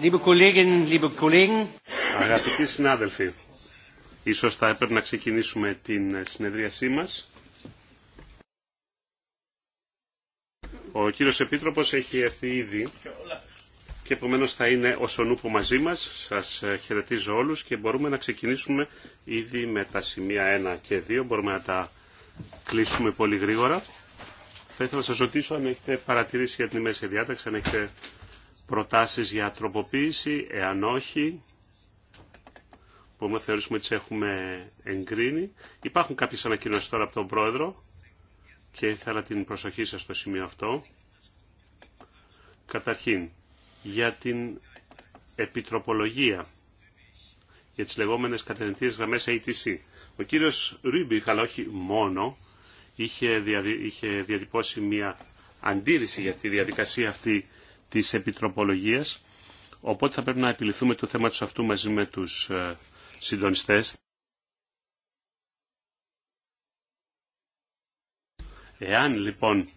Liebe Αγαπητοί συνάδελφοι, ίσως θα έπρεπε να ξεκινήσουμε την συνεδρίασή μας. Ο κύριος Επίτροπος έχει έρθει ήδη και επομένω θα είναι ο Σονούπο μαζί μας. Σας ε, χαιρετίζω όλους και μπορούμε να ξεκινήσουμε ήδη με τα σημεία 1 και 2. Μπορούμε να τα κλείσουμε πολύ γρήγορα. Θα ήθελα να σας ρωτήσω αν έχετε παρατηρήσει για την ημέρα διάταξη, αν έχετε προτάσεις για τροποποίηση, εάν όχι, που να θεωρήσουμε ότι τις έχουμε εγκρίνει. Υπάρχουν κάποιες ανακοινώσεις τώρα από τον Πρόεδρο και ήθελα την προσοχή σας στο σημείο αυτό. Καταρχήν, για την επιτροπολογία, για τις λεγόμενες κατευθυντικές γραμμές ATC. Ο κύριος Ρούμπι, αλλά όχι μόνο, είχε, διατυπώσει μια αντίρρηση για τη διαδικασία αυτή της επιτροπολογίας, οπότε θα πρέπει να επιληθούμε το θέμα τους αυτού μαζί με τους ε, συντονιστές. Εάν λοιπόν,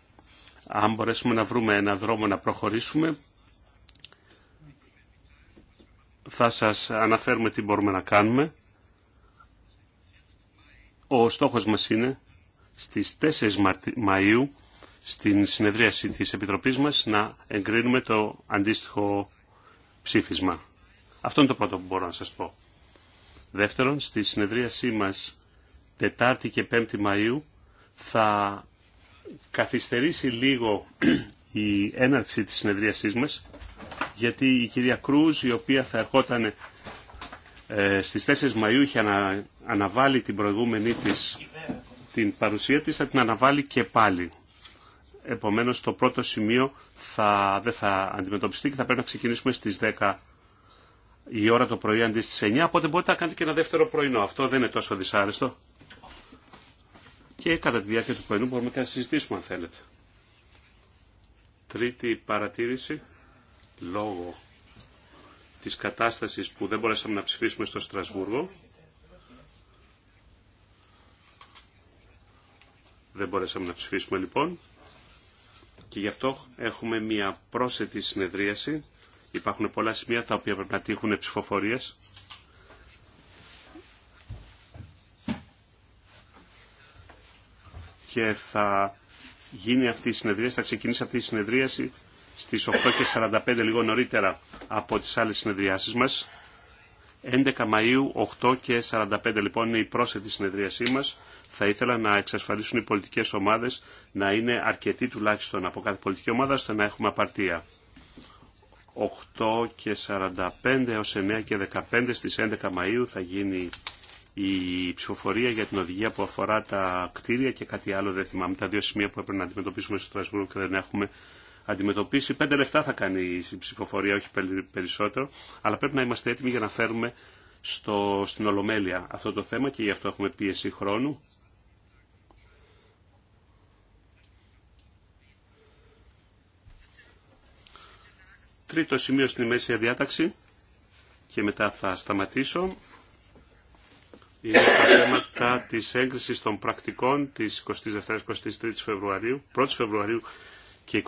αν μπορέσουμε να βρούμε ένα δρόμο να προχωρήσουμε, θα σας αναφέρουμε τι μπορούμε να κάνουμε. Ο στόχος μας είναι στις 4 Μαΐου στην συνεδρίαση της Επιτροπής μας να εγκρίνουμε το αντίστοιχο ψήφισμα. Αυτό είναι το πρώτο που μπορώ να σας πω. Δεύτερον, στη συνεδρίασή μας Τετάρτη και 5η Μαΐου θα καθυστερήσει λίγο η έναρξη της συνεδρίασής μας γιατί η κυρία Κρούζ η οποία θα ερχόταν ε, στις 4 Μαΐου είχε αναβάλει την προηγούμενη της την παρουσία της θα την αναβάλει και πάλι. Επομένως το πρώτο σημείο θα, δεν θα αντιμετωπιστεί και θα πρέπει να ξεκινήσουμε στις 10 η ώρα το πρωί αντί στις 9, οπότε μπορείτε να κάνετε και ένα δεύτερο πρωινό. Αυτό δεν είναι τόσο δυσάρεστο. Και κατά τη διάρκεια του πρωινού μπορούμε και να συζητήσουμε αν θέλετε. Τρίτη παρατήρηση, λόγω της κατάστασης που δεν μπορέσαμε να ψηφίσουμε στο Στρασβούργο, δεν μπορέσαμε να ψηφίσουμε λοιπόν, και γι' αυτό έχουμε μια πρόσθετη συνεδρίαση. Υπάρχουν πολλά σημεία τα οποία πρέπει να τύχουν ψηφοφορίες. Και θα γίνει αυτή η συνεδρίαση, θα ξεκινήσει αυτή η συνεδρίαση στις 8.45 λίγο νωρίτερα από τις άλλες συνεδριάσεις μας. 11 Μαΐου, 8 και 45 λοιπόν είναι η πρόσθετη συνεδρίασή μας. Θα ήθελα να εξασφαλίσουν οι πολιτικές ομάδες να είναι αρκετοί τουλάχιστον από κάθε πολιτική ομάδα ώστε να έχουμε απαρτία. 8 και 45 έως 9 και 15 στις 11 Μαΐου θα γίνει η ψηφοφορία για την οδηγία που αφορά τα κτίρια και κάτι άλλο δεν θυμάμαι. Τα δύο σημεία που έπρεπε να αντιμετωπίσουμε στο Στρασβούργο και δεν έχουμε αντιμετωπίσει. Πέντε λεφτά θα κάνει η ψηφοφορία, όχι περισσότερο, αλλά πρέπει να είμαστε έτοιμοι για να φέρουμε στο, στην Ολομέλεια αυτό το θέμα και γι' αυτό έχουμε πίεση χρόνου. Τρίτο σημείο στην ημέρησια διάταξη και μετά θα σταματήσω. Είναι τα θέματα της έγκρισης των πρακτικών της 22-23 Φεβρουαρίου, 1 Φεβρουαρίου και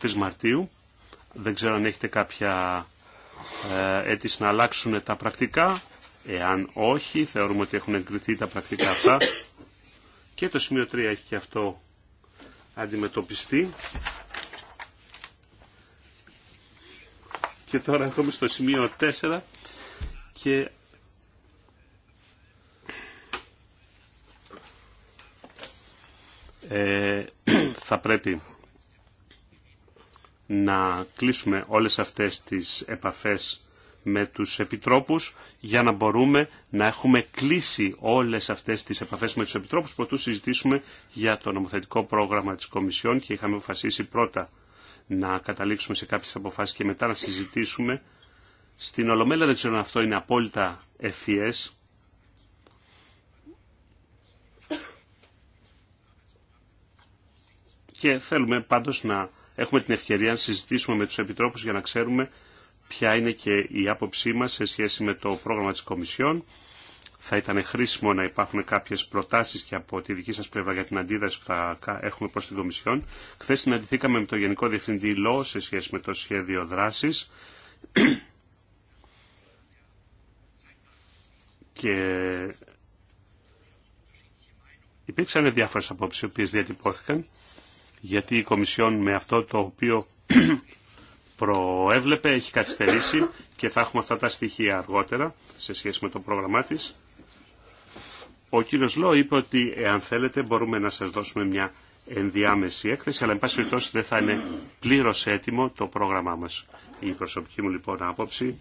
22-23 Μαρτίου. Δεν ξέρω αν έχετε κάποια ε, αίτηση να αλλάξουν τα πρακτικά. Εάν όχι, θεωρούμε ότι έχουν εγκριθεί τα πρακτικά αυτά. Και το σημείο 3 έχει και αυτό αντιμετωπιστεί. Και τώρα έχουμε στο σημείο 4 και ε, θα πρέπει να κλείσουμε όλες αυτές τις επαφές με τους επιτρόπους για να μπορούμε να έχουμε κλείσει όλες αυτές τις επαφές με τους επιτρόπους προτού συζητήσουμε για το νομοθετικό πρόγραμμα της Κομισιόν και είχαμε αποφασίσει πρώτα να καταλήξουμε σε κάποιες αποφάσεις και μετά να συζητήσουμε. Στην Ολομέλα δεν ξέρω αν αυτό είναι απόλυτα ευφυές. Και θέλουμε πάντως να έχουμε την ευκαιρία να συζητήσουμε με τους επιτρόπους για να ξέρουμε ποια είναι και η άποψή μας σε σχέση με το πρόγραμμα της Κομισιόν. Θα ήταν χρήσιμο να υπάρχουν κάποιες προτάσεις και από τη δική σας πλευρά για την αντίδραση που θα έχουμε προς την Κομισιόν. Χθε συναντηθήκαμε με το Γενικό Διευθυντή ΛΟ σε σχέση με το σχέδιο δράσης και υπήρξαν διάφορες απόψεις οι οποίες διατυπώθηκαν γιατί η Κομισιόν με αυτό το οποίο προέβλεπε έχει καθυστερήσει και θα έχουμε αυτά τα στοιχεία αργότερα σε σχέση με το πρόγραμμά της. Ο κύριος Λό είπε ότι εάν θέλετε μπορούμε να σας δώσουμε μια ενδιάμεση έκθεση, αλλά εν πάση περιπτώσει δεν θα είναι πλήρως έτοιμο το πρόγραμμά μας. Η προσωπική μου λοιπόν άποψη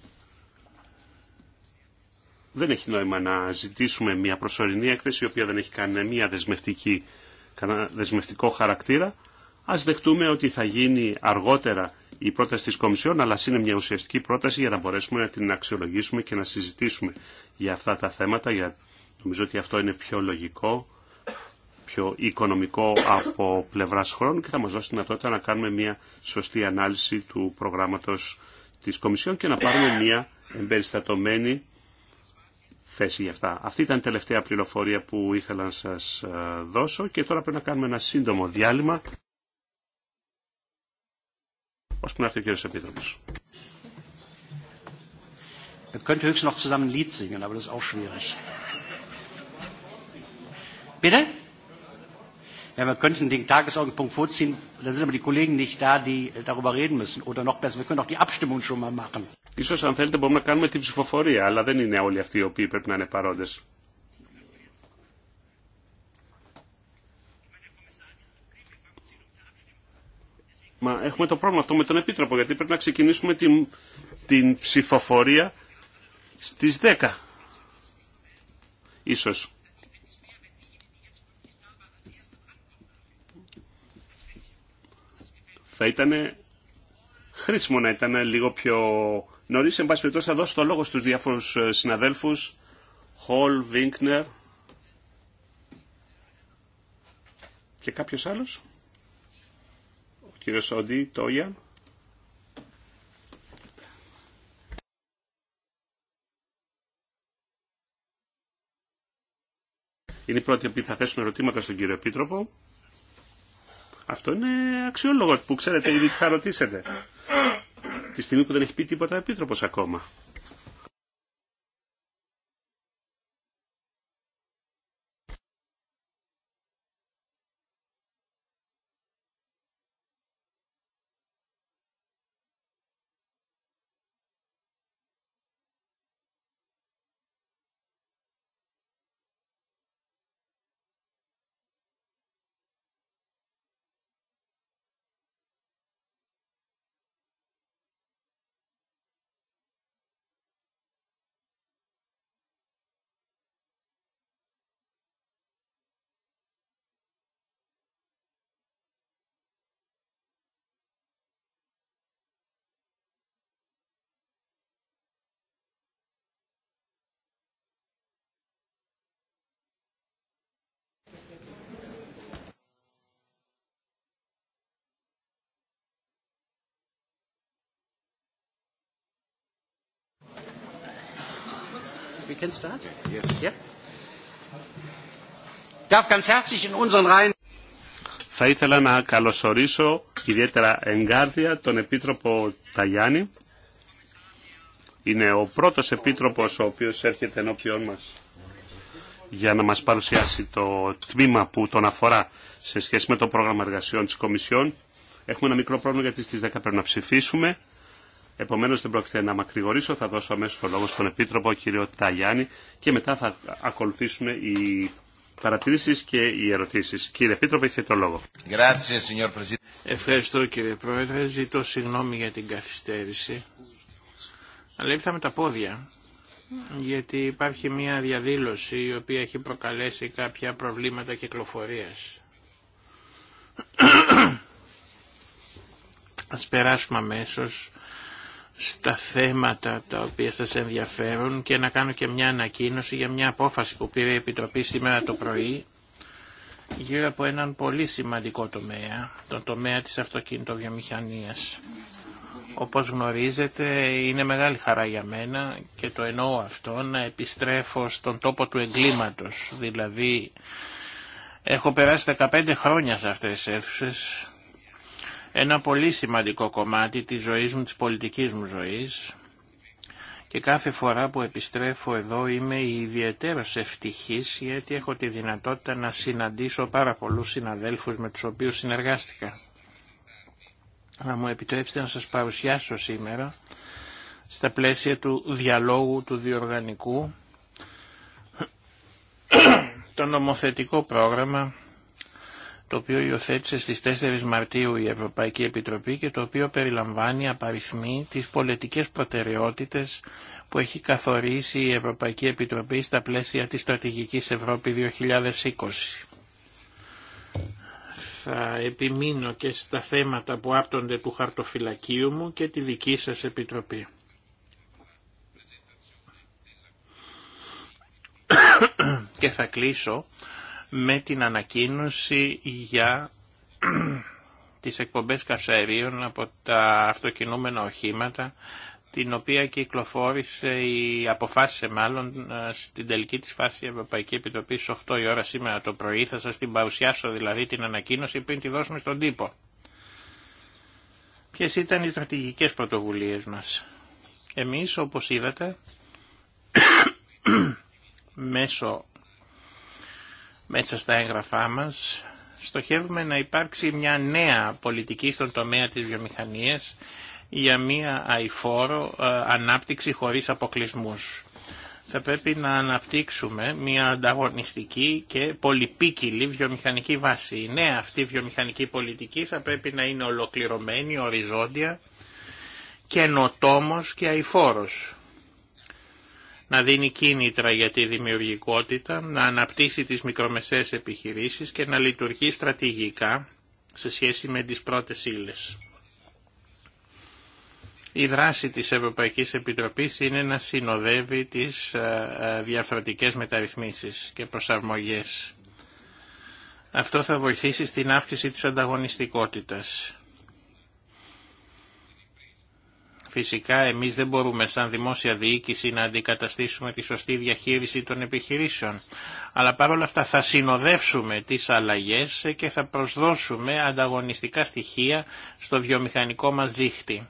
δεν έχει νόημα να ζητήσουμε μια προσωρινή έκθεση η οποία δεν έχει κανένα δεσμευτική, κανένα δεσμευτικό χαρακτήρα Ας δεχτούμε ότι θα γίνει αργότερα η πρόταση της Κομισιόν, αλλά είναι μια ουσιαστική πρόταση για να μπορέσουμε να την αξιολογήσουμε και να συζητήσουμε για αυτά τα θέματα. Για... Νομίζω ότι αυτό είναι πιο λογικό, πιο οικονομικό από πλευράς χρόνου και θα μας δώσει τη δυνατότητα να κάνουμε μια σωστή ανάλυση του προγράμματος της Κομισιόν και να πάρουμε μια εμπεριστατωμένη θέση για αυτά. Αυτή ήταν η τελευταία πληροφορία που ήθελα να σας ε, δώσω και τώρα πρέπει να κάνουμε ένα σύντομο διάλειμμα ώστε να έρθει ο κύριος Επίτροπος. Wir könnten höchstens noch zusammen ein Lied singen, aber das ist auch schwierig. Bitte? Ja, wir könnten den Tagesordnungspunkt vorziehen, dann sind aber die Kollegen nicht da, die darüber reden müssen. Oder noch besser, wir können auch die Abstimmung schon mal machen. Ίσως αν θέλετε μπορούμε να κάνουμε την ψηφοφορία, αλλά δεν είναι όλοι αυτοί οι οποίοι πρέπει να είναι παρόντες. Μα έχουμε το πρόβλημα αυτό με τον Επίτροπο, γιατί πρέπει να ξεκινήσουμε την, την ψηφοφορία στις 10. Ίσως. Θα ήταν χρήσιμο να ήταν λίγο πιο νωρίς. Εν πάση περιπτώσει θα δώσω το λόγο στους διάφορους ε, συναδέλφους. Χολ, Βίνκνερ και κάποιος άλλος. Κύριε Σόντι, Είναι πρώτη πρώτοι που θα θέσουν ερωτήματα στον κύριο Επίτροπο. Αυτό είναι αξιόλογο που ξέρετε ήδη θα ρωτήσετε. Τη στιγμή που δεν έχει πει τίποτα ο Επίτροπος ακόμα. Θα ήθελα να καλωσορίσω ιδιαίτερα εγκάρδια τον Επίτροπο Ταγιάννη. Είναι ο πρώτος Επίτροπος ο οποίος έρχεται ενώπιόν μας για να μας παρουσιάσει το τμήμα που τον αφορά σε σχέση με το πρόγραμμα εργασιών της Κομισιόν. Έχουμε ένα μικρό πρόβλημα γιατί στις 10 πρέπει να ψηφίσουμε. Επομένω δεν πρόκειται να μακρηγορήσω, θα δώσω αμέσω το λόγο στον Επίτροπο κύριο Ταγιάννη και μετά θα ακολουθήσουμε οι παρατηρήσει και οι ερωτήσει. Κύριε Επίτροπο, έχετε το λόγο. Ευχαριστώ κύριε Πρόεδρε. Ζητώ συγγνώμη για την καθυστέρηση. Αλλά ήρθα με τα πόδια γιατί υπάρχει μια διαδήλωση η οποία έχει προκαλέσει κάποια προβλήματα κυκλοφορίας. Ας περάσουμε αμέσως στα θέματα τα οποία σας ενδιαφέρουν και να κάνω και μια ανακοίνωση για μια απόφαση που πήρε η Επιτροπή σήμερα το πρωί γύρω από έναν πολύ σημαντικό τομέα, τον τομέα της αυτοκινητοβιομηχανίας. Όπως γνωρίζετε είναι μεγάλη χαρά για μένα και το εννοώ αυτό να επιστρέφω στον τόπο του εγκλήματος. Δηλαδή έχω περάσει 15 χρόνια σε αυτές τις αίθουσες ένα πολύ σημαντικό κομμάτι της ζωής μου, της πολιτικής μου ζωής και κάθε φορά που επιστρέφω εδώ είμαι ιδιαίτερος ευτυχής γιατί έχω τη δυνατότητα να συναντήσω πάρα πολλούς συναδέλφους με τους οποίους συνεργάστηκα. Να μου επιτρέψετε να σας παρουσιάσω σήμερα στα πλαίσια του διαλόγου του διοργανικού το νομοθετικό πρόγραμμα το οποίο υιοθέτησε στις 4 Μαρτίου η Ευρωπαϊκή Επιτροπή και το οποίο περιλαμβάνει απαριθμοί τις πολιτικές προτεραιότητες που έχει καθορίσει η Ευρωπαϊκή Επιτροπή στα πλαίσια της Στρατηγικής Ευρώπη 2020. Θα επιμείνω και στα θέματα που άπτονται του χαρτοφυλακίου μου και τη δική σας Επιτροπή. και θα κλείσω με την ανακοίνωση για τις εκπομπές καυσαερίων από τα αυτοκινούμενα οχήματα, την οποία κυκλοφόρησε ή αποφάσισε μάλλον ε, στην τελική της φάση η Ευρωπαϊκή Επιτροπή στις 8 η ώρα σήμερα το πρωί. Θα σας την παρουσιάσω δηλαδή την ανακοίνωση πριν τη δώσουμε στον τύπο. Ποιες ήταν οι στρατηγικές πρωτοβουλίες μας. Εμείς όπως είδατε μέσω μέσα στα έγγραφά μας στοχεύουμε να υπάρξει μια νέα πολιτική στον τομέα της βιομηχανίας για μια αηφόρο ε, ανάπτυξη χωρίς αποκλεισμούς. Θα πρέπει να αναπτύξουμε μια ανταγωνιστική και πολυπίκυλη βιομηχανική βάση. Η νέα αυτή βιομηχανική πολιτική θα πρέπει να είναι ολοκληρωμένη, οριζόντια, καινοτόμος και αηφόρος να δίνει κίνητρα για τη δημιουργικότητα, να αναπτύσσει τις μικρομεσαίες επιχειρήσεις και να λειτουργεί στρατηγικά σε σχέση με τις πρώτες ύλε. Η δράση της Ευρωπαϊκής Επιτροπής είναι να συνοδεύει τις ε, ε, διαφορετικές μεταρρυθμίσεις και προσαρμογές. Αυτό θα βοηθήσει στην αύξηση της ανταγωνιστικότητας. Φυσικά εμείς δεν μπορούμε σαν δημόσια διοίκηση να αντικαταστήσουμε τη σωστή διαχείριση των επιχειρήσεων. Αλλά παρόλα αυτά θα συνοδεύσουμε τις αλλαγές και θα προσδώσουμε ανταγωνιστικά στοιχεία στο βιομηχανικό μας δίχτυ.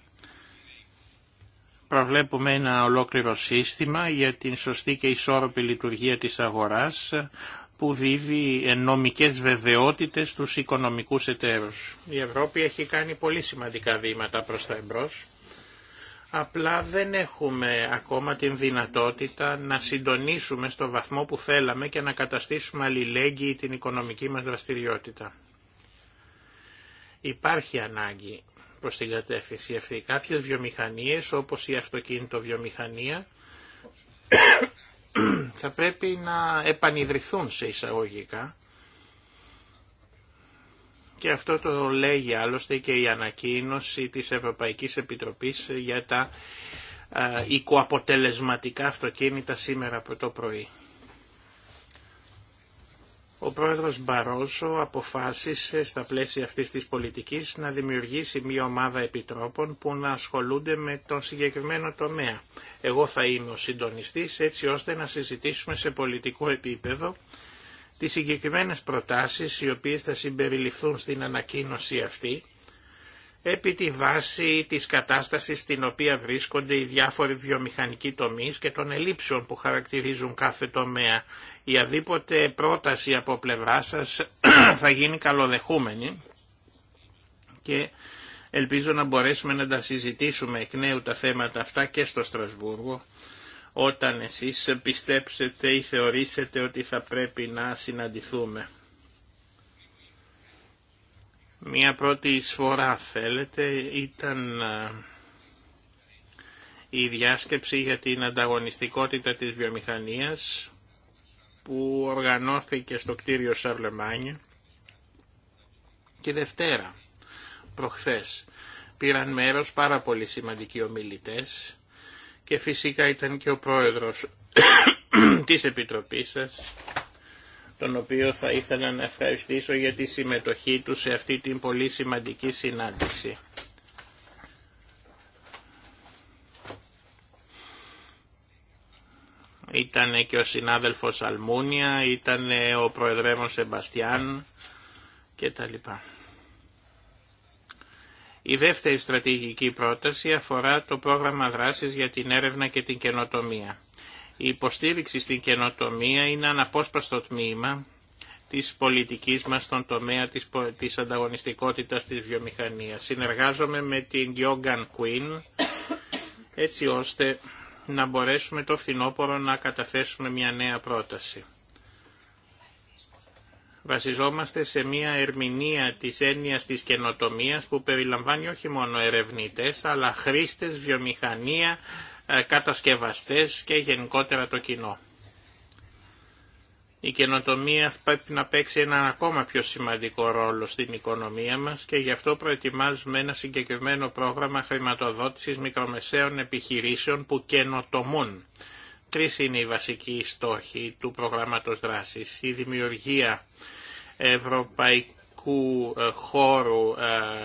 Προβλέπουμε ένα ολόκληρο σύστημα για την σωστή και ισόρροπη λειτουργία της αγοράς που δίδει νομικές βεβαιότητες στους οικονομικούς εταίρους. Η Ευρώπη έχει κάνει πολύ σημαντικά βήματα προς τα εμπρός Απλά δεν έχουμε ακόμα την δυνατότητα να συντονίσουμε στο βαθμό που θέλαμε και να καταστήσουμε αλληλέγγυη την οικονομική μας δραστηριότητα. Υπάρχει ανάγκη προς την κατεύθυνση αυτή. Κάποιες βιομηχανίες όπως η αυτοκίνητο βιομηχανία θα πρέπει να επανειδρυθούν σε εισαγωγικά και αυτό το λέγει άλλωστε και η ανακοίνωση της Ευρωπαϊκής Επιτροπής για τα οικοαποτελεσματικά αυτοκίνητα σήμερα από το πρωί. Ο πρόεδρος Μπαρόζο αποφάσισε στα πλαίσια αυτής της πολιτικής να δημιουργήσει μια ομάδα επιτρόπων που να ασχολούνται με τον συγκεκριμένο τομέα. Εγώ θα είμαι ο συντονιστής έτσι ώστε να συζητήσουμε σε πολιτικό επίπεδο τις συγκεκριμένες προτάσεις οι οποίες θα συμπεριληφθούν στην ανακοίνωση αυτή επί τη βάση της κατάστασης στην οποία βρίσκονται οι διάφοροι βιομηχανικοί τομείς και των ελλείψεων που χαρακτηρίζουν κάθε τομέα. Η αδίποτε πρόταση από πλευρά σας θα γίνει καλοδεχούμενη και ελπίζω να μπορέσουμε να τα συζητήσουμε εκ νέου τα θέματα αυτά και στο Στρασβούργο όταν εσείς πιστέψετε ή θεωρήσετε ότι θα πρέπει να συναντηθούμε. Μία πρώτη εισφορά θέλετε ήταν η θεωρησετε οτι θα πρεπει να συναντηθουμε μια πρωτη σφορα θελετε ηταν η διασκεψη για την ανταγωνιστικότητα της βιομηχανίας που οργανώθηκε στο κτίριο Σαρλεμάνια και Δευτέρα, προχθές. Πήραν μέρος πάρα πολύ σημαντικοί ομιλητές και φυσικά ήταν και ο πρόεδρος της Επιτροπής σας, τον οποίο θα ήθελα να ευχαριστήσω για τη συμμετοχή του σε αυτή την πολύ σημαντική συνάντηση. Ήταν και ο συνάδελφος Αλμούνια, ήταν ο προεδρεύων Σεμπαστιάν και τα λοιπά. Η δεύτερη στρατηγική πρόταση αφορά το πρόγραμμα δράσης για την έρευνα και την καινοτομία. Η υποστήριξη στην καινοτομία είναι αναπόσπαστο τμήμα της πολιτικής μας στον τομέα της, της ανταγωνιστικότητας της βιομηχανίας. Συνεργάζομαι με την Γιόγκαν Κουίν έτσι ώστε να μπορέσουμε το φθινόπωρο να καταθέσουμε μια νέα πρόταση βασιζόμαστε σε μια ερμηνεία της έννοιας της καινοτομίας που περιλαμβάνει όχι μόνο ερευνητές αλλά χρήστες, βιομηχανία, ε, κατασκευαστές και γενικότερα το κοινό. Η καινοτομία πρέπει να παίξει έναν ακόμα πιο σημαντικό ρόλο στην οικονομία μας και γι' αυτό προετοιμάζουμε ένα συγκεκριμένο πρόγραμμα χρηματοδότησης μικρομεσαίων επιχειρήσεων που καινοτομούν Τρεις είναι οι βασικοί στόχοι του προγράμματος δράσης. Η δημιουργία ευρωπαϊκού ε, χώρου ε,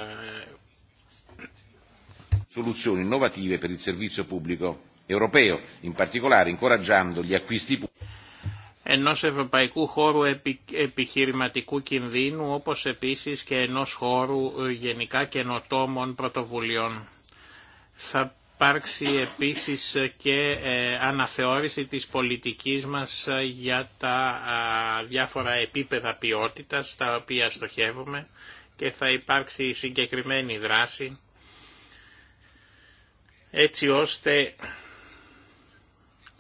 soluzioni innovative per il servizio pubblico europeo, in particolare incoraggiando gli acquisti pubblici. ενός ευρωπαϊκού χώρου επιχειρηματικού κινδύνου, όπως επίσης και ενός χώρου ε, γενικά καινοτόμων πρωτοβουλειών. Θα υπάρξει επίσης και ε, αναθεώρηση της πολιτικής μας ε, για τα διάφορα επίπεδα ποιότητας τα οποία στοχεύουμε και θα υπάρξει συγκεκριμένη δράση έτσι ώστε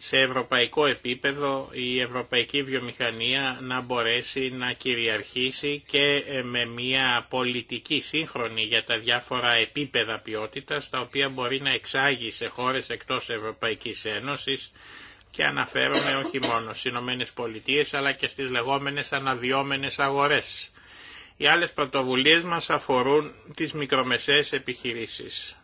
σε ευρωπαϊκό επίπεδο η ευρωπαϊκή βιομηχανία να μπορέσει να κυριαρχήσει και ε, με μια πολιτική σύγχρονη για τα διάφορα επίπεδα ποιότητας τα οποία μπορεί να εξάγει σε χώρες εκτός Ευρωπαϊκής Ένωσης και αναφέρομαι όχι μόνο στις Ηνωμένες Πολιτείες αλλά και στις λεγόμενες αναδυόμενες αγορές. Οι άλλες πρωτοβουλίες μας αφορούν τις μικρομεσαίες επιχειρήσεις.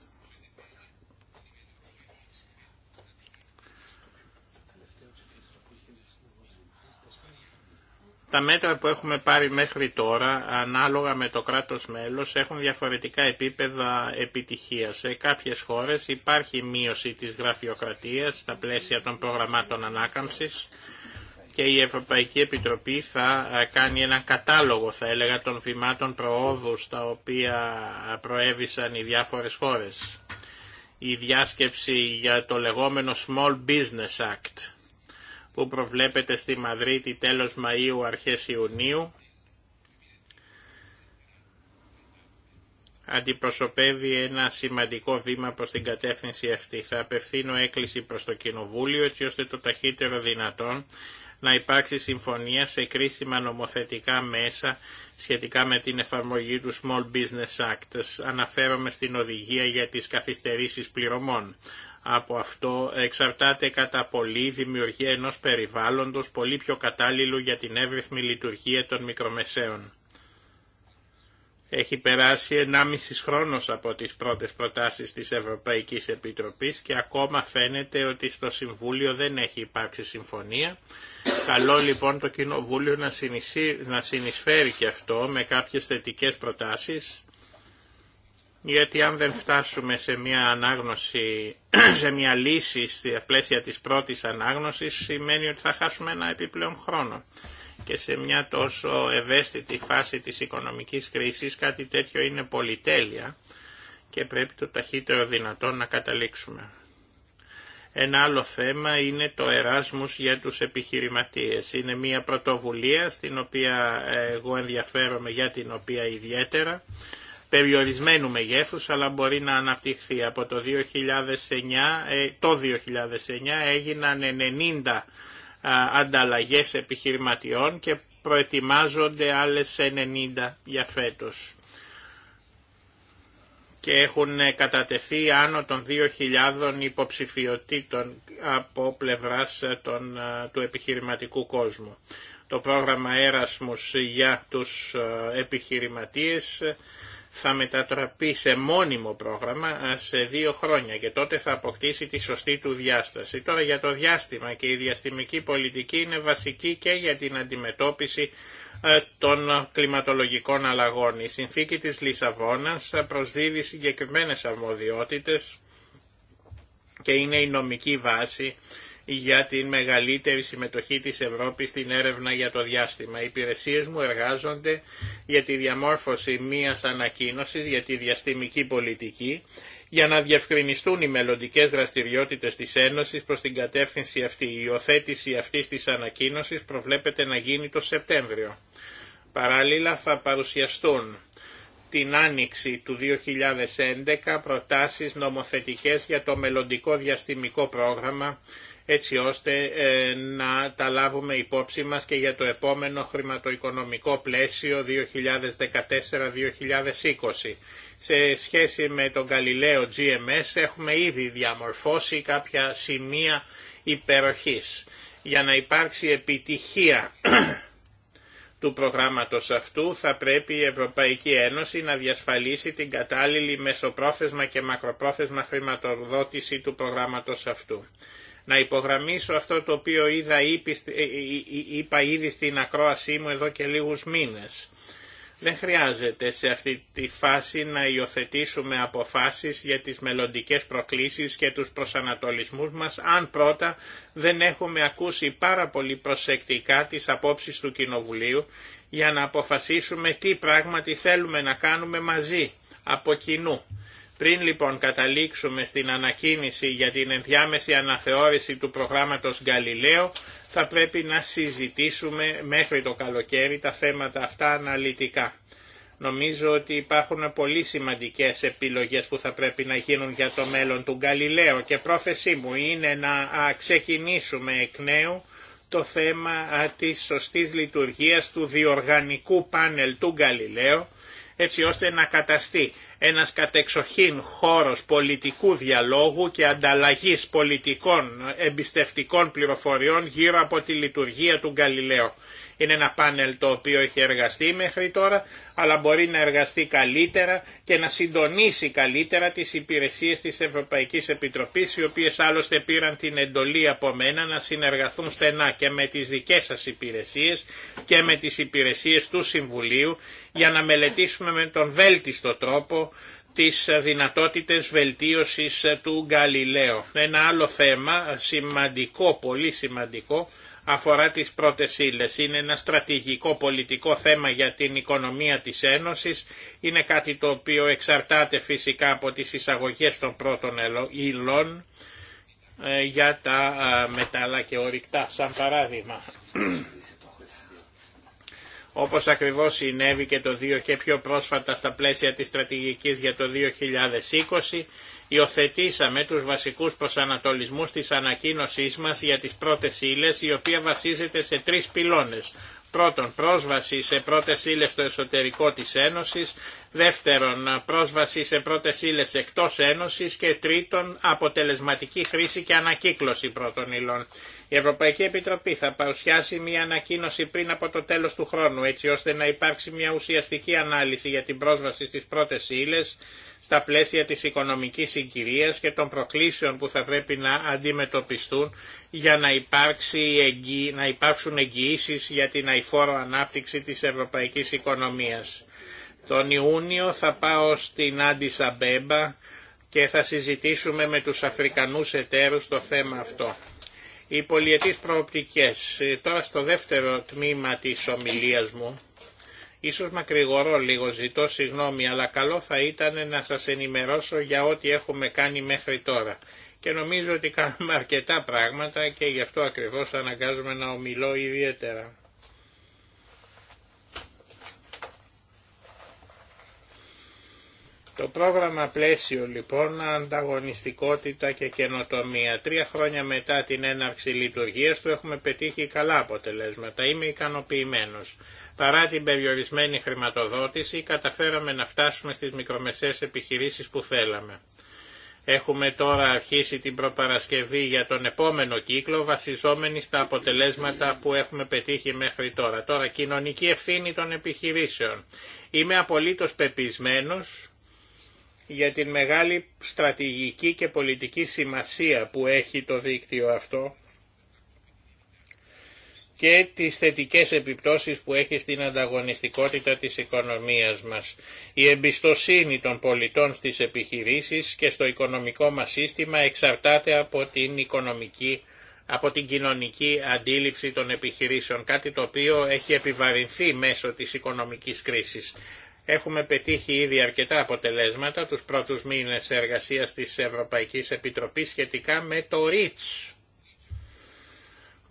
Τα μέτρα που έχουμε πάρει μέχρι τώρα, ανάλογα με το κράτος μέλος, έχουν διαφορετικά επίπεδα επιτυχίας. Σε κάποιες χώρες υπάρχει μείωση της γραφειοκρατίας στα πλαίσια των προγραμμάτων ανάκαμψης και η Ευρωπαϊκή Επιτροπή θα ε, κάνει έναν κατάλογο, θα έλεγα, των βημάτων προόδου στα οποία ε, προέβησαν οι διάφορες χώρες. Η διάσκεψη για το λεγόμενο Small Business Act που προβλέπεται στη Μαδρίτη τέλος Μαΐου αρχές Ιουνίου. αντιπροσωπεύει ένα σημαντικό βήμα προς την κατεύθυνση αυτή. Θα απευθύνω έκκληση προς το Κοινοβούλιο έτσι ώστε το ταχύτερο δυνατόν να υπάρξει συμφωνία σε κρίσιμα νομοθετικά μέσα σχετικά με την εφαρμογή του Small Business Act. Αναφέρομαι στην οδηγία για τις καθυστερήσεις πληρωμών από αυτό εξαρτάται κατά πολύ η δημιουργία ενός περιβάλλοντος πολύ πιο κατάλληλου για την εύρυθμη λειτουργία των μικρομεσαίων. Έχει περάσει 1,5 χρόνος από τις πρώτες προτάσεις της Ευρωπαϊκής Επιτροπής και ακόμα φαίνεται ότι στο Συμβούλιο δεν έχει υπάρξει συμφωνία. Καλό λοιπόν το Κοινοβούλιο να, συνεισφέρει και αυτό με κάποιες θετικές προτάσεις γιατί αν δεν φτάσουμε σε μια ανάγνωση, σε μια λύση στη πλαίσια της πρώτης ανάγνωσης, σημαίνει ότι θα χάσουμε ένα επιπλέον χρόνο. Και σε μια τόσο ευαίσθητη φάση της οικονομικής κρίσης κάτι τέτοιο είναι πολυτέλεια και πρέπει το ταχύτερο δυνατόν να καταλήξουμε. Ένα άλλο θέμα είναι το Εράσμους για τους επιχειρηματίες. Είναι μια πρωτοβουλία στην οποία εγώ ενδιαφέρομαι για την οποία ιδιαίτερα περιορισμένου μεγέθους αλλά μπορεί να αναπτυχθεί. Από το 2009, ε, το 2009 έγιναν 90 ανταλλαγές επιχειρηματιών και προετοιμάζονται άλλες 90 για φέτος και έχουν κατατεθεί άνω των 2.000 υποψηφιωτήτων από πλευράς των, του επιχειρηματικού κόσμου. Το πρόγραμμα Έρασμους για τους επιχειρηματίες θα μετατραπεί σε μόνιμο πρόγραμμα σε δύο χρόνια και τότε θα αποκτήσει τη σωστή του διάσταση. Τώρα για το διάστημα και η διαστημική πολιτική είναι βασική και για την αντιμετώπιση των κλιματολογικών αλλαγών. Η συνθήκη της Λισαβόνας προσδίδει συγκεκριμένες αρμοδιότητες και είναι η νομική βάση για την μεγαλύτερη συμμετοχή της Ευρώπης στην έρευνα για το διάστημα. Οι υπηρεσίες μου εργάζονται για τη διαμόρφωση μίας ανακοίνωσης για τη διαστημική πολιτική για να διευκρινιστούν οι μελλοντικέ δραστηριότητες της Ένωσης προ την κατεύθυνση αυτή. Η υιοθέτηση αυτή της ανακοίνωση προβλέπεται να γίνει το Σεπτέμβριο. Παράλληλα θα παρουσιαστούν την άνοιξη του 2011 προτάσεις νομοθετικές για το μελλοντικό διαστημικό πρόγραμμα έτσι ώστε ε, να τα λάβουμε υπόψη μας και για το επόμενο χρηματοοικονομικό πλαίσιο 2014-2020. Σε σχέση με τον Γαλιλαίο GMS έχουμε ήδη διαμορφώσει κάποια σημεία υπεροχής. Για να υπάρξει επιτυχία του προγράμματος αυτού θα πρέπει η Ευρωπαϊκή Ένωση να διασφαλίσει την κατάλληλη μεσοπρόθεσμα και μακροπρόθεσμα χρηματοδότηση του προγράμματος αυτού να υπογραμμίσω αυτό το οποίο είδα, ε, ε, ε, είπα ήδη στην ακρόασή μου εδώ και λίγους μήνες. Δεν χρειάζεται σε αυτή τη φάση να υιοθετήσουμε αποφάσεις για τις μελλοντικές προκλήσεις και τους προσανατολισμούς μας, αν πρώτα δεν έχουμε ακούσει πάρα πολύ προσεκτικά τις απόψεις του Κοινοβουλίου για να αποφασίσουμε τι πράγματι θέλουμε να κάνουμε μαζί, από κοινού. Πριν λοιπόν καταλήξουμε στην ανακοίνηση για την ενδιάμεση αναθεώρηση του προγράμματος Γκαλιλαίο, θα πρέπει να συζητήσουμε μέχρι το καλοκαίρι τα θέματα αυτά αναλυτικά. Νομίζω ότι υπάρχουν πολύ σημαντικές επιλογές που θα πρέπει να γίνουν για το μέλλον του Γκαλιλαίου και πρόθεσή μου είναι να ξεκινήσουμε εκ νέου το θέμα της σωστής λειτουργίας του διοργανικού πάνελ του Γκαλιλαίου έτσι ώστε να καταστεί ένας κατεξοχήν χώρος πολιτικού διαλόγου και ανταλλαγής πολιτικών εμπιστευτικών πληροφοριών γύρω από τη λειτουργία του Γκαλιλαίου. Είναι ένα πάνελ το οποίο έχει εργαστεί μέχρι τώρα, αλλά μπορεί να εργαστεί καλύτερα και να συντονίσει καλύτερα τις υπηρεσίες της Ευρωπαϊκής Επιτροπής, οι οποίες άλλωστε πήραν την εντολή από μένα να συνεργαθούν στενά και με τις δικές σας υπηρεσίες και με τις υπηρεσίες του Συμβουλίου, για να μελετήσουμε με τον βέλτιστο τρόπο τις δυνατότητες βελτίωσης του Γκαλιλαίου. Ένα άλλο θέμα σημαντικό, πολύ σημαντικό, αφορά τις πρώτες ύλε. Είναι ένα στρατηγικό πολιτικό θέμα για την οικονομία της Ένωσης. Είναι κάτι το οποίο εξαρτάται φυσικά από τις εισαγωγές των πρώτων ύλων ε, για τα μετάλλα και ορυκτά, σαν παράδειγμα. Όπως ακριβώς συνέβη και το 2 και πιο πρόσφατα στα πλαίσια της στρατηγικής για το 2020, Υιοθετήσαμε τους βασικούς προσανατολισμούς της ανακοίνωσής μας για τις πρώτες ύλες, η οποία βασίζεται σε τρεις πυλώνες. Πρώτον, πρόσβαση σε πρώτες ύλες στο εσωτερικό της Ένωσης. Δεύτερον, πρόσβαση σε πρώτες ύλες εκτός Ένωσης. Και τρίτον, αποτελεσματική χρήση και ανακύκλωση πρώτων ύλων. Η Ευρωπαϊκή Επιτροπή θα παρουσιάσει μια ανακοίνωση πριν από το τέλο του χρόνου, έτσι ώστε να υπάρξει μια ουσιαστική ανάλυση για την πρόσβαση στι πρώτε ύλε στα πλαίσια τη οικονομική συγκυρία και των προκλήσεων που θα πρέπει να αντιμετωπιστούν για να, υπάρξει, να υπάρξουν εγγυήσει για την αηφόρο ανάπτυξη τη Ευρωπαϊκή οικονομία. Τον Ιούνιο θα πάω στην Άντισα Μπέμπα και θα συζητήσουμε με τους Αφρικανούς εταίρους το θέμα αυτό. Οι πολιετής προοπτικές. Ε, τώρα στο δεύτερο τμήμα της ομιλίας μου, ίσως μακρηγορώ λίγο, ζητώ συγγνώμη, αλλά καλό θα ήταν να σας ενημερώσω για ό,τι έχουμε κάνει μέχρι τώρα. Και νομίζω ότι κάνουμε αρκετά πράγματα και γι' αυτό ακριβώς αναγκάζομαι να ομιλώ ιδιαίτερα. Το πρόγραμμα πλαίσιο λοιπόν ανταγωνιστικότητα και καινοτομία. Τρία χρόνια μετά την έναρξη λειτουργίας του έχουμε πετύχει καλά αποτελέσματα. Είμαι ικανοποιημένος. Παρά την περιορισμένη χρηματοδότηση καταφέραμε να φτάσουμε στις μικρομεσαίες επιχειρήσεις που θέλαμε. Έχουμε τώρα αρχίσει την προπαρασκευή για τον επόμενο κύκλο βασιζόμενοι στα αποτελέσματα που έχουμε πετύχει μέχρι τώρα. Τώρα κοινωνική ευθύνη των επιχειρήσεων. Είμαι απολύτως πεπισμένος για την μεγάλη στρατηγική και πολιτική σημασία που έχει το δίκτυο αυτό και τις θετικές επιπτώσεις που έχει στην ανταγωνιστικότητα της οικονομίας μας. Η εμπιστοσύνη των πολιτών στις επιχειρήσεις και στο οικονομικό μας σύστημα εξαρτάται από την οικονομική από την κοινωνική αντίληψη των επιχειρήσεων, κάτι το οποίο έχει επιβαρυνθεί μέσω της οικονομικής κρίσης. Έχουμε πετύχει ήδη αρκετά αποτελέσματα τους πρώτους μήνες εργασίας της Ευρωπαϊκής Επιτροπής σχετικά με το REACH.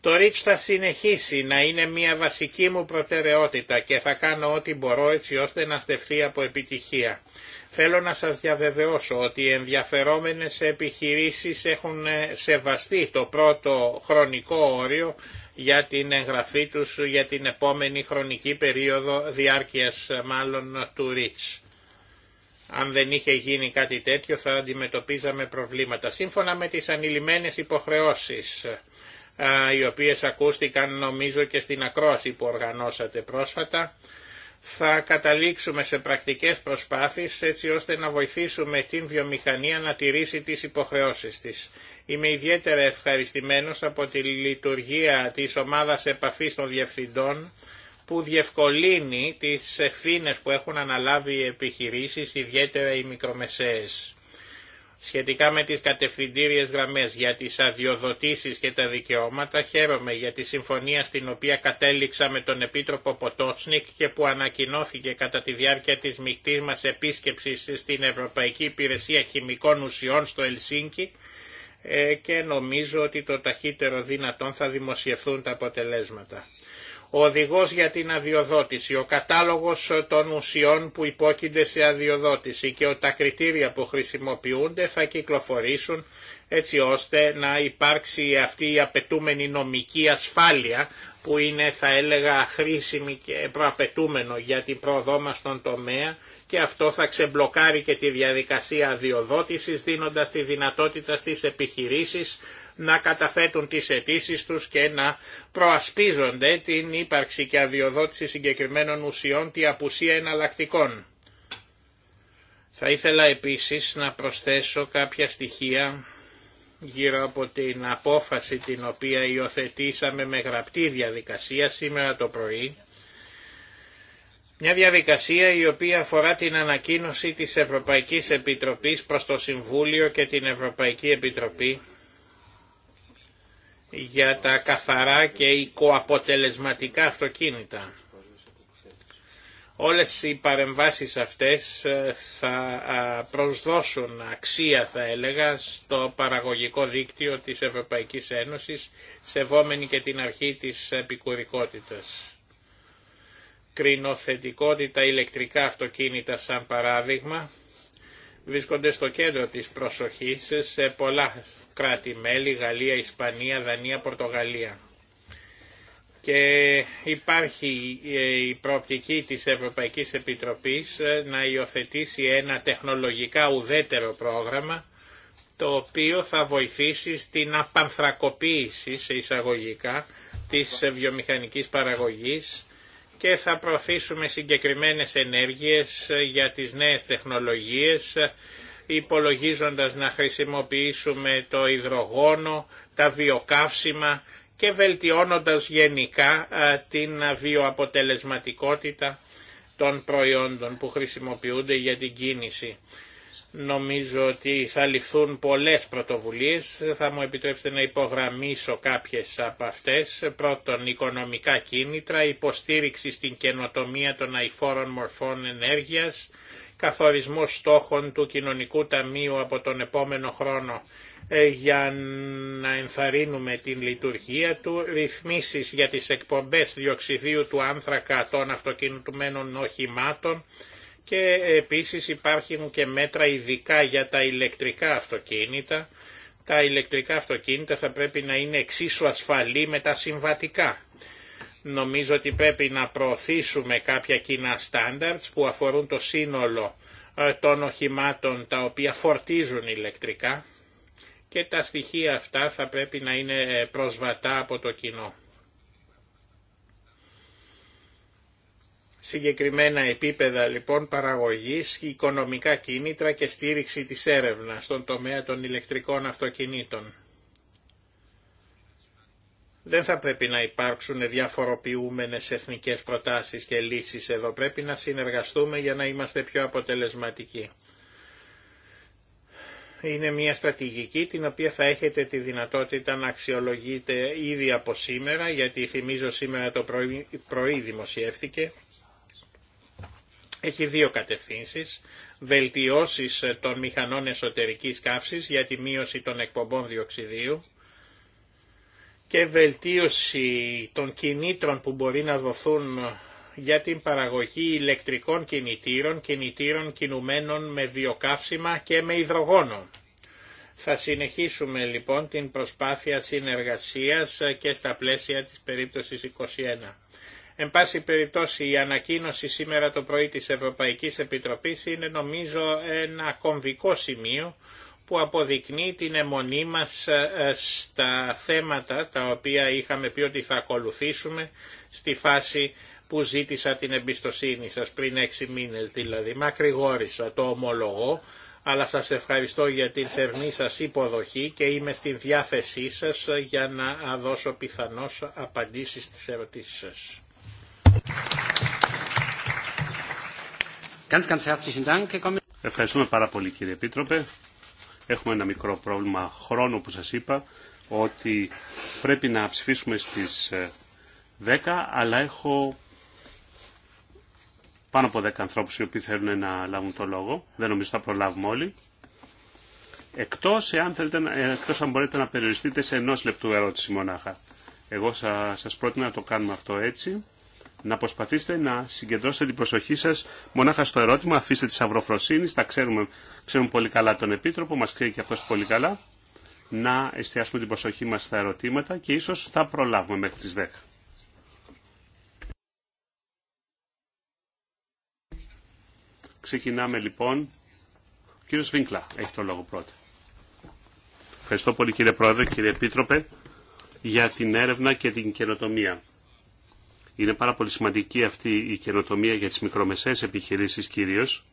Το REACH θα συνεχίσει να είναι μια βασική μου προτεραιότητα και θα κάνω ό,τι μπορώ έτσι ώστε να στεφθεί από επιτυχία. Θέλω να σας διαβεβαιώσω ότι οι ενδιαφερόμενες επιχειρήσεις έχουν σεβαστεί το πρώτο χρονικό όριο για την εγγραφή τους για την επόμενη χρονική περίοδο διάρκειας μάλλον του ΡΙΤΣ. Αν δεν είχε γίνει κάτι τέτοιο θα αντιμετωπίζαμε προβλήματα. Σύμφωνα με τις ανηλυμένες υποχρεώσεις οι οποίες ακούστηκαν νομίζω και στην ακρόαση που οργανώσατε πρόσφατα, θα καταλήξουμε σε πρακτικές προσπάθειες έτσι ώστε να βοηθήσουμε την βιομηχανία να τηρήσει τις υποχρεώσεις της. Είμαι ιδιαίτερα ευχαριστημένος από τη λειτουργία της ομάδας επαφής των διευθυντών που διευκολύνει τις ευθύνε που έχουν αναλάβει οι επιχειρήσεις, ιδιαίτερα οι μικρομεσαίες. Σχετικά με τις κατευθυντήριες γραμμές για τις αδειοδοτήσεις και τα δικαιώματα, χαίρομαι για τη συμφωνία στην οποία κατέληξα με τον Επίτροπο Ποτότσνικ και που ανακοινώθηκε κατά τη διάρκεια της μικτής μας επίσκεψης στην Ευρωπαϊκή Υπηρεσία Χημικών Ουσιών στο Ελσίνκι, ε, και νομίζω ότι το ταχύτερο δυνατόν θα δημοσιευθούν τα αποτελέσματα. Ο οδηγός για την αδειοδότηση, ο κατάλογος των ουσιών που υπόκεινται σε αδειοδότηση και τα κριτήρια που χρησιμοποιούνται θα κυκλοφορήσουν έτσι ώστε να υπάρξει αυτή η απαιτούμενη νομική ασφάλεια που είναι θα έλεγα χρήσιμη και προαπαιτούμενο για την πρόοδό στον τομέα και αυτό θα ξεμπλοκάρει και τη διαδικασία αδειοδότησης δίνοντας τη δυνατότητα στις επιχειρήσεις να καταθέτουν τις αιτήσει τους και να προασπίζονται την ύπαρξη και αδειοδότηση συγκεκριμένων ουσιών τη απουσία εναλλακτικών. Θα ήθελα επίσης να προσθέσω κάποια στοιχεία γύρω από την απόφαση την οποία υιοθετήσαμε με γραπτή διαδικασία σήμερα το πρωί μια διαδικασία η οποία αφορά την ανακοίνωση της Ευρωπαϊκής Επιτροπής προς το Συμβούλιο και την Ευρωπαϊκή Επιτροπή για τα καθαρά και οικοαποτελεσματικά αυτοκίνητα. Όλες οι παρεμβάσεις αυτές ε, θα προσδώσουν αξία θα έλεγα στο παραγωγικό δίκτυο της Ευρωπαϊκής Ένωσης σεβόμενη και την αρχή της επικουρικότητας κρινοθετικότητα ηλεκτρικά αυτοκίνητα σαν παράδειγμα βρίσκονται στο κέντρο της προσοχής σε πολλά κράτη-μέλη, Γαλλία, Ισπανία, Δανία, Πορτογαλία. Και υπάρχει ε, η προοπτική της Ευρωπαϊκής Επιτροπής ε, να υιοθετήσει ένα τεχνολογικά ουδέτερο πρόγραμμα το οποίο θα βοηθήσει στην απανθρακοποίηση σε εισαγωγικά της βιομηχανικής παραγωγής και θα προωθήσουμε συγκεκριμένες ενέργειες ε, για τις νέες τεχνολογίες ε, υπολογίζοντας να χρησιμοποιήσουμε το υδρογόνο, τα βιοκαύσιμα και βελτιώνοντας γενικά ε, την βιοαποτελεσματικότητα των προϊόντων που χρησιμοποιούνται για την κίνηση. Νομίζω ότι θα ληφθούν πολλές πρωτοβουλίες, θα μου επιτρέψετε να υπογραμμίσω κάποιες από αυτές. Πρώτον, οικονομικά κίνητρα, υποστήριξη στην καινοτομία των αηφόρων μορφών ενέργειας, καθορισμός στόχων του Κοινωνικού Ταμείου από τον επόμενο χρόνο ε, για να ενθαρρύνουμε την λειτουργία του, ρυθμίσεις για τις εκπομπές διοξιδίου του άνθρακα των αυτοκινητουμένων οχημάτων, και επίσης υπάρχουν και μέτρα ειδικά για τα ηλεκτρικά αυτοκίνητα. Τα ηλεκτρικά αυτοκίνητα θα πρέπει να είναι εξίσου ασφαλή με τα συμβατικά. Νομίζω ότι πρέπει να προωθήσουμε κάποια κοινά standards που αφορούν το σύνολο ε, των οχημάτων τα οποία φορτίζουν ηλεκτρικά και τα στοιχεία αυτά θα πρέπει να είναι ε, προσβατά από το κοινό. Συγκεκριμένα επίπεδα λοιπόν παραγωγής, οικονομικά κίνητρα και στήριξη της έρευνας στον τομέα των ηλεκτρικών αυτοκινήτων. Δεν θα πρέπει να υπάρξουν διαφοροποιούμενες εθνικές προτάσεις και λύσεις εδώ. Πρέπει να συνεργαστούμε για να είμαστε πιο αποτελεσματικοί. Είναι μια στρατηγική την οποία θα έχετε τη δυνατότητα να αξιολογείτε ήδη από σήμερα, γιατί θυμίζω σήμερα το πρωί, πρωί έχει δύο κατευθύνσεις, βελτιώσεις των μηχανών εσωτερικής καύσης για τη μείωση των εκπομπών διοξιδίου και βελτίωση των κινήτρων που μπορεί να δοθούν για την παραγωγή ηλεκτρικών κινητήρων, κινητήρων κινουμένων με βιοκαύσιμα και με υδρογόνο. Θα συνεχίσουμε λοιπόν την προσπάθεια συνεργασίας και στα πλαίσια της περίπτωσης 21. Εν πάση περιπτώσει η ανακοίνωση σήμερα το πρωί της Ευρωπαϊκής Επιτροπής είναι νομίζω ένα κομβικό σημείο που αποδεικνύει την αιμονή μας ε, στα θέματα τα οποία είχαμε πει ότι θα ακολουθήσουμε στη φάση που ζήτησα την εμπιστοσύνη σας πριν έξι μήνες δηλαδή. Μακρηγόρησα το ομολογώ, αλλά σας ευχαριστώ για την θερμή σας υποδοχή και είμαι στην διάθεσή σας για να δώσω πιθανώς απαντήσεις στις ερωτήσεις σας. Ευχαριστούμε πάρα πολύ κύριε Επίτροπε. Έχουμε ένα μικρό πρόβλημα χρόνου που σας είπα ότι πρέπει να ψηφίσουμε στις 10 ε, αλλά έχω πάνω από 10 ανθρώπους οι οποίοι θέλουν να λάβουν το λόγο. Δεν νομίζω θα προλάβουμε όλοι. Εκτός, εάν θέλετε, ε, εκτός αν μπορείτε να περιοριστείτε σε ενός λεπτού ερώτηση μονάχα. Εγώ σας πρότεινα να το κάνουμε αυτό έτσι να προσπαθήσετε να συγκεντρώσετε την προσοχή σας μονάχα στο ερώτημα, αφήστε τη αυροφροσύνη, τα ξέρουμε, ξέρουμε πολύ καλά τον Επίτροπο, μας ξέρει και αυτό πολύ καλά, να εστιάσουμε την προσοχή μας στα ερωτήματα και ίσως θα προλάβουμε μέχρι τις 10. Ξεκινάμε λοιπόν. κύριο κύριος Βίνκλα έχει το λόγο πρώτα. Ευχαριστώ πολύ κύριε Πρόεδρε, κύριε Επίτροπε, για την έρευνα και την καινοτομία. Είναι πάρα πολύ σημαντική αυτή η καινοτομία για τις μικρομεσαίες επιχειρήσεις κυρίως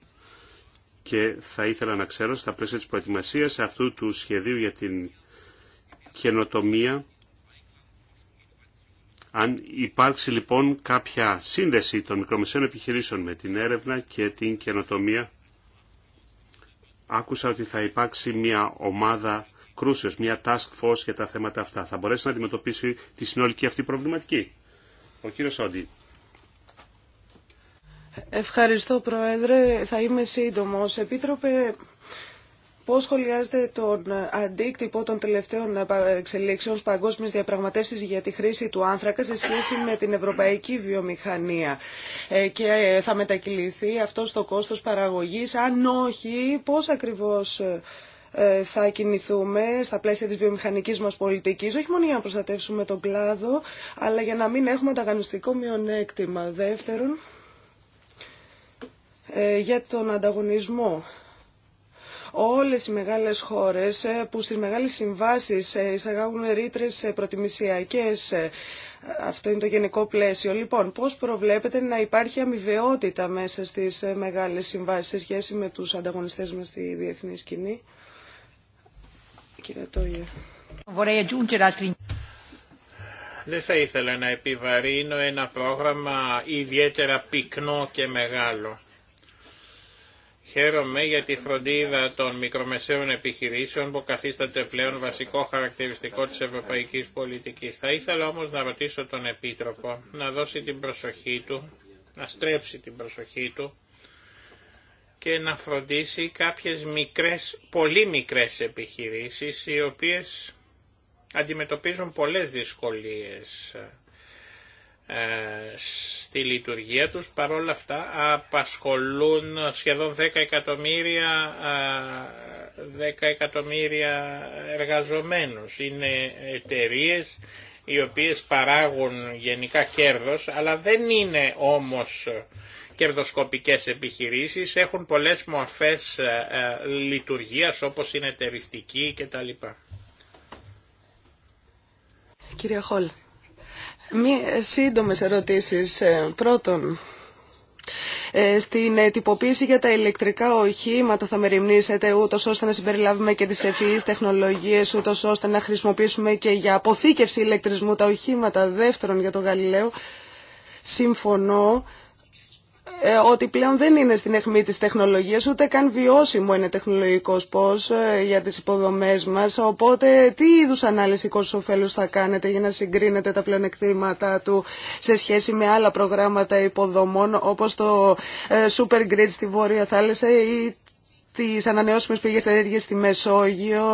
και θα ήθελα να ξέρω στα πλαίσια της προετοιμασίας αυτού του σχεδίου για την καινοτομία αν υπάρξει λοιπόν κάποια σύνδεση των μικρομεσαίων επιχειρήσεων με την έρευνα και την καινοτομία άκουσα ότι θα υπάρξει μια ομάδα κρούσεως, μια task force για τα θέματα αυτά. Θα μπορέσει να αντιμετωπίσει τη συνολική αυτή προβληματική. Ευχαριστώ Πρόεδρε. Θα είμαι σύντομο. Επίτροπε, Πώς σχολιάζετε τον αντίκτυπο των τελευταίων εξελίξεων στι παγκόσμιε διαπραγματεύσεις για τη χρήση του άνθρακα σε σχέση με την ευρωπαϊκή βιομηχανία ε, και θα μετακυληθεί αυτό στο κόστος παραγωγής, αν όχι, πώς ακριβώς ε, ε, θα κινηθούμε στα πλαίσια της βιομηχανικής μας πολιτικής, όχι μόνο για να προστατεύσουμε τον κλάδο, αλλά για να μην έχουμε ανταγωνιστικό μειονέκτημα. Δεύτερον, ε, για τον ανταγωνισμό όλες οι μεγάλες χώρες ε, που στις μεγάλες συμβάσεις εισαγάγουν ρήτρες προτιμησιακές. Αυτό είναι το γενικό πλαίσιο. Λοιπόν, πώς προβλέπετε να υπάρχει αμοιβαιότητα μέσα στις μεγάλες συμβάσεις σε σχέση με τους ανταγωνιστές μας στη διεθνή σκηνή. Δεν θα ήθελα να επιβαρύνω ένα πρόγραμμα ιδιαίτερα πυκνό και μεγάλο. Χαίρομαι για τη φροντίδα των μικρομεσαίων επιχειρήσεων που καθίσταται πλέον βασικό χαρακτηριστικό της ευρωπαϊκής πολιτικής. Θα ήθελα όμως να ρωτήσω τον Επίτροπο να δώσει την προσοχή του, να στρέψει την προσοχή του και να φροντίσει κάποιες μικρές, πολύ μικρές επιχειρήσεις οι οποίες αντιμετωπίζουν πολλές δυσκολίες ε, στη λειτουργία τους. Παρόλα αυτά απασχολούν σχεδόν 10 εκατομμύρια, 10 ε, εκατομμύρια εργαζομένους. Είναι εταιρείε οι οποίες παράγουν γενικά κέρδος αλλά δεν είναι όμως κερδοσκοπικές επιχειρήσεις έχουν πολλές μορφές ε, ε, λειτουργίας όπως είναι εταιριστική κτλ. Κύριε Χολ, σύντομες ερωτήσεις. Ε, πρώτον, στην τυποποίηση για τα ηλεκτρικά οχήματα θα μεριμνήσετε ούτως ώστε να συμπεριλάβουμε και τις ευφυείς τεχνολογίες ούτως ώστε να χρησιμοποιήσουμε και για αποθήκευση ηλεκτρισμού τα οχήματα δεύτερον για το Γαλιλαίο. Συμφωνώ ε, ότι πλέον δεν είναι στην αιχμή της τεχνολογίας, ούτε καν βιώσιμο είναι τεχνολογικός πώς ε, για τις υποδομές μας. Οπότε τι είδους ανάλυση ωφέλους θα κάνετε για να συγκρίνετε τα πλεονεκτήματά του σε σχέση με άλλα προγράμματα υποδομών όπως το ε, Super Grid στη Βόρεια Θάλασσα ή τις ανανεώσιμες πηγές ενέργειας στη Μεσόγειο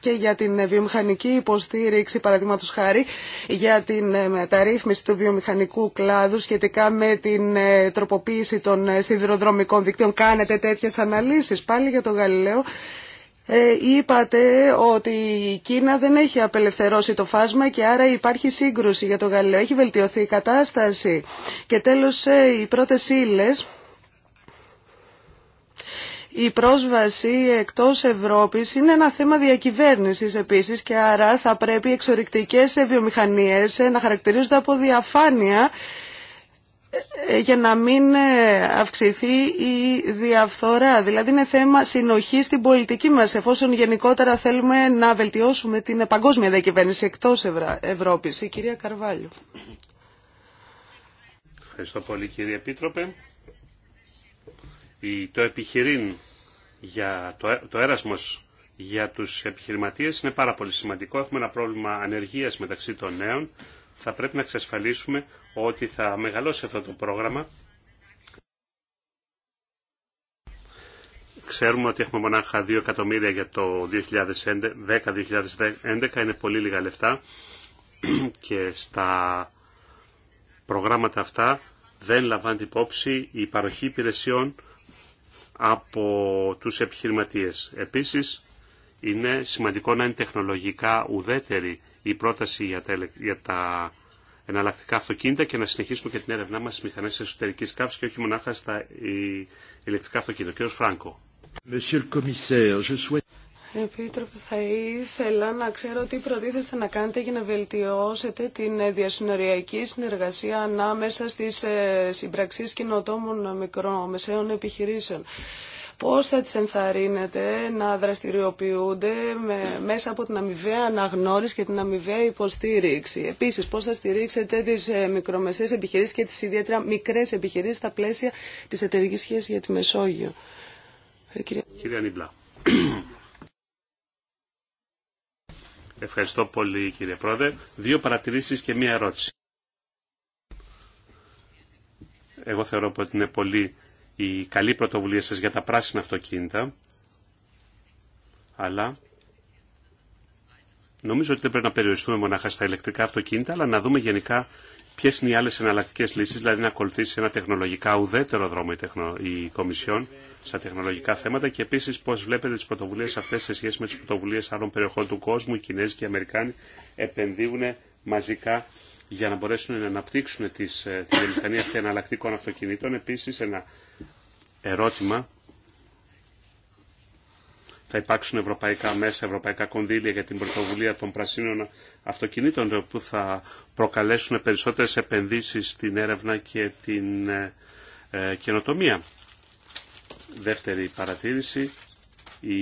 και για την βιομηχανική υποστήριξη, παραδείγματο χάρη, για την μεταρρύθμιση του βιομηχανικού κλάδου σχετικά με την ε, τροποποίηση των ε, σιδηροδρομικών δικτύων. Κάνετε τέτοιες αναλύσεις πάλι για τον Γαλιλαίο. Ε, είπατε ότι η Κίνα δεν έχει απελευθερώσει το φάσμα και άρα υπάρχει σύγκρουση για το Γαλιλαίο. Έχει βελτιωθεί η κατάσταση. Και τέλος, οι πρώτες ύλες η πρόσβαση εκτός Ευρώπης είναι ένα θέμα διακυβέρνησης επίσης και άρα θα πρέπει οι εξορρυκτικές βιομηχανίες να χαρακτηρίζονται από διαφάνεια ε, ε, για να μην ε, αυξηθεί η διαφθορά. Δηλαδή είναι θέμα συνοχής στην πολιτική μας εφόσον γενικότερα θέλουμε να βελτιώσουμε την παγκόσμια διακυβέρνηση εκτός Ευρώπης. Η κυρία Καρβάλιο. Ευχαριστώ πολύ κύριε Επίτροπε. Το επιχειρήν για το, το έρασμος για τους επιχειρηματίες είναι πάρα πολύ σημαντικό. Έχουμε ένα πρόβλημα ανεργίας μεταξύ των νέων. Θα πρέπει να εξασφαλίσουμε ότι θα μεγαλώσει αυτό το πρόγραμμα. Ξέρουμε ότι έχουμε μονάχα 2 εκατομμύρια για το 2010-2011, είναι πολύ λίγα λεφτά και στα προγράμματα αυτά δεν λαμβάνει υπόψη η παροχή υπηρεσιών από τους επιχειρηματίες. Επίσης, είναι σημαντικό να είναι τεχνολογικά ουδέτερη η πρόταση για τα, για τα εναλλακτικά αυτοκίνητα και να συνεχίσουμε και την έρευνά μας στις μηχανές εσωτερικής καύσης και όχι μονάχα στα ε, ηλεκτρικά αυτοκίνητα. Κύριος Φράγκο. Επίτροπε, θα ήθελα να ξέρω τι προτίθεστε να κάνετε για να βελτιώσετε την διασυνοριακή συνεργασία ανάμεσα στις ε, συμπραξίες κοινοτόμων μικρομεσαίων επιχειρήσεων. Πώς θα τις ενθαρρύνετε να δραστηριοποιούνται μέσα από την αμοιβαία αναγνώριση και την αμοιβαία υποστήριξη. Επίσης, πώς θα στηρίξετε τις ε, μικρομεσαίες επιχειρήσεις και τις ιδιαίτερα μικρές επιχειρήσεις στα πλαίσια της εταιρικής σχέσης για τη Μεσόγειο. Ε, κυρία Ευχαριστώ πολύ κύριε Πρόεδρε. Δύο παρατηρήσεις και μία ερώτηση. Εγώ θεωρώ ότι είναι πολύ η καλή πρωτοβουλία σας για τα πράσινα αυτοκίνητα, αλλά νομίζω ότι δεν πρέπει να περιοριστούμε μονάχα στα ηλεκτρικά αυτοκίνητα, αλλά να δούμε γενικά ποιε είναι οι άλλε εναλλακτικέ λύσει, δηλαδή να ακολουθήσει ένα τεχνολογικά ουδέτερο δρόμο η, τεχνο, η Κομισιόν στα τεχνολογικά θέματα και επίση πώ βλέπετε τι πρωτοβουλίε αυτέ σε σχέση με τι πρωτοβουλίε άλλων περιοχών του κόσμου. Οι Κινέζοι και οι Αμερικάνοι επενδύουν μαζικά για να μπορέσουν να αναπτύξουν τις, ε, τη βιομηχανία αυτή εναλλακτικών αυτοκινήτων. Επίση, ένα ερώτημα θα υπάρξουν ευρωπαϊκά μέσα, ευρωπαϊκά κονδύλια για την πρωτοβουλία των πρασίνων αυτοκινήτων που θα προκαλέσουν περισσότερες επενδύσεις στην έρευνα και την ε, ε, καινοτομία. Δεύτερη παρατήρηση, η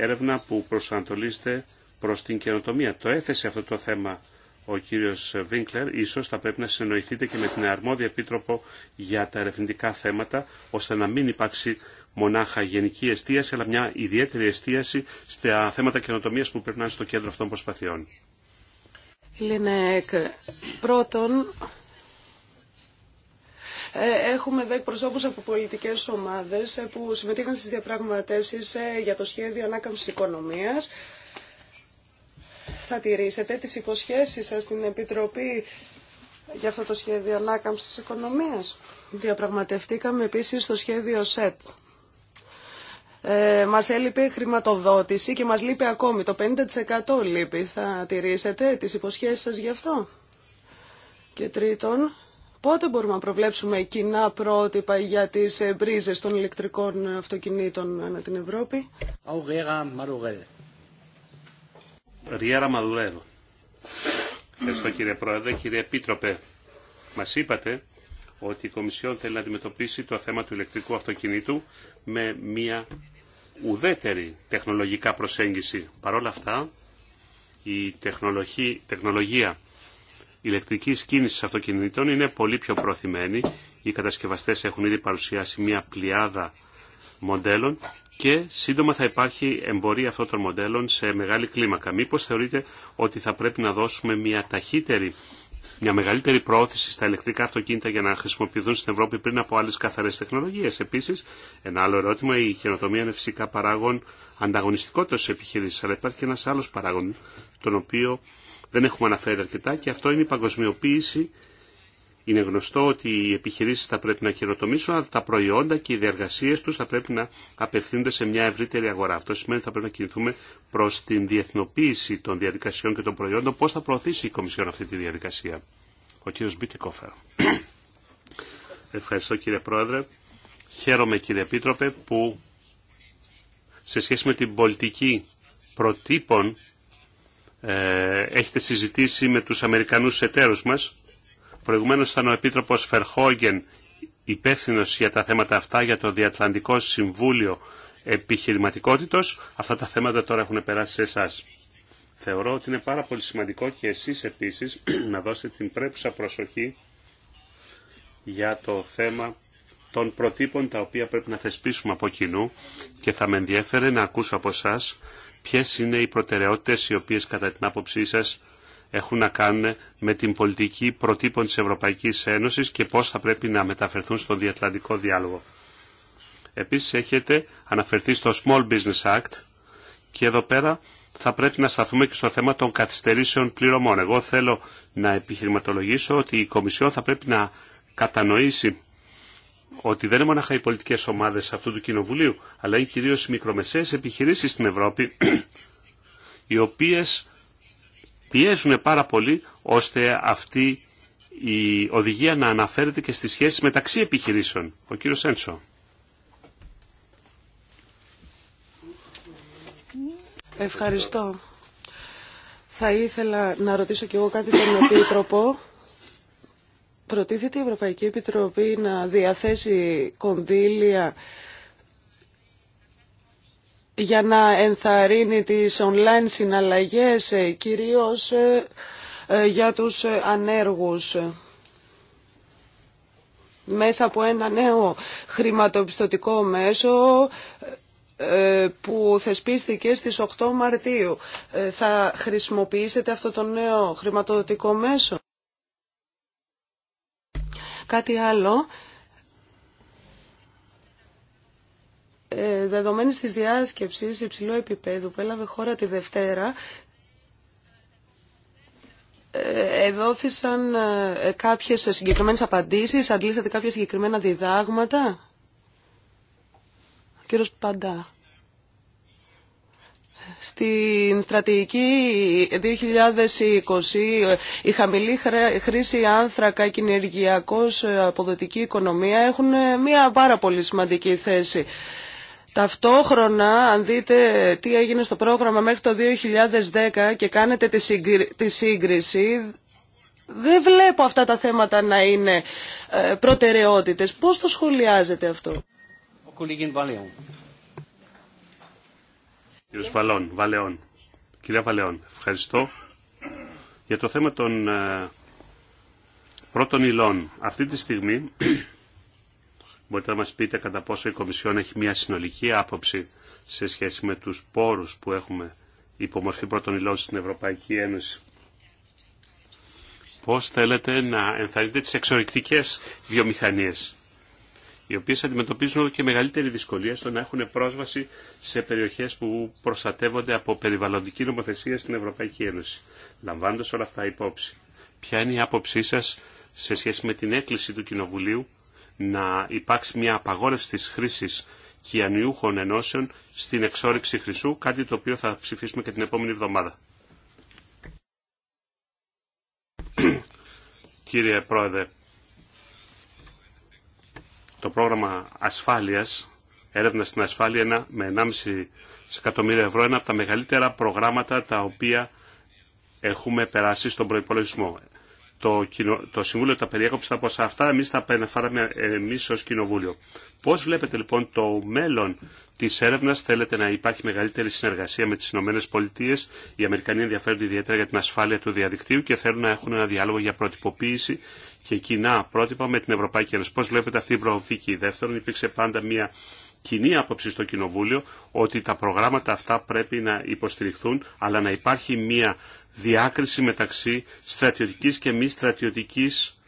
έρευνα που προσανατολίζεται προς την καινοτομία. Το έθεσε αυτό το θέμα ο κύριος Βίνκλερ, ίσως θα πρέπει να συνοηθείτε και με την αρμόδια επίτροπο για τα ερευνητικά θέματα, ώστε να μην υπάρξει μονάχα γενική εστίαση, αλλά μια ιδιαίτερη εστίαση στα θέματα καινοτομία που πρέπει στο κέντρο αυτών των προσπαθειών. Λινέκ, πρώτον, ε, Έχουμε δέκ προσώπου από πολιτικέ ομάδε ε, που συμμετείχαν στι διαπραγματεύσει ε, για το σχέδιο ανάκαμψη οικονομία. Θα τηρήσετε τι υποσχέσει σα στην Επιτροπή για αυτό το σχέδιο ανάκαμψη οικονομία. Διαπραγματευτήκαμε επίση το σχέδιο ΣΕΤ ε, μας έλειπε χρηματοδότηση και μας λείπει ακόμη. Το 50% λείπει. Θα τηρήσετε τις υποσχέσεις σας γι' αυτό. Και τρίτον, πότε μπορούμε να προβλέψουμε κοινά πρότυπα για τις ε, μπρίζες των ηλεκτρικών αυτοκινήτων ανά την Ευρώπη. Ριέρα Μαρουγέλ. Ευχαριστώ κύριε Πρόεδρε. Κύριε Επίτροπε, μας είπατε ότι η Κομισιόν θέλει να αντιμετωπίσει το θέμα του ηλεκτρικού αυτοκινήτου με μία ουδέτερη τεχνολογικά προσέγγιση. Παρ' όλα αυτά, η τεχνολογία, τεχνολογία ηλεκτρικής κίνησης αυτοκινητών είναι πολύ πιο προθυμένη. Οι κατασκευαστές έχουν ήδη παρουσιάσει μια πλειάδα μοντέλων και σύντομα θα υπάρχει εμπορία αυτών των μοντέλων σε μεγάλη κλίμακα. Μήπως θεωρείτε ότι θα πρέπει να δώσουμε μια ταχύτερη μια μεγαλύτερη προώθηση στα ηλεκτρικά αυτοκίνητα για να χρησιμοποιηθούν στην Ευρώπη πριν από άλλε καθαρέ τεχνολογίε. Επίση, ένα άλλο ερώτημα, η καινοτομία είναι φυσικά παράγον ανταγωνιστικότητα τη επιχειρήση, αλλά υπάρχει και ένα άλλο παράγον, τον οποίο δεν έχουμε αναφέρει αρκετά και αυτό είναι η παγκοσμιοποίηση είναι γνωστό ότι οι επιχειρήσεις θα πρέπει να χειροτομήσουν, αλλά τα προϊόντα και οι διαργασίες τους θα πρέπει να απευθύνονται σε μια ευρύτερη αγορά. Αυτό σημαίνει ότι θα πρέπει να κινηθούμε προς την διεθνοποίηση των διαδικασιών και των προϊόντων. Πώς θα προωθήσει η Κομισιόν αυτή τη διαδικασία. Ο κύριος Μπίτικοφερ. Ευχαριστώ κύριε Πρόεδρε. Χαίρομαι κύριε Επίτροπε που σε σχέση με την πολιτική προτύπων ε, έχετε συζητήσει με τους Αμερικανούς εταίρους μας Προηγουμένως ήταν ο Επίτροπος Φερχόγγεν υπεύθυνο για τα θέματα αυτά, για το Διατλαντικό Συμβούλιο Επιχειρηματικότητος. Αυτά τα θέματα τώρα έχουν περάσει σε εσά. Θεωρώ ότι είναι πάρα πολύ σημαντικό και εσείς επίσης να δώσετε την πρέπουσα προσοχή για το θέμα των προτύπων τα οποία πρέπει να θεσπίσουμε από κοινού και θα με ενδιέφερε να ακούσω από εσά ποιες είναι οι προτεραιότητες οι οποίες κατά την άποψή σας έχουν να κάνουν με την πολιτική προτύπων της Ευρωπαϊκής Ένωσης και πώς θα πρέπει να μεταφερθούν στο διατλαντικό διάλογο. Επίσης έχετε αναφερθεί στο Small Business Act και εδώ πέρα θα πρέπει να σταθούμε και στο θέμα των καθυστερήσεων πληρωμών. Εγώ θέλω να επιχειρηματολογήσω ότι η Κομισιόν θα πρέπει να κατανοήσει ότι δεν είναι μόνο οι πολιτικές ομάδες αυτού του Κοινοβουλίου, αλλά είναι κυρίως οι μικρομεσαίες επιχειρήσεις στην Ευρώπη, οι οποίες πιέζουν πάρα πολύ ώστε αυτή η οδηγία να αναφέρεται και στις σχέσεις μεταξύ επιχειρήσεων. Ο κύριος Έντσο. Ευχαριστώ. Θα ήθελα να ρωτήσω κι εγώ κάτι τον Επίτροπο. Προτίθεται η Ευρωπαϊκή Επιτροπή να διαθέσει κονδύλια για να ενθαρρύνει τις online συναλλαγές, ε, κυρίως ε, ε, για τους ανέργους μέσα από ένα νέο χρηματοπιστωτικό μέσο που θεσπίστηκε στις 8 Μαρτίου. Θα χρησιμοποιήσετε αυτό το νέο χρηματοδοτικό μέσο. Κάτι άλλο Ε, δεδομένη της διάσκεψης υψηλού επίπεδου που έλαβε χώρα τη Δευτέρα, ε, εδόθησαν ε, κάποιες συγκεκριμένες απαντήσεις, αντλήσατε κάποια συγκεκριμένα διδάγματα. Ο κύριος Παντά. Στην στρατηγική 2020 η χαμηλή χρήση άνθρακα και ενεργειακός αποδοτική οικονομία έχουν μια πάρα πολύ σημαντική θέση. Ταυτόχρονα, αν δείτε τι έγινε στο πρόγραμμα μέχρι το 2010 και κάνετε τη σύγκριση, δεν βλέπω αυτά τα θέματα να είναι ε, προτεραιότητες. Πώς το σχολιάζετε αυτό. Ο κύριος Βαλών, Βαλεών. Κυρία Βαλεών, ευχαριστώ για το θέμα των ε, πρώτων υλών. Αυτή τη στιγμή Μπορείτε να μας πείτε κατά πόσο η Κομισιόν έχει μια συνολική άποψη σε σχέση με τους πόρους που έχουμε υπομορφή πρώτων υλών στην Ευρωπαϊκή Ένωση. Πώς θέλετε να ενθαρρύνετε τις εξορρυκτικές βιομηχανίες, οι οποίες αντιμετωπίζουν όλο και μεγαλύτερη δυσκολία στο να έχουν πρόσβαση σε περιοχές που προστατεύονται από περιβαλλοντική νομοθεσία στην Ευρωπαϊκή Ένωση, λαμβάνοντας όλα αυτά υπόψη. Ποια είναι η άποψή σας σε σχέση με την έκκληση του Κοινοβουλίου να υπάρξει μια απαγόρευση της χρήσης κυανιούχων ενώσεων στην εξόριξη χρυσού, κάτι το οποίο θα ψηφίσουμε και την επόμενη εβδομάδα. Κύριε Πρόεδρε, το πρόγραμμα ασφάλειας, έρευνα στην ασφάλεια με 1,5 εκατομμύρια ευρώ, ένα από τα μεγαλύτερα προγράμματα τα οποία έχουμε περάσει στον προϋπολογισμό το, κοινο, το Συμβούλιο τα περιέκοψε τα ποσά αυτά, εμείς τα επανεφάραμε ε, εμείς ως Κοινοβούλιο. Πώς βλέπετε λοιπόν το μέλλον της έρευνας, θέλετε να υπάρχει μεγαλύτερη συνεργασία με τις Ηνωμένες Πολιτείες, οι Αμερικανοί ενδιαφέρονται ιδιαίτερα για την ασφάλεια του διαδικτύου και θέλουν να έχουν ένα διάλογο για προτυποποίηση και κοινά πρότυπα με την Ευρωπαϊκή Ένωση. Πώς βλέπετε αυτή η προοπτική. Δεύτερον, υπήρξε πάντα μια κοινή άποψη στο Κοινοβούλιο ότι τα προγράμματα αυτά πρέπει να υποστηριχθούν, αλλά να υπάρχει μια διάκριση μεταξύ στρατιωτικής και μη στρατιωτικής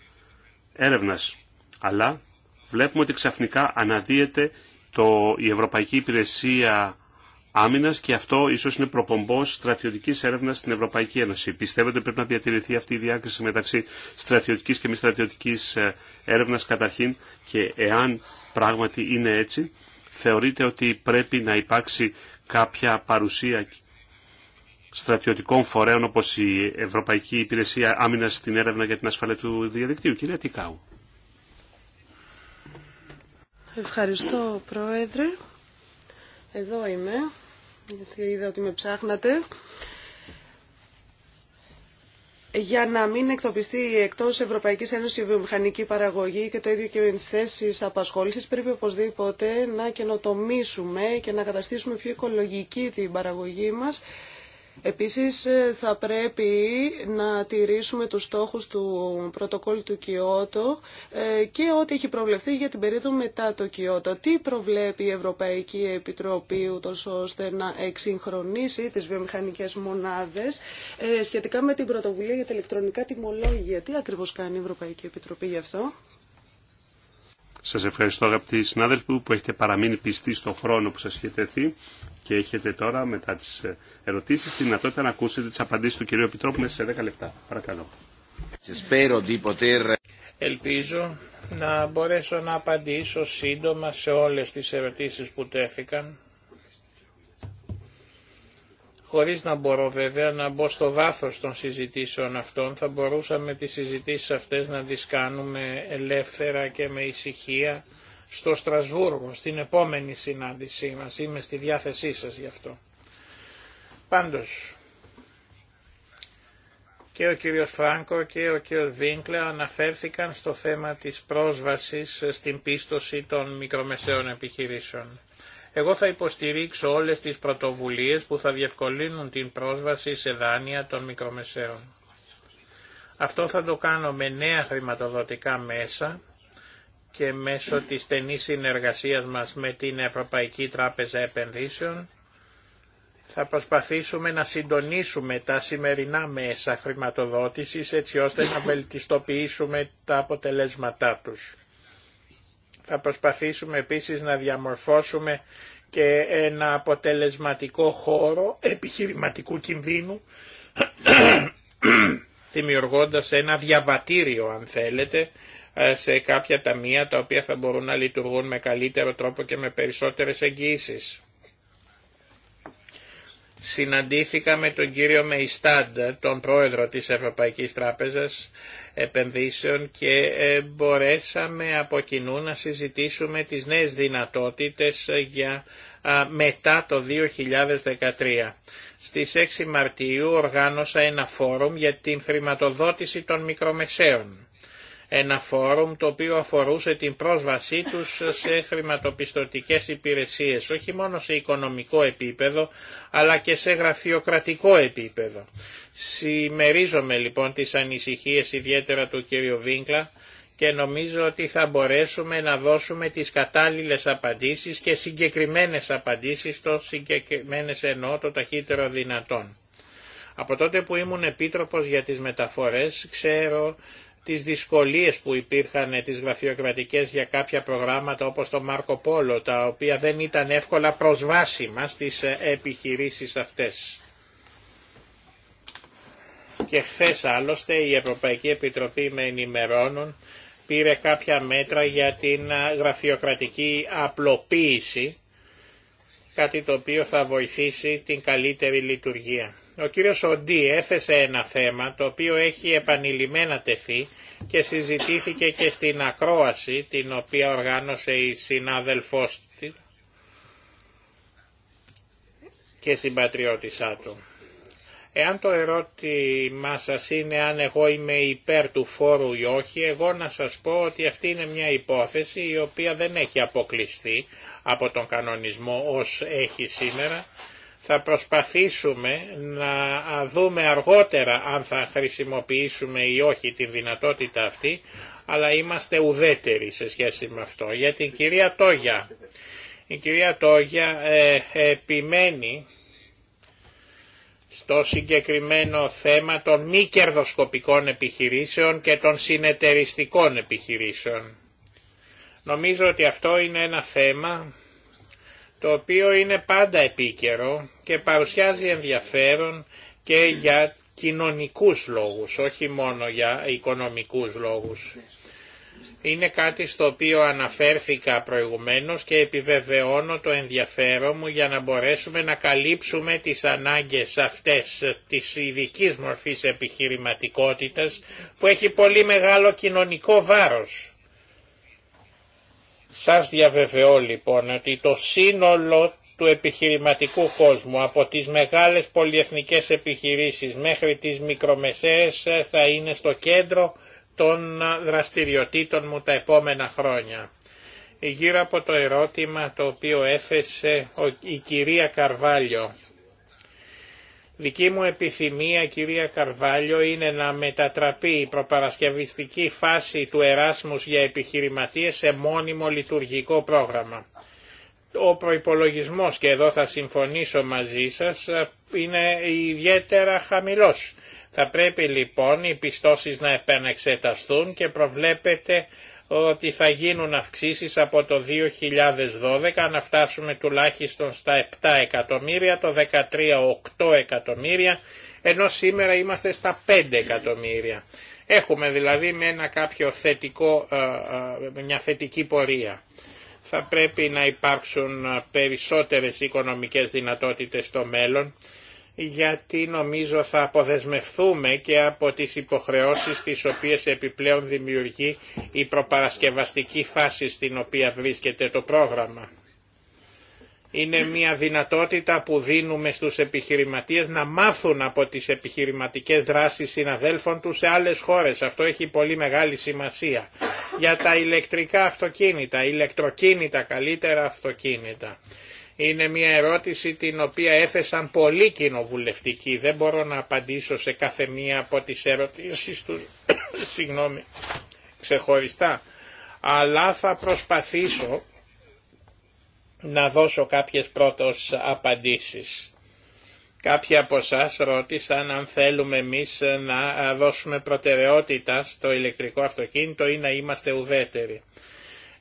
έρευνας. Αλλά βλέπουμε ότι ξαφνικά αναδύεται το, η Ευρωπαϊκή Υπηρεσία Άμυνα και αυτό ίσω είναι προπομπό στρατιωτική έρευνα στην Ευρωπαϊκή Ένωση. Πιστεύετε πρέπει να διατηρηθεί αυτή η διάκριση μεταξύ στρατιωτική και μη στρατιωτική ε, έρευνα καταρχήν και εάν πράγματι είναι έτσι, θεωρείτε ότι πρέπει να υπάρξει κάποια παρουσία στρατιωτικών φορέων όπως η Ευρωπαϊκή Υπηρεσία Άμυνας στην έρευνα για την ασφάλεια του διαδικτύου. Κυρία Τικάου. Ευχαριστώ Πρόεδρε. Εδώ είμαι, γιατί είδα ότι με ψάχνατε. Για να μην εκτοπιστεί εκτός Ευρωπαϊκής Ένωσης η βιομηχανική παραγωγή και το ίδιο και με τι θέσει απασχόλησης, πρέπει οπωσδήποτε να καινοτομήσουμε και να καταστήσουμε πιο οικολογική την παραγωγή μα. Επίσης ε, θα πρέπει να τηρήσουμε τους στόχους του πρωτοκόλλου του Κιώτο ε, και ό,τι έχει προβλεφθεί για την περίοδο μετά το Κιώτο. Τι προβλέπει η Ευρωπαϊκή Επιτροπή ούτως ώστε να εξυγχρονίσει τις βιομηχανικές μονάδες ε, σχετικά με την πρωτοβουλία για τα ηλεκτρονικά τιμολόγια. Τι ακριβώς κάνει η Ευρωπαϊκή Επιτροπή γι' αυτό. Σας ευχαριστώ αγαπητοί συνάδελφοι που έχετε παραμείνει πιστοί στον χρόνο που σας είχε τεθεί και έχετε τώρα μετά τις ε, ερωτήσεις τη δυνατότητα να ακούσετε τις απαντήσεις του κυρίου Επιτρόπου μέσα σε 10 λεπτά. Παρακαλώ. Ελπίζω να μπορέσω να απαντήσω σύντομα σε όλες τις ερωτήσεις που τέθηκαν Χωρίς να μπορώ βέβαια να μπω στο βάθος των συζητήσεων αυτών, θα μπορούσαμε τις συζητήσεις αυτές να τις κάνουμε ελεύθερα και με ησυχία στο Στρασβούργο, στην επόμενη συνάντησή μας. Είμαι στη διάθεσή σας γι' αυτό. Πάντως, και ο κύριος Φράνκο και ο κύριος Βίνκλε αναφέρθηκαν στο θέμα της πρόσβασης στην πίστοση των μικρομεσαίων επιχειρήσεων. Εγώ θα υποστηρίξω όλες τις πρωτοβουλίες που θα διευκολύνουν την πρόσβαση σε δάνεια των μικρομεσαίων. Αυτό θα το κάνω με νέα χρηματοδοτικά μέσα και μέσω της στενής συνεργασίας μας με την Ευρωπαϊκή Τράπεζα Επενδύσεων θα προσπαθήσουμε να συντονίσουμε τα σημερινά μέσα χρηματοδότησης έτσι ώστε να βελτιστοποιήσουμε τα αποτελέσματά τους. Θα προσπαθήσουμε επίσης να διαμορφώσουμε και ένα αποτελεσματικό χώρο επιχειρηματικού κινδύνου, δημιουργώντας ένα διαβατήριο αν θέλετε, ε, σε κάποια ταμεία τα οποία θα μπορούν να λειτουργούν με καλύτερο τρόπο και με περισσότερες εγγυήσεις συναντήθηκα με τον κύριο Μεϊστάντ, τον πρόεδρο της Ευρωπαϊκής Τράπεζας Επενδύσεων και ε, μπορέσαμε από κοινού να συζητήσουμε τις νέες δυνατότητες ε, για μετά το 2013. Στις 6 Μαρτίου οργάνωσα ένα φόρουμ για την χρηματοδότηση των μικρομεσαίων ένα φόρουμ το οποίο αφορούσε την πρόσβασή τους σε χρηματοπιστωτικές υπηρεσίες, όχι μόνο σε οικονομικό επίπεδο, αλλά και σε γραφειοκρατικό επίπεδο. Συμμερίζομαι λοιπόν τις ανησυχίες ιδιαίτερα του κ. Βίγκλα και νομίζω ότι θα μπορέσουμε να δώσουμε τις κατάλληλες απαντήσεις και συγκεκριμένες απαντήσεις, το συγκεκριμένες εννοώ το ταχύτερο δυνατόν. Από τότε που ήμουν επίτροπος για τις μεταφορές ξέρω τις δυσκολίες που υπήρχαν ε, τις γραφειοκρατικές για κάποια προγράμματα όπως το Μάρκο Πόλο, τα οποία δεν ήταν εύκολα προσβάσιμα στις ε, επιχειρήσεις αυτές. Και χθε άλλωστε η Ευρωπαϊκή Επιτροπή με ενημερώνουν πήρε κάποια μέτρα για την ε, γραφειοκρατική απλοποίηση, κάτι το οποίο θα βοηθήσει την καλύτερη λειτουργία. Ο κύριος Οντί έθεσε ένα θέμα το οποίο έχει επανειλημμένα τεθεί και συζητήθηκε και στην ακρόαση την οποία οργάνωσε η συνάδελφός τη και συμπατριώτησά του. Εάν το ερώτημά σας είναι αν εγώ είμαι υπέρ του φόρου ή όχι, εγώ να σας πω ότι αυτή είναι μια υπόθεση η οποία δεν έχει αποκλειστεί από τον κανονισμό ως έχει σήμερα θα προσπαθήσουμε να δούμε αργότερα αν θα χρησιμοποιήσουμε ή όχι τη δυνατότητα αυτή, αλλά είμαστε ουδέτεροι σε σχέση με αυτό. Για την κυρία Τόγια. Η κυρία Τόγια ε, επιμένει στο συγκεκριμένο θέμα των μη κερδοσκοπικών επιχειρήσεων και των συνεταιριστικών επιχειρήσεων. Νομίζω ότι αυτό είναι ένα θέμα το οποίο είναι πάντα επίκαιρο και παρουσιάζει ενδιαφέρον και για κοινωνικούς λόγους, όχι μόνο για οικονομικούς λόγους. Είναι κάτι στο οποίο αναφέρθηκα προηγουμένως και επιβεβαιώνω το ενδιαφέρον μου για να μπορέσουμε να καλύψουμε τις ανάγκες αυτές της ειδική μορφής επιχειρηματικότητας που έχει πολύ μεγάλο κοινωνικό βάρος. Σας διαβεβαιώ λοιπόν ότι το σύνολο του επιχειρηματικού κόσμου, από τις μεγάλες πολυεθνικές επιχειρήσεις μέχρι τις μικρομεσαίες θα είναι στο κέντρο των δραστηριοτήτων μου τα επόμενα χρόνια. Γύρω από το ερώτημα το οποίο έθεσε η κυρία Καρβάλιο. Δική μου επιθυμία, κυρία Καρβάλιο, είναι να μετατραπεί η προπαρασκευιστική φάση του Εράσμους για επιχειρηματίες σε μόνιμο λειτουργικό πρόγραμμα ο προϋπολογισμός και εδώ θα συμφωνήσω μαζί σας είναι ιδιαίτερα χαμηλός. Θα πρέπει λοιπόν οι πιστώσεις να επαναξεταστούν και προβλέπεται ότι θα γίνουν αυξήσεις από το 2012 να φτάσουμε τουλάχιστον στα 7 εκατομμύρια, το 13 8 εκατομμύρια, ενώ σήμερα είμαστε στα 5 εκατομμύρια. Έχουμε δηλαδή με ένα κάποιο ε, ε, μια θετική πορεία θα πρέπει να υπάρξουν ε, περισσότερες οικονομικές δυνατότητες στο μέλλον, γιατί νομίζω θα αποδεσμευθούμε και από τις υποχρεώσεις τις οποίες επιπλέον δημιουργεί η προπαρασκευαστική φάση στην οποία βρίσκεται το πρόγραμμα είναι μια δυνατότητα που δίνουμε στους επιχειρηματίες να μάθουν από τις επιχειρηματικές δράσεις συναδέλφων τους σε άλλες χώρες. Αυτό έχει πολύ μεγάλη σημασία. Για τα ηλεκτρικά αυτοκίνητα, ηλεκτροκίνητα, καλύτερα αυτοκίνητα. Είναι μια ερώτηση την οποία έθεσαν πολλοί κοινοβουλευτικοί. Δεν μπορώ να απαντήσω σε κάθε μία από τις ερωτήσεις του, συγγνώμη, ξεχωριστά. Αλλά θα προσπαθήσω να δώσω κάποιες πρώτος απαντήσεις. Κάποιοι από εσά ρώτησαν αν θέλουμε εμείς να δώσουμε προτεραιότητα στο ηλεκτρικό αυτοκίνητο ή να είμαστε ουδέτεροι.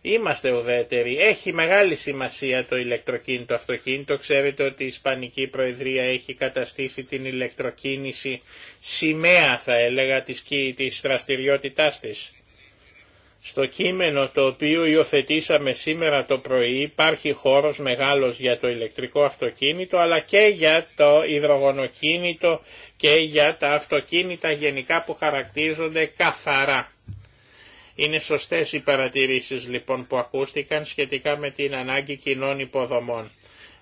Είμαστε ουδέτεροι. Έχει μεγάλη σημασία το ηλεκτροκίνητο αυτοκίνητο. Ξέρετε ότι η Ισπανική Προεδρία έχει καταστήσει την ηλεκτροκίνηση σημαία θα έλεγα της, της δραστηριότητάς στο κείμενο το οποίο υιοθετήσαμε σήμερα το πρωί υπάρχει χώρος μεγάλος για το ηλεκτρικό αυτοκίνητο αλλά και για το υδρογονοκίνητο και για τα αυτοκίνητα γενικά που χαρακτίζονται καθαρά. Είναι σωστές οι παρατηρήσεις λοιπόν που ακούστηκαν σχετικά με την ανάγκη κοινών υποδομών.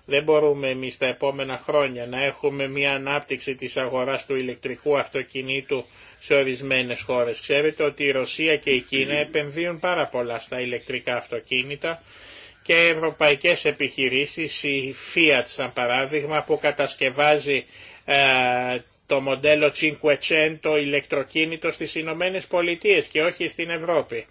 Δεν μπορούμε εμεί τα επόμενα χρόνια να έχουμε μια ανάπτυξη της αγορά του ηλεκτρικού αυτοκινήτου σε ορισμένε χώρε. Ξέρετε ότι η Ρωσία και η Κίνα επενδύουν πάρα πολλά στα ηλεκτρικά αυτοκίνητα και ευρωπαϊκές επιχειρήσει, η Fiat σαν παράδειγμα που κατασκευάζει ε, το μοντέλο Cinquecento ηλεκτροκίνητο στις Ηνωμένε Πολιτείε και όχι στην Ευρώπη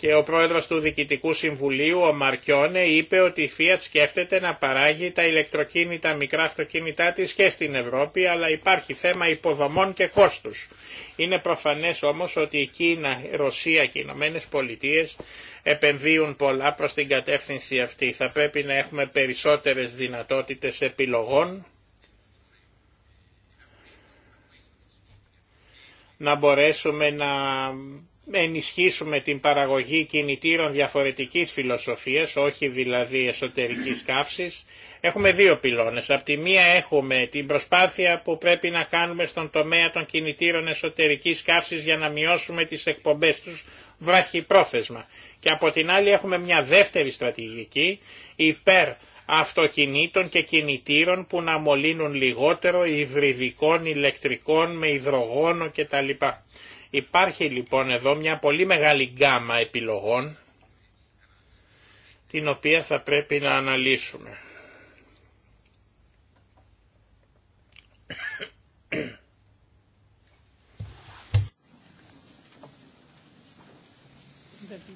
και ο πρόεδρος του Διοικητικού Συμβουλίου, ο Μαρκιόνε, είπε ότι η Fiat σκέφτεται να παράγει τα ηλεκτροκίνητα, μικρά αυτοκίνητά της και στην Ευρώπη, αλλά υπάρχει θέμα υποδομών και κόστους. Είναι προφανές όμως ότι η Κίνα, η Ρωσία και οι Ηνωμένε Πολιτείες επενδύουν πολλά προς την κατεύθυνση αυτή. Θα πρέπει να έχουμε περισσότερες δυνατότητες επιλογών να μπορέσουμε να ενισχύσουμε την παραγωγή κινητήρων διαφορετικής φιλοσοφίας, όχι δηλαδή εσωτερικής καύσης, έχουμε δύο πυλώνες. Απ' τη μία έχουμε την προσπάθεια που πρέπει να κάνουμε στον τομέα των κινητήρων εσωτερικής καύσης για να μειώσουμε τις εκπομπές τους βραχυπρόθεσμα. Και από την άλλη έχουμε μια δεύτερη στρατηγική υπέρ αυτοκινήτων και κινητήρων που να μολύνουν λιγότερο υβριδικών, ηλεκτρικών, με υδρογόνο κτλ. Υπάρχει λοιπόν εδώ μια πολύ μεγάλη γκάμα επιλογών την οποία θα πρέπει να αναλύσουμε.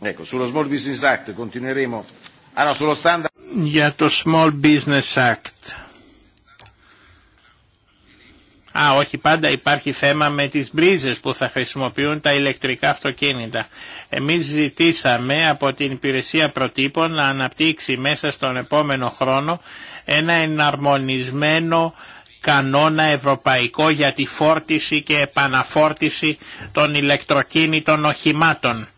Για το Small Business Act Α, όχι πάντα υπάρχει θέμα με τις μπρίζες που θα χρησιμοποιούν τα ηλεκτρικά αυτοκίνητα. Εμείς ζητήσαμε από την υπηρεσία προτύπων να αναπτύξει μέσα στον επόμενο χρόνο ένα εναρμονισμένο κανόνα ευρωπαϊκό για τη φόρτιση και επαναφόρτιση των ηλεκτροκίνητων οχημάτων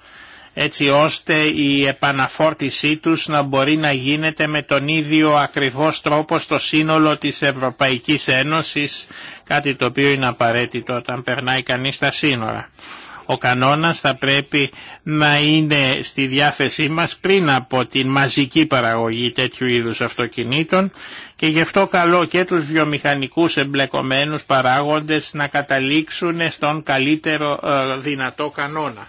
έτσι ώστε η επαναφόρτισή τους να μπορεί να γίνεται με τον ίδιο ακριβώς τρόπο στο σύνολο της Ευρωπαϊκής Ένωσης, κάτι το οποίο είναι απαραίτητο όταν περνάει κανείς τα σύνορα. Ο κανόνας θα πρέπει να είναι στη διάθεσή μας πριν από την μαζική παραγωγή τέτοιου είδους αυτοκινήτων και γι' αυτό καλό και τους βιομηχανικούς εμπλεκομένους παράγοντες να καταλήξουν στον καλύτερο ε, δυνατό κανόνα.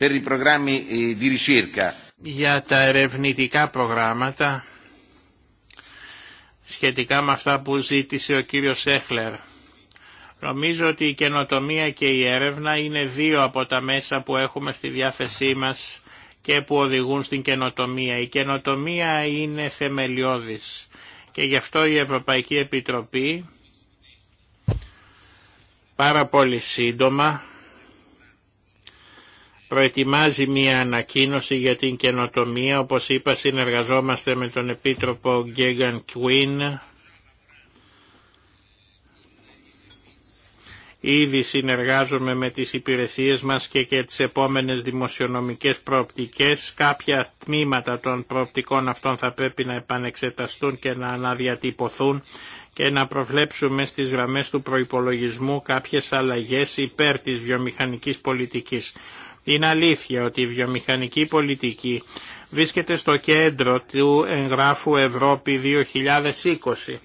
per eh, Για τα ερευνητικά προγράμματα, σχετικά με αυτά που ζήτησε ο κύριος Έχλερ, Νομίζω ότι η καινοτομία και η έρευνα είναι δύο από τα μέσα που έχουμε στη διάθεσή μας και που οδηγούν στην καινοτομία. Η καινοτομία είναι θεμελιώδης και γι' αυτό η Ευρωπαϊκή Επιτροπή πάρα πολύ σύντομα προετοιμάζει μία ανακοίνωση για την καινοτομία. Όπως είπα συνεργαζόμαστε με τον Επίτροπο Γκέγαν Κουίν. Ήδη συνεργάζομαι με τις υπηρεσίες μας και και τις επόμενες δημοσιονομικές προοπτικές. Κάποια τμήματα των προοπτικών αυτών θα πρέπει να επανεξεταστούν και να αναδιατυπωθούν και να προβλέψουμε στις γραμμές του προϋπολογισμού κάποιες αλλαγές υπέρ της βιομηχανικής πολιτικής. Είναι αλήθεια ότι η βιομηχανική πολιτική βρίσκεται στο κέντρο του εγγράφου Ευρώπη 2020.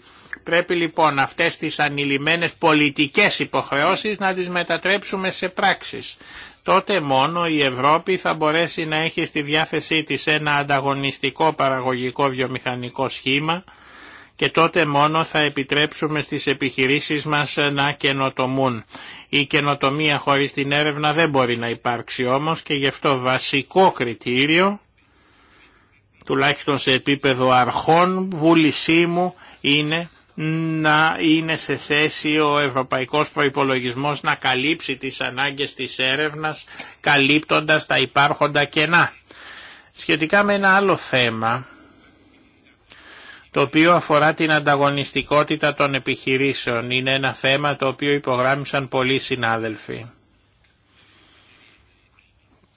Πρέπει λοιπόν αυτές τις ανηλυμένες πολιτικές υποχρεώσεις να τις μετατρέψουμε σε πράξεις. Τότε μόνο η Ευρώπη θα μπορέσει να έχει στη διάθεσή της ένα ανταγωνιστικό παραγωγικό βιομηχανικό σχήμα και τότε μόνο θα επιτρέψουμε στις επιχειρήσεις μας να καινοτομούν. Η καινοτομία χωρίς την έρευνα δεν μπορεί να υπάρξει όμως και γι' αυτό βασικό κριτήριο τουλάχιστον σε επίπεδο αρχών, βούλησή μου είναι να είναι σε θέση ο ευρωπαϊκός προϋπολογισμός να καλύψει τις ανάγκες της έρευνας καλύπτοντας τα υπάρχοντα κενά. Σχετικά με ένα άλλο θέμα το οποίο αφορά την ανταγωνιστικότητα των επιχειρήσεων. Είναι ένα θέμα το οποίο υπογράμμισαν πολλοί συνάδελφοι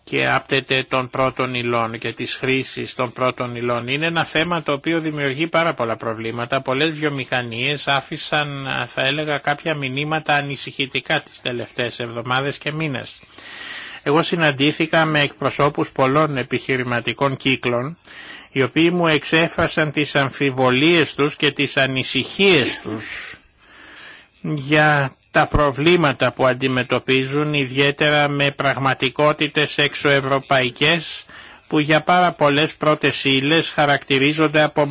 και άπτεται των πρώτων υλών και της χρήσης των πρώτων υλών. Είναι ένα θέμα το οποίο δημιουργεί πάρα πολλά προβλήματα. Πολλές βιομηχανίες άφησαν, θα έλεγα, κάποια μηνύματα ανησυχητικά τις τελευταίες εβδομάδες και μήνες. Εγώ συναντήθηκα με εκπροσώπους πολλών επιχειρηματικών κύκλων οι οποίοι μου εξέφασαν τις αμφιβολίες τους και τις ανησυχίες τους για τα προβλήματα που αντιμετωπίζουν ιδιαίτερα με πραγματικότητες εξωευρωπαϊκές που για πάρα πολλές πρώτες ύλε χαρακτηρίζονται από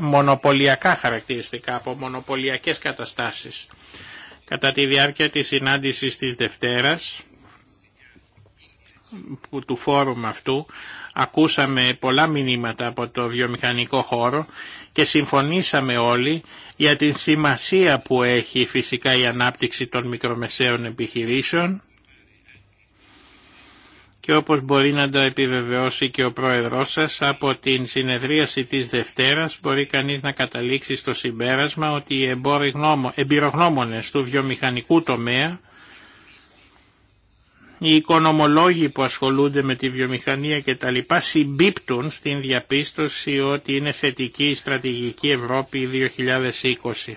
μονοπωλιακά χαρακτηριστικά, από μονοπωλιακές καταστάσεις. Κατά τη διάρκεια της συνάντησης της Δευτέρας, που του φόρουμ αυτού, Ακούσαμε πολλά μηνύματα από το βιομηχανικό χώρο και συμφωνήσαμε όλοι για την σημασία που έχει φυσικά η ανάπτυξη των μικρομεσαίων επιχειρήσεων και όπως μπορεί να τα επιβεβαιώσει και ο πρόεδρός σας από την συνεδρίαση της Δευτέρας μπορεί κανείς να καταλήξει στο συμπέρασμα ότι οι εμπειρογνώμονες του βιομηχανικού τομέα οι οικονομολόγοι που ασχολούνται με τη βιομηχανία και τα λοιπά συμπίπτουν στην διαπίστωση ότι είναι θετική η στρατηγική Ευρώπη 2020.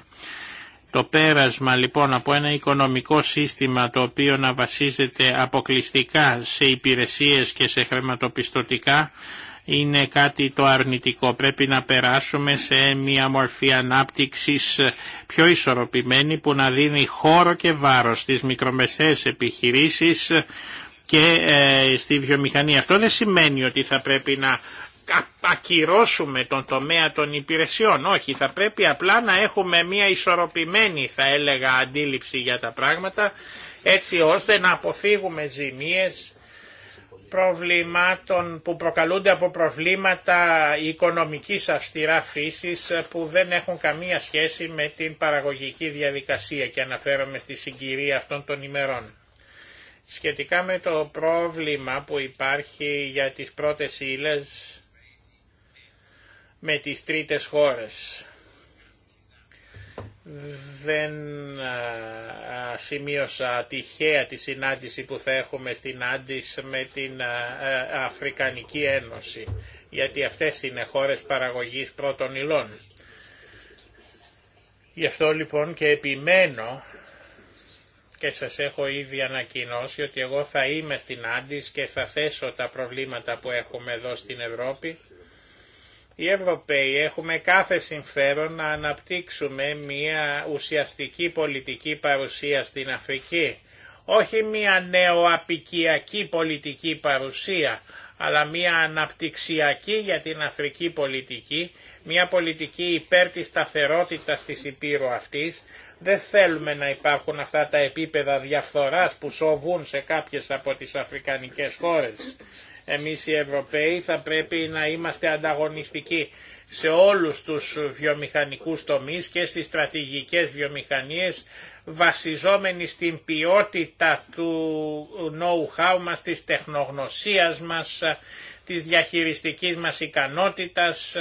Το πέρασμα λοιπόν από ένα οικονομικό σύστημα το οποίο να βασίζεται αποκλειστικά σε υπηρεσίες και σε χρηματοπιστωτικά είναι κάτι το αρνητικό. Πρέπει να περάσουμε σε μια μορφή ανάπτυξης πιο ισορροπημένη που να δίνει χώρο και βάρος στις μικρομεσαίες επιχειρήσεις και ε, στη βιομηχανία. Αυτό δεν σημαίνει ότι θα πρέπει να ακυρώσουμε τον τομέα των υπηρεσιών. Όχι, θα πρέπει απλά να έχουμε μια ισορροπημένη θα έλεγα αντίληψη για τα πράγματα έτσι ώστε να αποφύγουμε ζημίες προβλημάτων που προκαλούνται από προβλήματα οικονομικής αυστηρά φύσης ε, που δεν έχουν καμία σχέση με την παραγωγική διαδικασία και αναφέρομαι στη συγκυρία αυτών των ημερών. Σχετικά με το πρόβλημα που υπάρχει για τις πρώτες ύλες με τις τρίτες χώρες δεν σημείωσα τυχαία τη συνάντηση που θα έχουμε στην Άντις με την Αφρικανική Ένωση, γιατί αυτές είναι χώρες παραγωγής πρώτων υλών. Γι' αυτό λοιπόν και επιμένω και σας έχω ήδη ανακοινώσει ότι εγώ θα είμαι στην Άντις και θα θέσω τα προβλήματα που έχουμε εδώ στην Ευρώπη οι Ευρωπαίοι έχουμε κάθε συμφέρον να αναπτύξουμε μια ουσιαστική πολιτική παρουσία στην Αφρική. Όχι μια νεοαπικιακή πολιτική παρουσία, αλλά μια αναπτυξιακή για την Αφρική πολιτική, μια πολιτική υπέρ της σταθερότητας της Υπήρου αυτής. Δεν θέλουμε να υπάρχουν αυτά τα επίπεδα διαφθοράς που σοβούν σε κάποιες από τις αφρικανικές χώρες. Εμείς οι Ευρωπαίοι θα πρέπει να είμαστε ανταγωνιστικοί σε όλους τους βιομηχανικούς τομείς και στις στρατηγικές βιομηχανίες βασιζόμενοι στην ποιότητα του know-how μας, της τεχνογνωσίας μας, της διαχειριστικής μας ικανότητας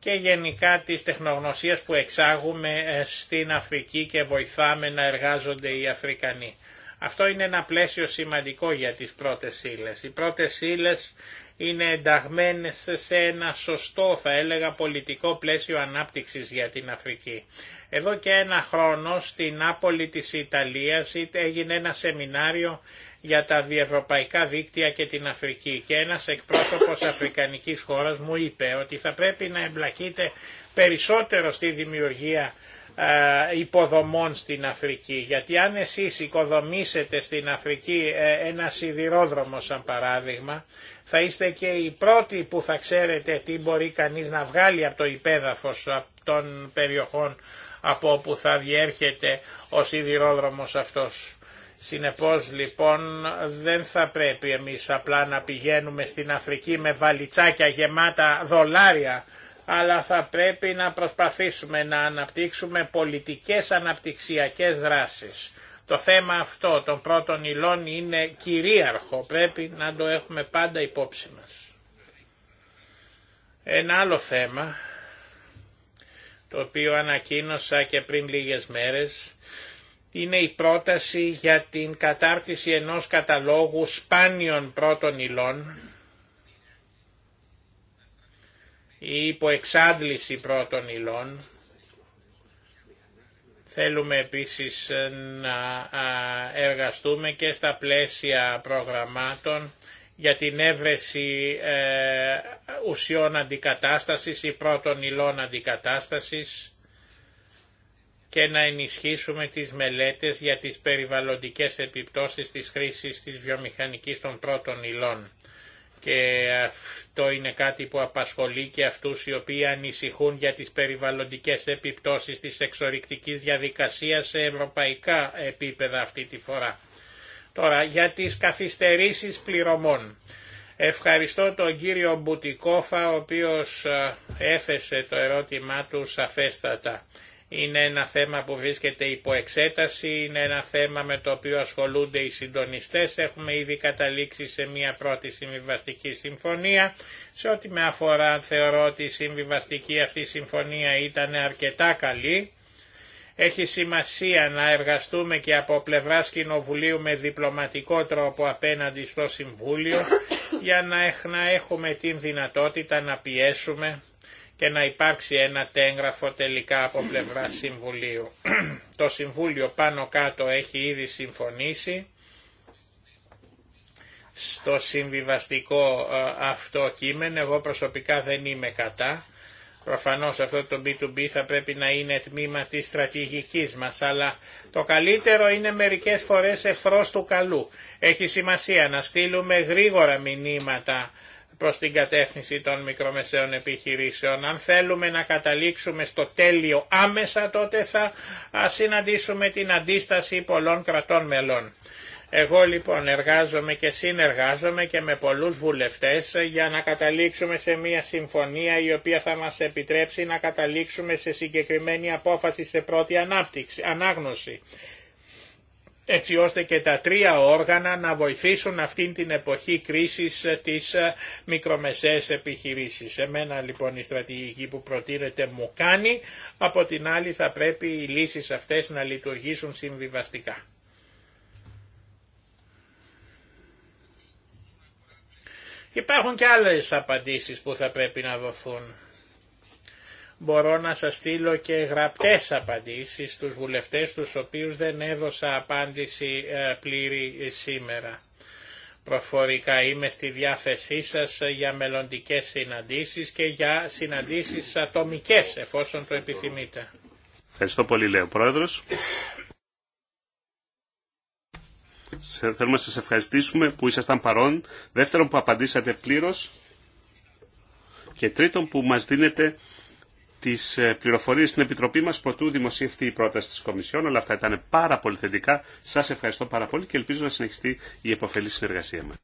και γενικά της τεχνογνωσίας που εξάγουμε ε, στην Αφρική και βοηθάμε να εργάζονται οι Αφρικανοί. Αυτό είναι ένα πλαίσιο σημαντικό για τις πρώτες ύλε. Οι πρώτες ύλε είναι ενταγμένες σε ένα σωστό, θα έλεγα, πολιτικό πλαίσιο ανάπτυξης για την Αφρική. Εδώ και ένα χρόνο στην Άπολη της Ιταλίας έγινε ένα σεμινάριο για τα διευρωπαϊκά δίκτυα και την Αφρική και ένας εκπρόσωπος αφρικανικής χώρας μου είπε ότι θα πρέπει να εμπλακείτε περισσότερο στη δημιουργία ε, υποδομών στην Αφρική. Γιατί αν εσείς οικοδομήσετε στην Αφρική ε, ένα σιδηρόδρομο σαν παράδειγμα, θα είστε και οι πρώτοι που θα ξέρετε τι μπορεί κανείς να βγάλει από το υπέδαφος των περιοχών από όπου θα διέρχεται ο σιδηρόδρομος αυτός. Συνεπώς λοιπόν δεν θα πρέπει εμείς απλά να πηγαίνουμε στην Αφρική με βαλιτσάκια γεμάτα δολάρια αλλά θα πρέπει να προσπαθήσουμε να αναπτύξουμε πολιτικές αναπτυξιακές δράσεις. Το θέμα αυτό των πρώτων υλών είναι κυρίαρχο, πρέπει να το έχουμε πάντα υπόψη μας. Ένα άλλο θέμα, το οποίο ανακοίνωσα και πριν λίγες μέρες, είναι η πρόταση για την κατάρτιση ενός καταλόγου σπάνιων πρώτων υλών, η υποεξάντληση πρώτων υλών. Θέλουμε επίσης να εργαστούμε και στα πλαίσια προγραμμάτων για την έβρεση ε, ουσιών αντικατάστασης ή πρώτων υλών αντικατάστασης και να ενισχύσουμε τις μελέτες για τις περιβαλλοντικές επιπτώσεις της χρήσης της βιομηχανικής των πρώτων υλών και αυτό είναι κάτι που απασχολεί και αυτούς οι οποίοι ανησυχούν για τις περιβαλλοντικές επιπτώσεις της εξορρυκτικής διαδικασίας σε ευρωπαϊκά επίπεδα αυτή τη φορά. Τώρα για τις καθυστερήσεις πληρωμών. Ευχαριστώ τον κύριο Μπουτικόφα ο οποίος ε, έθεσε το ερώτημά του σαφέστατα είναι ένα θέμα που βρίσκεται υπό εξέταση, είναι ένα θέμα με το οποίο ασχολούνται οι συντονιστές. Έχουμε ήδη καταλήξει σε μια πρώτη συμβιβαστική συμφωνία. Σε ό,τι με αφορά θεωρώ ότι η συμβιβαστική αυτή συμφωνία ήταν αρκετά καλή. Έχει σημασία να εργαστούμε και από πλευρά Κοινοβουλίου με διπλωματικό τρόπο απέναντι στο Συμβούλιο για να έχουμε την δυνατότητα να πιέσουμε και να υπάρξει ένα τέγγραφο τελικά από πλευρά Συμβουλίου. Το Συμβούλιο πάνω κάτω έχει ήδη συμφωνήσει στο συμβιβαστικό ε, αυτό κείμενο. Εγώ προσωπικά δεν είμαι κατά. Προφανώς αυτό το B2B θα πρέπει να είναι τμήμα της στρατηγικής μας, αλλά το καλύτερο είναι μερικές φορές εχθρός του καλού. Έχει σημασία να στείλουμε γρήγορα μηνύματα προς την κατεύθυνση των μικρομεσαίων επιχειρήσεων. Αν θέλουμε να καταλήξουμε στο τέλειο άμεσα τότε θα συναντήσουμε την αντίσταση πολλών κρατών μελών. Εγώ λοιπόν εργάζομαι και συνεργάζομαι και με πολλούς βουλευτές για να καταλήξουμε σε μια συμφωνία η οποία θα μας επιτρέψει να καταλήξουμε σε συγκεκριμένη απόφαση σε πρώτη ανάγνωση έτσι ώστε και τα τρία όργανα να βοηθήσουν αυτήν την εποχή κρίσης της ε, μικρομεσαίες επιχειρήσεις. Εμένα λοιπόν η στρατηγική που προτείνεται μου κάνει, από την άλλη θα πρέπει οι λύσεις αυτές να λειτουργήσουν συμβιβαστικά. Υπάρχουν και άλλες απαντήσεις που θα πρέπει να δοθούν μπορώ να σας στείλω και γραπτές απαντήσεις στους βουλευτές τους οποίους δεν έδωσα απάντηση ε, πλήρη σήμερα. Προφορικά είμαι στη διάθεσή σας για μελλοντικές συναντήσεις και για συναντήσεις ατομικές εφόσον το επιθυμείτε. Ευχαριστώ πολύ λέει ο Πρόεδρος. Θέλουμε να σας ευχαριστήσουμε που ήσασταν παρόν. Δεύτερον που απαντήσατε πλήρως. Και τρίτον που μας δίνετε τις ε, πληροφορίε στην Επιτροπή μας προτού δημοσιευτεί η πρόταση τη Κομισιόν. Όλα αυτά ήταν πάρα πολύ θετικά. Σας ευχαριστώ πάρα πολύ και ελπίζω να συνεχιστεί η επωφελή συνεργασία μας.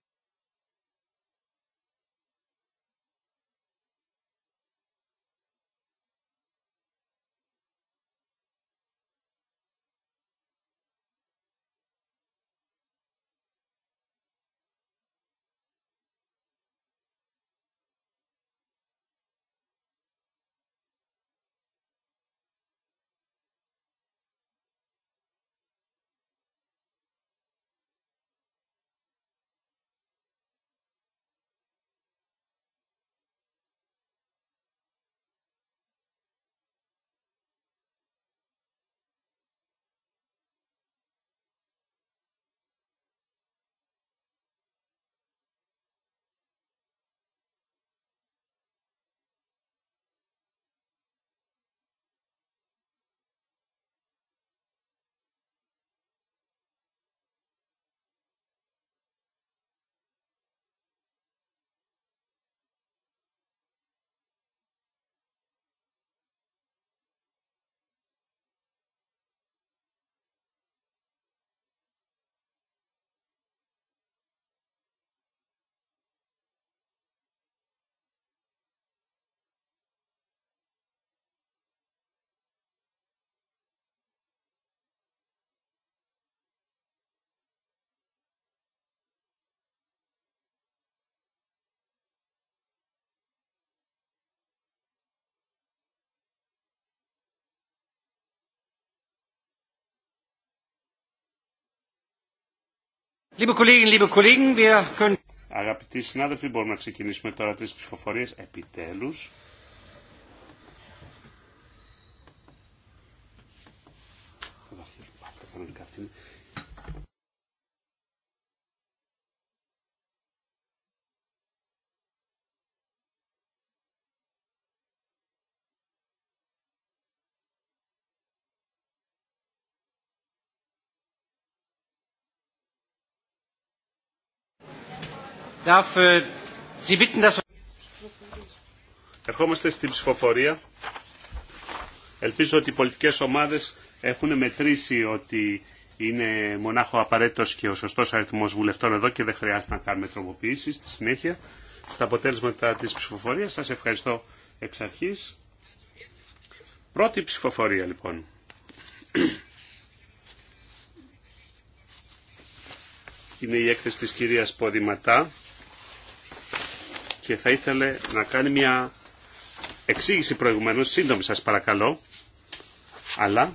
Αγαπητοί συνάδελφοι, μπορούμε να ξεκινήσουμε τώρα τις ψηφοφορίες επιτέλους. Äh, Ερχόμαστε στην ψηφοφορία. Ελπίζω ότι οι πολιτικές ομάδες έχουν μετρήσει ότι είναι μονάχο απαραίτητος και ο σωστός αριθμός βουλευτών εδώ και δεν χρειάζεται να κάνουμε τροποποιήσει στη συνέχεια. Στα αποτέλεσματα της ψηφοφορίας σας ευχαριστώ εξ αρχής. Πρώτη ψηφοφορία λοιπόν. Είναι η έκθεση της κυρίας Ποδηματά και θα ήθελε να κάνει μια εξήγηση προηγουμένως, σύντομη σας παρακαλώ, αλλά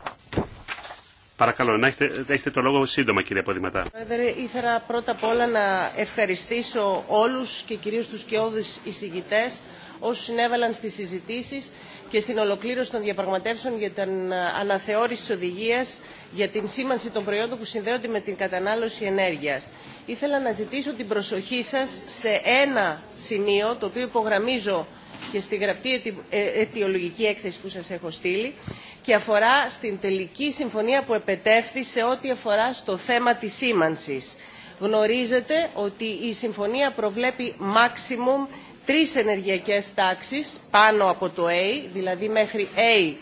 Παρακαλώ, να έχετε, το λόγο σύντομα κύριε Ποδηματά. Πρόεδρε, ήθελα πρώτα απ' όλα να ευχαριστήσω όλου και κυρίως τους κοιόδους εισηγητέ, όσου συνέβαλαν στι συζητήσει και στην ολοκλήρωση των διαπραγματεύσεων για την αναθεώρηση τη οδηγία για την σήμανση των προϊόντων που συνδέονται με την κατανάλωση ενέργεια. Ήθελα να ζητήσω την προσοχή σα σε ένα σημείο, το οποίο υπογραμμίζω και στη γραπτή ε, αιτιολογική έκθεση που σας έχω στείλει, και αφορά στην τελική συμφωνία που επετεύθη σε ό,τι αφορά στο θέμα της σήμανσης. Γνωρίζετε ότι η συμφωνία προβλέπει maximum τρεις ενεργειακές τάξεις πάνω από το A, δηλαδή μέχρι A+++,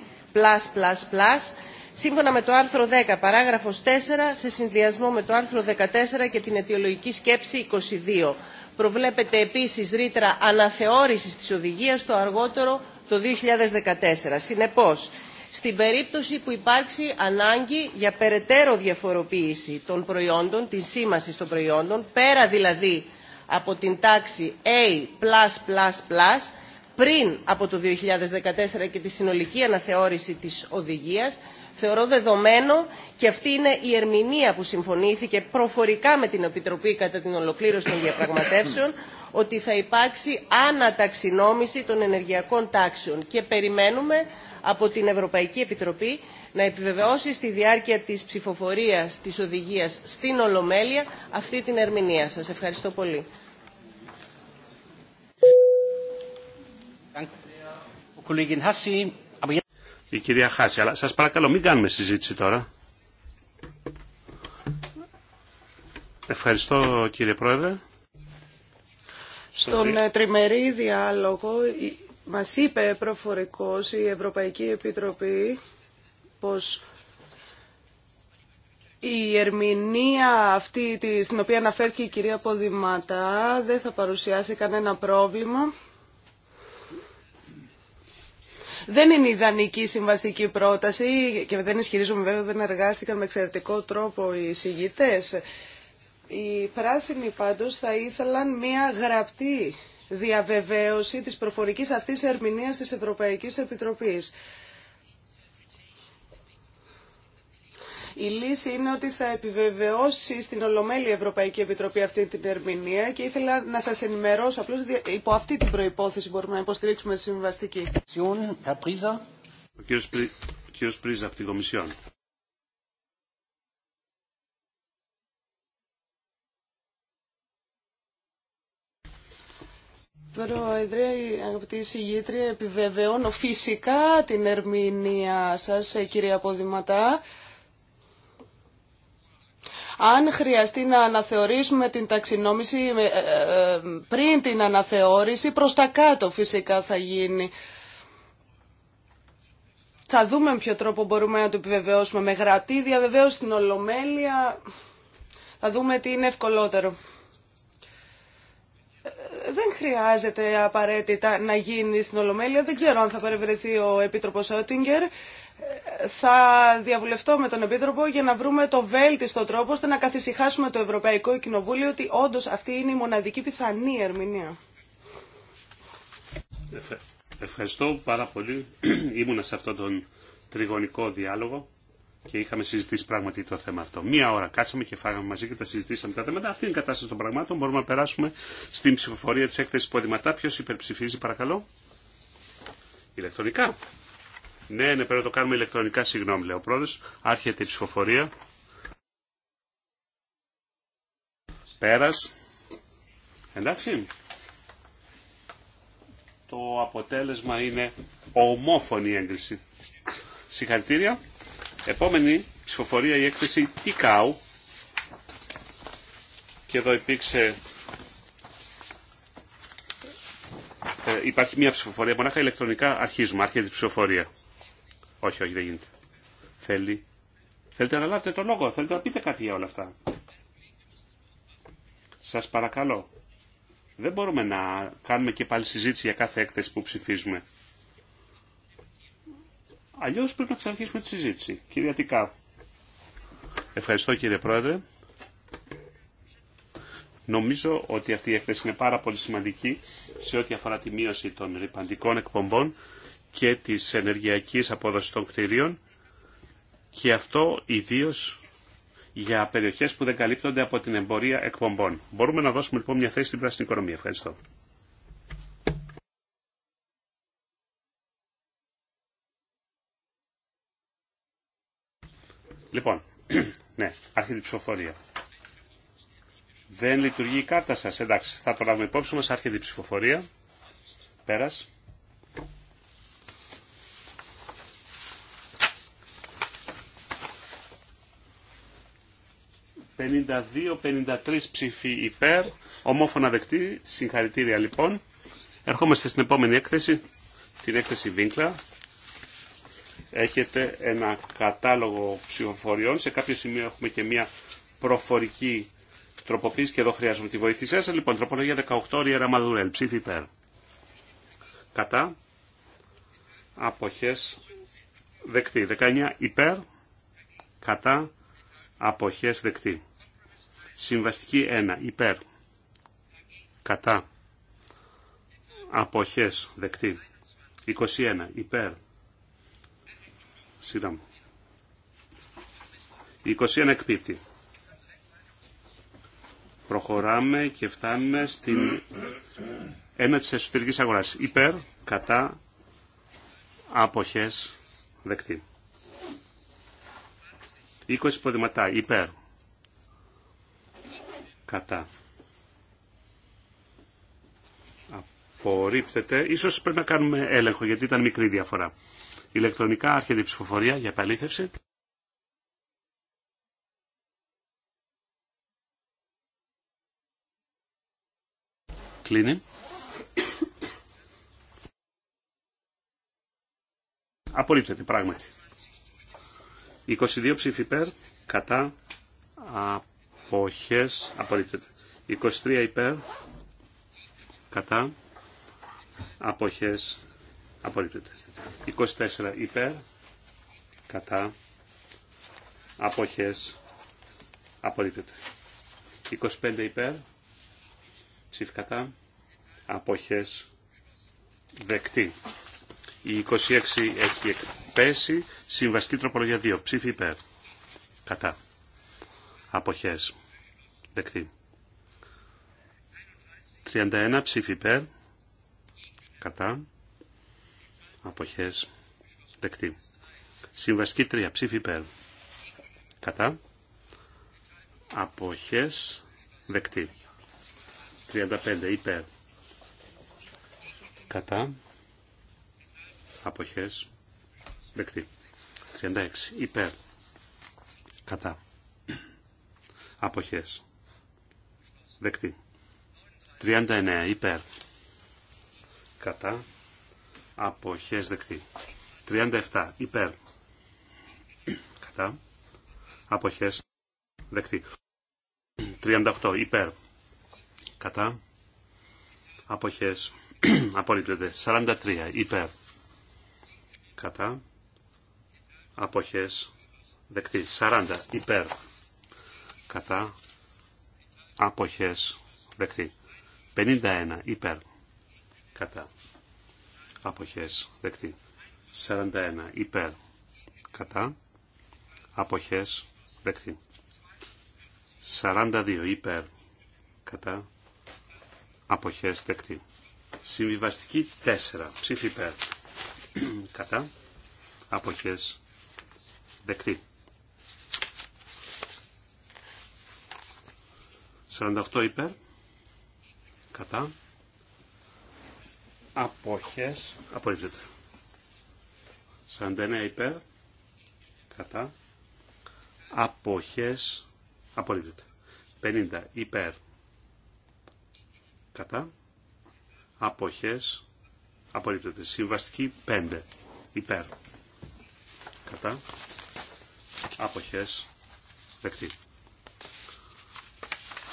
σύμφωνα με το άρθρο 10, παράγραφος 4, σε συνδυασμό με το άρθρο 14 και την αιτιολογική σκέψη 22. Προβλέπεται επίσης ρήτρα αναθεώρησης της οδηγίας το αργότερο το 2014. Συνεπώς, στην περίπτωση που υπάρξει ανάγκη για περαιτέρω διαφοροποίηση των προϊόντων, της σήμαση των προϊόντων, πέρα δηλαδή από την τάξη A+++, πριν από το 2014 και τη συνολική αναθεώρηση της οδηγίας, θεωρώ δεδομένο και αυτή είναι η ερμηνεία που συμφωνήθηκε προφορικά με την Επιτροπή κατά την ολοκλήρωση των διαπραγματεύσεων, ότι θα υπάρξει αναταξινόμηση των ενεργειακών τάξεων και περιμένουμε από την Ευρωπαϊκή Επιτροπή να επιβεβαιώσει στη διάρκεια της ψηφοφορίας της οδηγίας στην Ολομέλεια αυτή την ερμηνεία. Σας ευχαριστώ πολύ. Η κυρία Χάση, αλλά σας παρακαλώ μην κάνουμε συζήτηση τώρα. Ευχαριστώ κύριε Πρόεδρε. Στον ε, τριμερή διάλογο μας είπε προφορικός η Ευρωπαϊκή Επιτροπή πως η ερμηνεία αυτή στην οποία αναφέρθηκε η κυρία Ποδηματά δεν θα παρουσιάσει κανένα πρόβλημα. Δεν είναι ιδανική συμβαστική πρόταση και δεν ισχυρίζομαι βέβαια δεν εργάστηκαν με εξαιρετικό τρόπο οι συγγητές. Οι πράσινοι πάντως θα ήθελαν μία γραπτή διαβεβαίωση της προφορικής αυτής ερμηνείας της Ευρωπαϊκής Επιτροπής. Η λύση είναι ότι θα επιβεβαιώσει στην ολομέλεια Ευρωπαϊκή Επιτροπή αυτή την ερμηνεία και ήθελα να σας ενημερώσω απλώς υπό αυτή την προϋπόθεση μπορούμε να υποστηρίξουμε τη συμβαστική. Ο κύριος Πρίζα από την Κομισιόν. Πρόεδρε, αγαπητή συγγήτρια, επιβεβαιώνω φυσικά την ερμηνεία σας, ε, κύριε Αποδηματά. Αν χρειαστεί να αναθεωρήσουμε την ταξινόμηση ε, ε, πριν την αναθεώρηση, προς τα κάτω φυσικά θα γίνει. Θα δούμε ποιο τρόπο μπορούμε να το επιβεβαιώσουμε. Με γρατή διαβεβαίωση στην Ολομέλεια. Θα δούμε τι είναι ευκολότερο δεν χρειάζεται απαραίτητα να γίνει στην Ολομέλεια. Δεν ξέρω αν θα παρευρεθεί ο Επίτροπος Ότιγκερ. Θα διαβουλευτώ με τον Επίτροπο για να βρούμε το βέλτιστο τρόπο ώστε να καθησυχάσουμε το Ευρωπαϊκό Κοινοβούλιο ότι όντω αυτή είναι η μοναδική πιθανή ερμηνεία. Ευχαριστώ πάρα πολύ. Ήμουνα σε αυτόν τον τριγωνικό διάλογο και είχαμε συζητήσει πράγματι το θέμα αυτό. Μία ώρα κάτσαμε και φάγαμε μαζί και τα συζητήσαμε τα θέματα. Αυτή είναι η κατάσταση των πραγμάτων. Μπορούμε να περάσουμε στην ψηφοφορία τη έκθεση που αντιματά. Ποιο υπερψηφίζει, παρακαλώ. Ηλεκτρονικά. Ναι, ναι, πρέπει να το κάνουμε ηλεκτρονικά. Συγγνώμη, λέει ο πρόεδρο. Άρχεται η ψηφοφορία. Πέρα. Εντάξει. Το αποτέλεσμα είναι ομόφωνη έγκριση. Συγχαρητήρια. Επόμενη ψηφοφορία η έκθεση Τικάου και εδώ υπήρξε ε, υπάρχει μια ψηφοφορία μονάχα ηλεκτρονικά αρχίζουμε, άρχεται η ψηφοφορία όχι, όχι δεν γίνεται θέλει θέλετε να λάβετε το λόγο, θέλετε να πείτε κάτι για όλα αυτά σας παρακαλώ δεν μπορούμε να κάνουμε και πάλι συζήτηση για κάθε έκθεση που ψηφίζουμε Αλλιώ πρέπει να ξαναρχίσουμε τη συζήτηση. Κυρία Ευχαριστώ κύριε Πρόεδρε. Νομίζω ότι αυτή η έκθεση είναι πάρα πολύ σημαντική σε ό,τι αφορά τη μείωση των ρηπαντικών εκπομπών και της ενεργειακής απόδοσης των κτηρίων και αυτό ιδίως για περιοχές που δεν καλύπτονται από την εμπορία εκπομπών. Μπορούμε να δώσουμε λοιπόν μια θέση στην πράσινη οικονομία. Ευχαριστώ. Λοιπόν, ναι, αρχή την ψηφοφορία. Δεν λειτουργεί η κάρτα σας. Εντάξει, θα το λάβουμε υπόψη μας. Άρχεται η ψηφοφορία. Πέρας. «52-53 ψήφοι υπέρ, ομόφωνα δεκτή, συγχαρητήρια λοιπόν. Ερχόμαστε στην επόμενη έκθεση, την έκθεση Βίνκλα έχετε ένα κατάλογο ψηφοφοριών. Σε κάποιο σημείο έχουμε και μια προφορική τροποποίηση και εδώ χρειάζομαι τη βοήθειά σα. Λοιπόν, τροπολογία 18, Ριέρα Μαδουρέλ, ψήφι υπέρ. Κατά. Αποχές. Δεκτή. 19 υπέρ. Κατά. Αποχές δεκτή. Συμβαστική 1 υπέρ. Κατά. Αποχές δεκτή. 21 υπέρ μου. 21 εκπίπτει. Προχωράμε και φτάνουμε στην ένα της εσωτερικής αγοράς. Υπέρ, κατά, άποχες, δεκτή. 20 ποδηματά, υπέρ, κατά. Απορρίπτεται. Ίσως πρέπει να κάνουμε έλεγχο γιατί ήταν μικρή διαφορά. Ηλεκτρονικά άρχεται η ψηφοφορία για επαλήθευση. Κλείνει. Απορρίπτεται πράγματι. 22 ψήφοι υπέρ, κατά, αποχές, απορρίπτεται. 23 υπέρ, κατά, αποχές, απορρίπτεται. 24 υπέρ, κατά, αποχές, απορρίπτεται. 25 υπέρ, ψήφι κατά, αποχές, δεκτή. Η 26 έχει εκπέσει, συμβαστή τροπολογία 2, ψήφι υπέρ, κατά, αποχές, δεκτή. 31 ψήφι υπέρ, κατά, αποχές δεκτή. Συμβαστική 3 ψήφι υπέρ κατά αποχές δεκτή. 35 υπέρ κατά αποχές δεκτή. 36 υπέρ κατά αποχές δεκτή. 39 υπέρ κατά αποχές δεκτή. 37 υπέρ κατά αποχές δεκτή. 38 υπέρ κατά αποχές απορρίπτεται. 43 υπέρ κατά αποχές δεκτή. 40 υπέρ κατά αποχές δεκτή. 51 υπέρ κατά αποχές δεκτή. 41 υπέρ κατά αποχές δεκτή. 42 υπέρ κατά αποχές δεκτή. Συμβιβαστική 4 ψήφι υπέρ κατά αποχές δεκτή. 48 υπέρ κατά αποχές απορρίπτεται. 49 υπέρ κατά αποχές απορρίπτεται. 50 υπέρ κατά αποχές απορρίπτεται. Συμβαστική 5 υπέρ κατά αποχές δεκτή.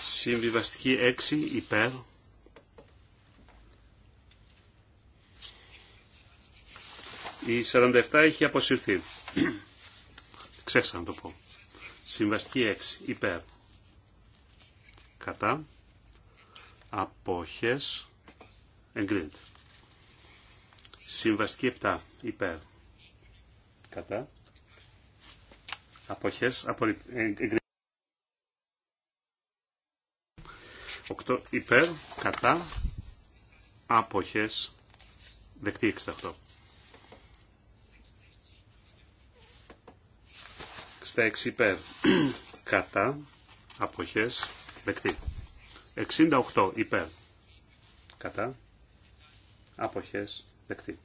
Συμβιβαστική 6 υπέρ Η 47 έχει αποσυρθεί. Ξέχασα να το πω. Συμβαστική 6. Υπέρ. Κατά. Απόχες. Εγκρίνεται. Συμβαστική 7. Υπέρ. Κατά. Απόχες. Απορρι... Ε, εγκρίνεται. 8. Υπέρ. Κατά. Απόχες. Δεκτή 68. 66 υπέρ κατά αποχές δεκτή. 68 υπέρ κατά αποχές δεκτή.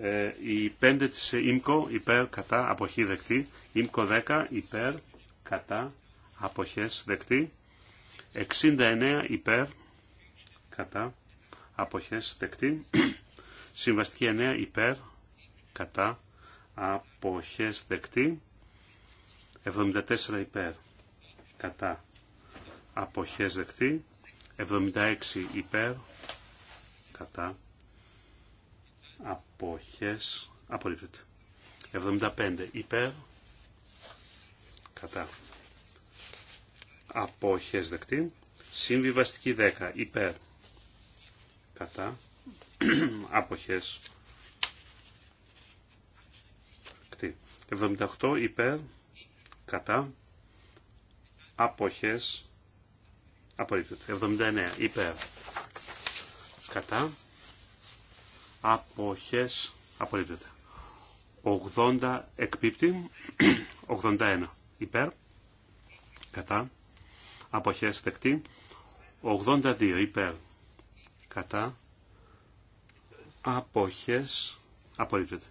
Ε, η 5 της ΙΜΚΟ υπέρ κατά αποχή δεκτή. ΙΜΚΟ 10 υπέρ κατά αποχές δεκτή. 69 υπέρ κατά αποχές δεκτή. Συμβαστική 9 υπέρ κατά αποχές δεκτή 74 υπέρ κατά αποχές δεκτή 76 υπέρ κατά αποχές απορρίπτεται 75 υπέρ κατά αποχές δεκτή συμβιβαστική 10 υπέρ κατά αποχές 78 υπέρ κατά αποχές απορρίπτεται. 79 υπέρ κατά αποχές απορρίπτεται. 80 εκπίπτει 81 υπέρ κατά αποχές δεκτή 82 υπέρ κατά αποχές απορρίπτεται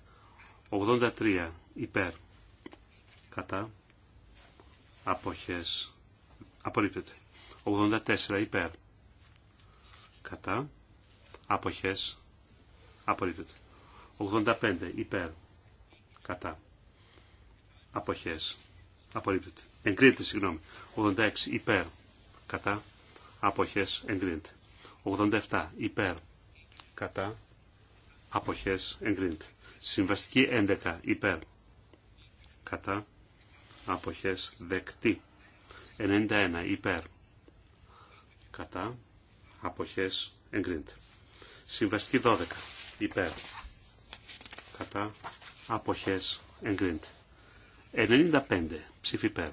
83 υπέρ κατά αποχές απορρίπτεται 84 υπέρ κατά αποχές απορρίπτεται 85 υπέρ κατά αποχές απορρίπτεται εγκρίνεται συγγνώμη 86 υπέρ κατά αποχές εγκρίνεται 87 υπέρ κατά αποχές εγκρίνεται Συμβαστική 11 υπέρ. Κατά αποχές δεκτή. 91 υπέρ. Κατά αποχές εγκρίνεται. Συμβαστική 12 υπέρ. Κατά αποχές εγκρίνεται. 95 ψήφι υπέρ.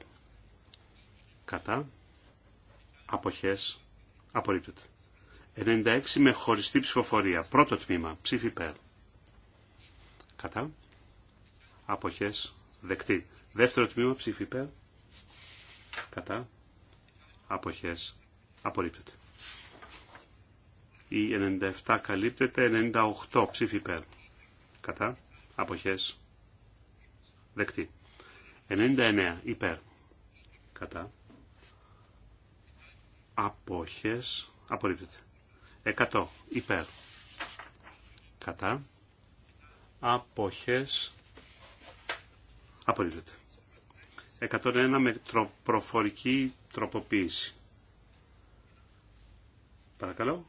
Κατά αποχές απορρίπτεται. 96 με χωριστή ψηφοφορία. Πρώτο τμήμα ψήφι υπέρ Κατά. Αποχές. Δεκτή. Δεύτερο τμήμα ψήφι υπέρ. Κατά. Αποχές. Απορρίπτεται. Η 97 καλύπτεται. 98 ψήφι υπέρ. Κατά. Αποχές. Δεκτή. 99 υπέρ. Κατά. Αποχές. Απορρίπτεται. 100 υπέρ. Κατά αποχές Απολύτω. 101 με προφορική τροποποίηση. Παρακαλώ.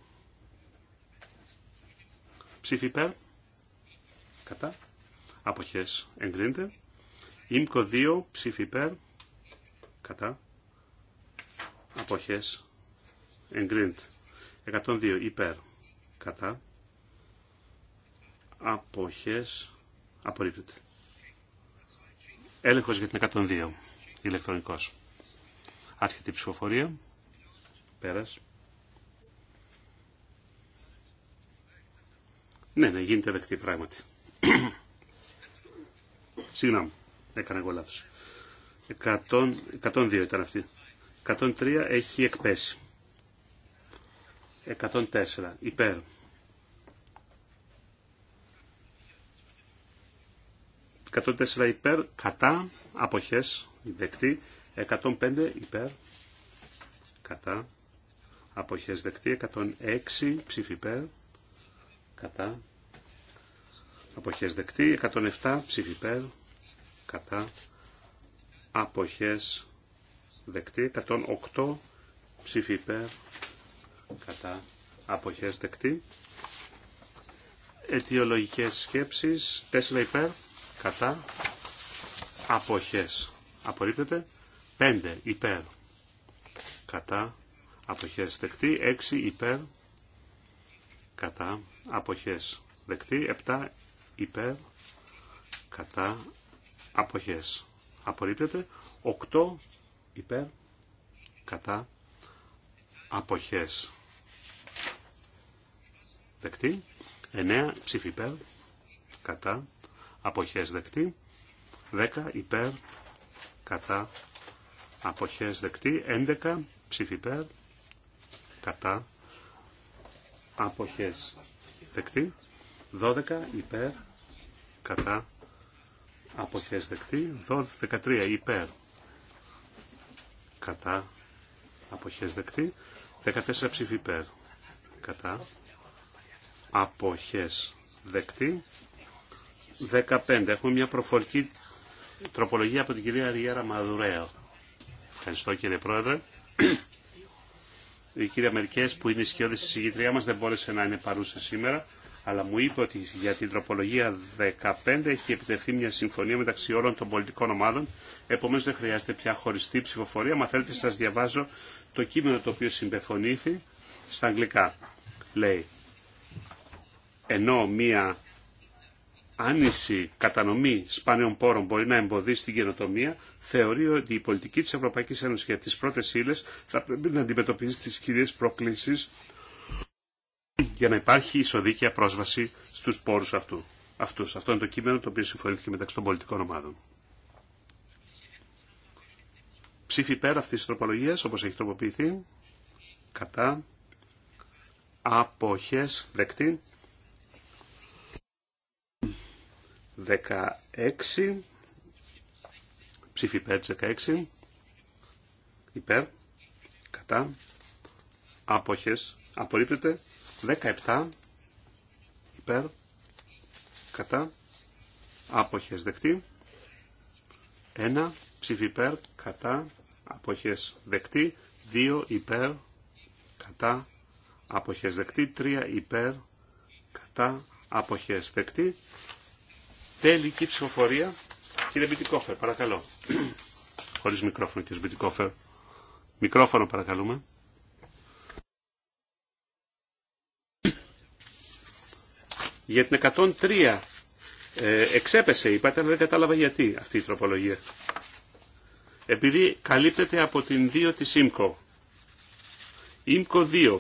Ψήφι υπέρ. Κατά. Αποχές εγκρίνεται. Ήμκο 2 ψήφι υπέρ. Κατά. Αποχές εγκρίνεται. 102 υπέρ. Κατά αποχές απορρίπτεται. Έλεγχος για την 102 ηλεκτρονικός. Άρχεται η ψηφοφορία. Πέρας. Ναι, ναι, γίνεται δεκτή πράγματι. Συγγνώμη, έκανα εγώ λάθος. 100, 102 ήταν αυτή. 103 έχει εκπέσει. 104 υπέρ. 104 υπέρ, κατά, αποχές, δεκτή. 105 υπέρ, κατά, αποχές δεκτή. 106 ψήφι υπέρ, κατά, αποχές δεκτή. 107 ψήφι υπέρ, κατά, αποχές δεκτή. 108 ψήφι υπέρ, κατά, αποχές δεκτή αιτιολογικές σκέψεις, 4 υπέρ, κατά αποχές απορρίπτεται 5 υπέρ κατά αποχές δεκτή 6 υπέρ κατά αποχές δεκτή 7 υπέρ κατά αποχές απορρίπτεται 8 υπέρ κατά αποχές δεκτή 9 ψήφι υπέρ κατά αποχές δεκτή, 10 υπέρ κατά αποχές δεκτή, 11 ψήφι υπέρ κατά αποχές δεκτή, 12 υπέρ κατά αποχές δεκτή, 13 υπέρ κατά αποχές δεκτή, 14 ψήφι υπέρ κατά αποχές δεκτή, 15. Έχουμε μια προφορική τροπολογία από την κυρία Ριέρα Μαδουρέο. Ευχαριστώ κύριε Πρόεδρε. Η κυρία Μερκέ, που είναι η στη συγγήτριά μα, δεν μπόρεσε να είναι παρούσα σήμερα αλλά μου είπε ότι για την τροπολογία 15 έχει επιτευχθεί μια συμφωνία μεταξύ όλων των πολιτικών ομάδων. Επομένω δεν χρειάζεται πια χωριστή ψηφοφορία. Μα θέλετε σα διαβάζω το κείμενο το οποίο συμπεφωνήθη στα αγγλικά. Λέει, ενώ μια άνηση κατανομή σπάνιων πόρων μπορεί να εμποδίσει την καινοτομία, θεωρεί ότι η πολιτική της Ευρωπαϊκής Ένωσης για τις πρώτες ύλες θα πρέπει να αντιμετωπίζει τις κυρίες πρόκλησεις για να υπάρχει ισοδίκαια πρόσβαση στους πόρους αυτού. αυτούς. Αυτό είναι το κείμενο το οποίο συμφωνήθηκε μεταξύ των πολιτικών ομάδων. Ψήφι πέρα αυτής της τροπολογίας, όπως έχει τροποποιηθεί, κατά, αποχές, δεκτή. 16. Ψήφι υπέρ της 16. Υπέρ. Κατά. Άποχες. Απορρίπτεται. 17. Υπέρ. Κατά. Άποχες δεκτή. 1. Ψήφι υπέρ. Κατά. Άποχες δεκτή. 2. Υπέρ. Κατά. Άποχες δεκτή. 3. Υπέρ. Κατά. Άποχες δεκτή. Τελική ψηφοφορία. Κύριε Μπιτικόφερ, παρακαλώ. Χωρίς μικρόφωνο, κύριε Μπιτικόφερ. Μικρόφωνο, παρακαλούμε. Για την 103 ε, εξέπεσε, είπατε, αλλά δεν κατάλαβα γιατί αυτή η τροπολογία. Επειδή καλύπτεται από την 2 της ΙΜΚΟ. ΙΜΚΟ 2.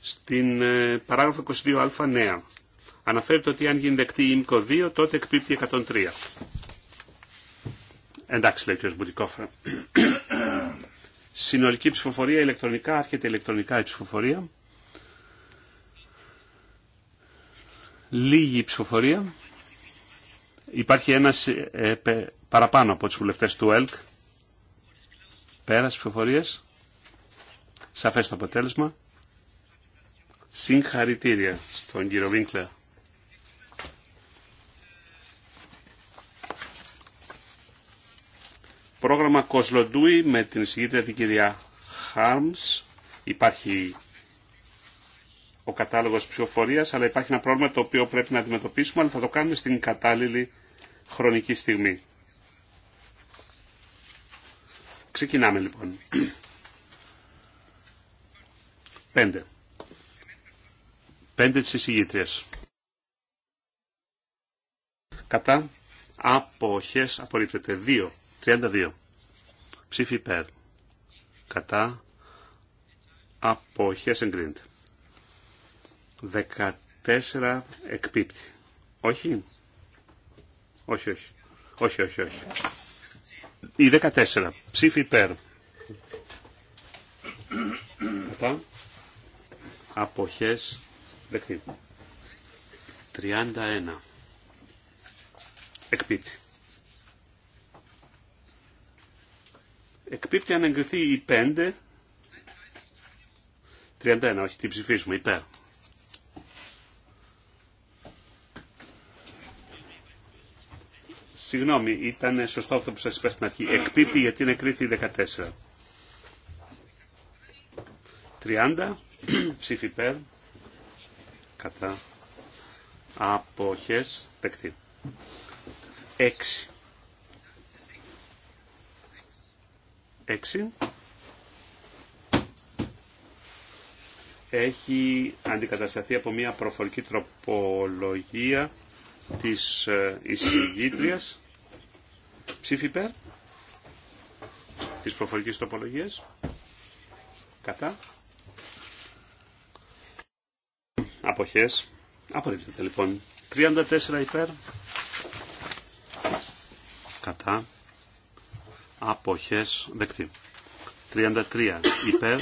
Στην ε, παράγραφο 22α νέα αναφέρεται ότι αν γίνει δεκτή η ΙΜΚΟ 2 τότε εκπίπτει 103. Εντάξει λέει ο κ. Μπουτικόφρα. Ε. Συνολική ψηφοφορία ηλεκτρονικά, άρχεται ηλεκτρονικά η ψηφοφορία. Λίγη ψηφοφορία. Υπάρχει ένας ε, παραπάνω από τους βουλευτέ του ΕΛΚ. Πέρας ψηφοφορίες. Σαφές το αποτέλεσμα. Συγχαρητήρια στον κύριο Βίνκλερ. πρόγραμμα Κοσλοντούι με την συγκεκριμένη την κυρία Χάρμς. Υπάρχει ο κατάλογος ψηφοφορίας, αλλά υπάρχει ένα πρόβλημα το οποίο πρέπει να αντιμετωπίσουμε, αλλά θα το κάνουμε στην κατάλληλη χρονική στιγμή. Ξεκινάμε λοιπόν. 5. Πέντε της εισηγήτριας. Κατά αποχές απορρίπτεται. 2 32. Ψήφι υπέρ. Κατά. Αποχές εγκρίνεται. 14 εκπίπτει. Όχι. Όχι, όχι. Όχι, όχι, όχι. Η 14. Ψήφι υπέρ. Κατά. Αποχές δεκτή. 31. Εκπίπτει. Εκπίπτει αν εγκριθεί η 5. 31, όχι, την ψηφίσουμε, υπέρ. Συγγνώμη, ήταν σωστό αυτό που σας είπα στην αρχή. Εκπίπτει γιατί είναι κρίθη 14. 30, ψήφι υπέρ, κατά, αποχές, δεκτή. 6, 6 έχει αντικατασταθεί από μια προφορική τροπολογία της ε, εισηγήτριας ψήφι υπέρ της προφορικής τροπολογίας κατά αποχές απορρίπτεται λοιπόν 34 υπέρ κατά αποχές δεκτή. 33 υπέρ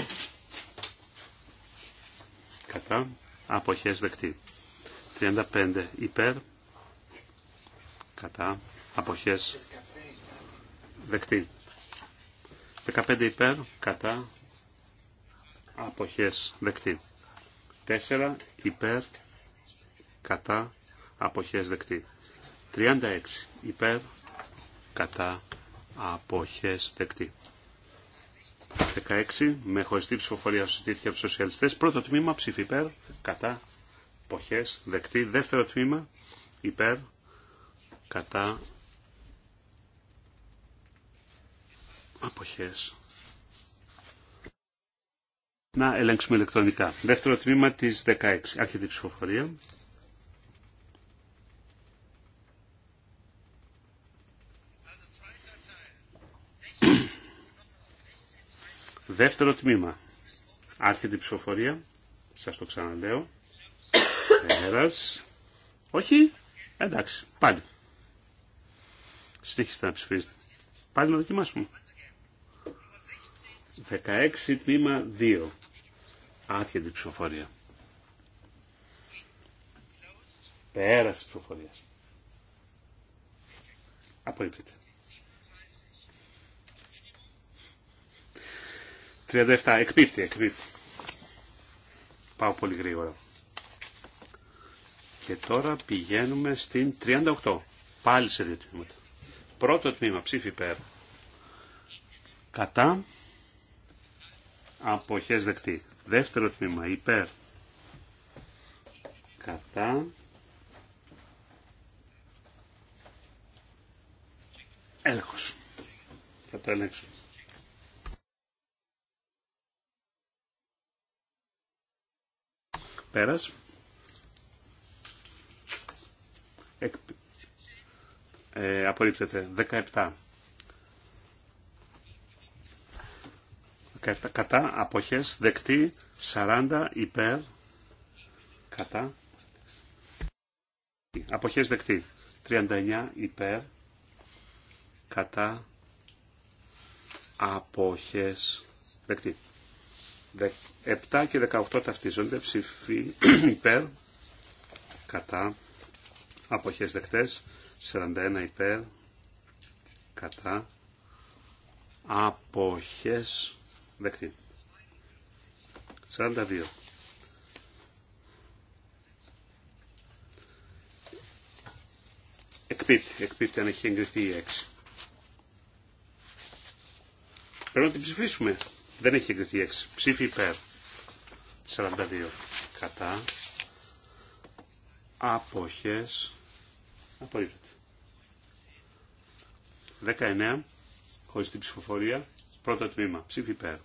κατά αποχές δεκτή. 35 υπέρ κατά αποχές δεκτή. 15 υπέρ κατά αποχές δεκτή. 4 υπέρ κατά αποχές δεκτή. 36 υπέρ κατά αποχές δεκτή. 16 με χωριστή ψηφοφορία που από Πρώτο τμήμα ψήφι υπέρ, κατά, αποχές δεκτή. Δεύτερο τμήμα υπέρ, κατά, αποχές. Να ελέγξουμε ηλεκτρονικά. Δεύτερο τμήμα της 16. Άρχεται η ψηφοφορία. Δεύτερο τμήμα. Άρχεται η ψηφοφορία. Σας το ξαναλέω. Πέρας. Όχι. Εντάξει. Πάλι. Συνεχίστε να ψηφίζετε. Πάλι να δοκιμάσουμε. 16 τμήμα 2. Άρχεται η ψηφοφορία. Πέρας της ψηφοφορίας. Απορρίπτεται. 37. Εκπίπτει, εκπίπτει. Πάω πολύ γρήγορα. Και τώρα πηγαίνουμε στην 38. Πάλι σε δύο τμήματα. Πρώτο τμήμα, ψήφι υπέρ. Κατά. Αποχές δεκτή. Δεύτερο τμήμα, υπέρ. Κατά. Έλεγχος. Θα το έλεγξω Πέρας. Εκ... Ε, απορρίπτεται. 17. 17 κατά αποχές δεκτή 40 υπέρ κατά αποχές δεκτή 39 υπέρ κατά αποχές δεκτή 7 και 18 ταυτίζονται ψηφί υπέρ κατά αποχές δεκτές 41 υπέρ κατά αποχές δεκτή 42 Εκπίπτει, εκπίπτει αν έχει εγκριθεί η 6. Πρέπει να την ψηφίσουμε. Δεν έχει εγκριθεί 6. Ψήφι υπέρ. 42. Κατά. Αποχές. Απορρίπτεται. 19. Χωρίς την ψηφοφορία. Πρώτο τμήμα. Ψήφι υπέρ.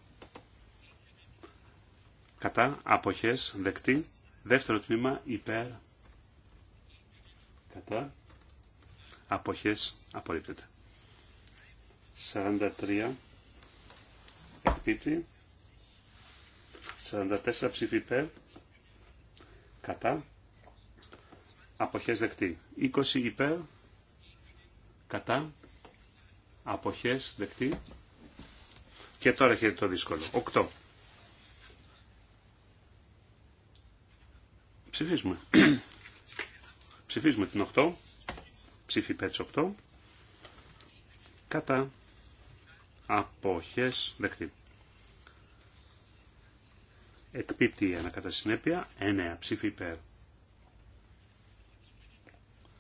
Κατά. Αποχές. Δεκτή. Δεύτερο τμήμα. Υπέρ. Κατά. Αποχές. Απορρίπτεται. 43 44 ψήφοι υπέρ. Κατά. Αποχές δεκτή. 20 υπέρ. Κατά. Αποχές δεκτή. Και τώρα έχετε το δύσκολο. 8. Ψηφίζουμε. Ψηφίζουμε την 8. Ψήφι υπέρ 8. Κατά αποχές δεκτή. Εκπίπτει η ανακατά συνέπεια 9 ψήφι υπέρ.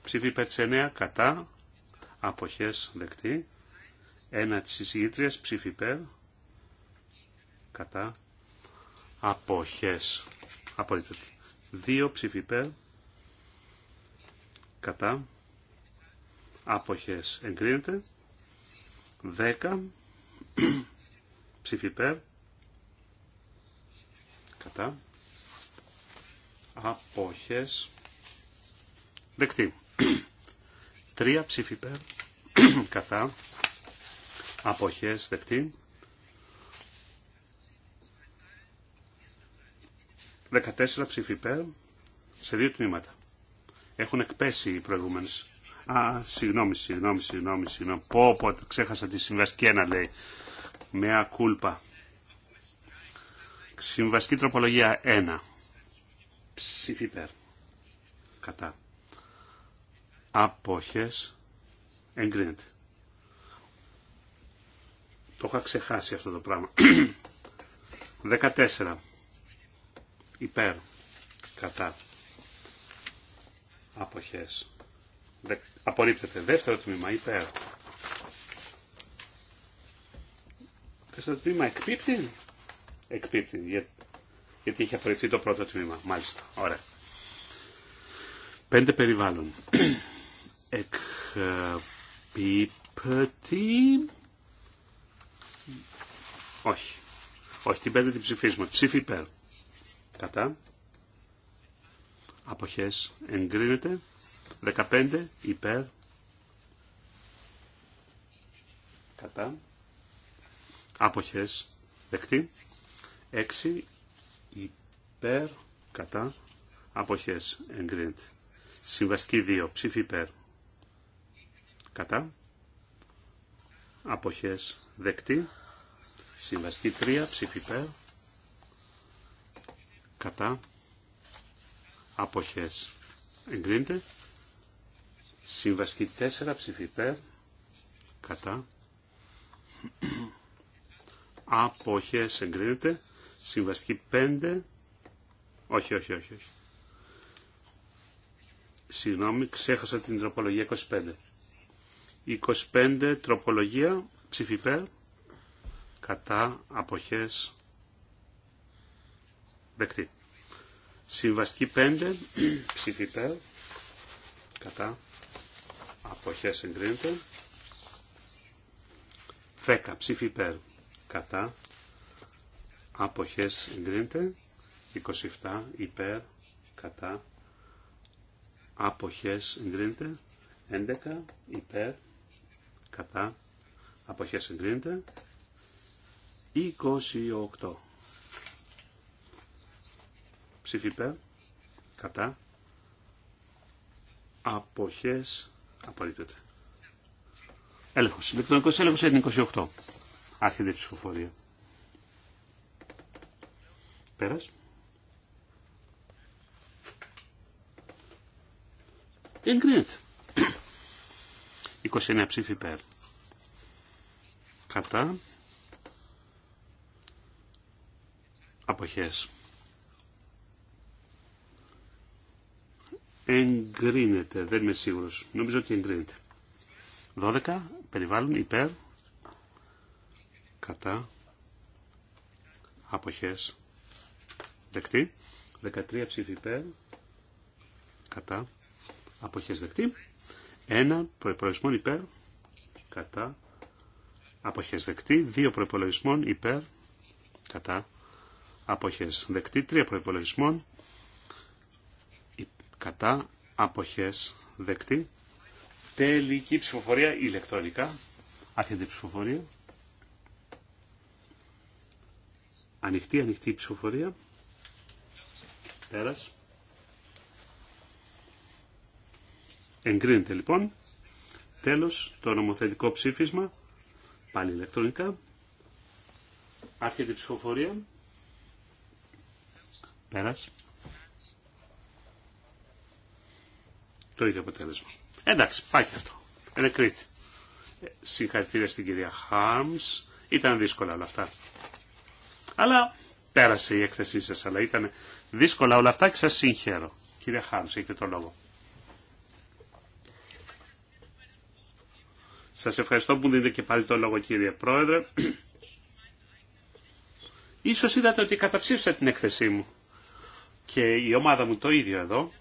Ψήφι υπέρ της 9 κατά αποχές δεκτή. 1 της εισηγήτριας ψήφι υπέρ κατά αποχές απορρίπτωτη. 2 ψήφι υπέρ κατά αποχές εγκρίνεται. 10 Ψήφι Κατά. Απόχες. Δεκτή. Τρία ψήφι Κατά. Απόχες. Δεκτή. Δεκατέσσερα ψήφι υπέρ σε δύο τμήματα. Έχουν εκπέσει οι προηγούμενε. Α, συγγνώμη, συγγνώμη, συγγνώμη, συγγνώμη. Πω, πω, ξέχασα τη συμβαστική ένα λέει. Μεα κούλπα. Συμβαστική τροπολογία 1. Ψήφι Κατά. Απόχες. Εγκρίνεται. Το είχα ξεχάσει αυτό το πράγμα. 14. Υπέρ. Κατά. Αποχές. Απορρίπτεται. Δεύτερο τμήμα. Υπέρ. το τμήμα εκπίπτει. Εκπίπτει, γιατί είχε απορριφθεί το πρώτο τμήμα. Μάλιστα, ωραία. Πέντε περιβάλλον. Εκπίπτει. Όχι. Όχι, την πέντε την ψηφίζουμε. Ψήφι υπέρ. Κατά. Αποχές. Εγκρίνεται. 15 υπέρ. Κατά. Άποχες. Δεκτή. 6 υπέρ. Κατά. Άποχες. Εγκρίνεται. Συμβαστική 2. Ψήφι υπέρ. Κατά. Άποχες. Δεκτή. Συμβαστική 3. Ψήφι υπέρ. Κατά. Άποχες. Εγκρίνεται. Συμβαστική 4. Ψήφι υπέρ. Κατά αποχές εγκρίνεται. Συμβαστική 5. Όχι, όχι, όχι, όχι. Συγγνώμη, ξέχασα την τροπολογία 25. 25 τροπολογία ψηφιπέρ κατά αποχές δεκτή. Συμβαστική 5 ψηφιπέρ κατά αποχές εγκρίνεται. 10 ψηφιπέρ κατά αποχές εγκρίνεται 27 υπέρ κατά αποχές εγκρίνεται 11 υπέρ κατά αποχές εγκρίνεται 28 ψήφι υπέρ κατά αποχές απολύτωται. έλεγχος ηλεκτρονικός έλεγχος είναι 28 Άρχεται η ψηφοφορία. Πέρας. Εγκρίνεται. 29 ψήφι υπέρ. Κατά. Αποχές. Εγκρίνεται. Δεν είμαι σίγουρος. Νομίζω ότι εγκρίνεται. 12. Περιβάλλον υπέρ κατά αποχές δεκτή 13 ψήφι υπέρ κατά αποχές δεκτή 1 προϋπολογισμόν υπέρ κατά αποχές δεκτή 2 προϋπολογισμόν υπέρ κατά αποχές δεκτή 3 προϋπολογισμόν κατά αποχές δεκτή τελική ψηφοφορία ηλεκτρονικά άρχεται η ψηφοφορία Ανοιχτή, ανοιχτή ψηφοφορία. Πέρας. Εγκρίνεται λοιπόν. Τέλος, το νομοθετικό ψήφισμα. Πάλι ηλεκτρονικά. Άρχεται η ψηφοφορία. Πέρας. Το ίδιο αποτέλεσμα. Εντάξει, πάει και αυτό. Ενεκρίθη. Ε, συγχαρητήρια στην κυρία Χάμς. Ήταν δύσκολα όλα αυτά. Αλλά πέρασε η έκθεσή σας, αλλά ήταν δύσκολα όλα αυτά και σας συγχαίρω. Κύριε Χάνς, έχετε το λόγο. Σας ευχαριστώ που δίνετε και πάλι το λόγο κύριε Πρόεδρε. Ίσως είδατε ότι καταψήφισα την έκθεσή μου και η ομάδα μου το ίδιο εδώ.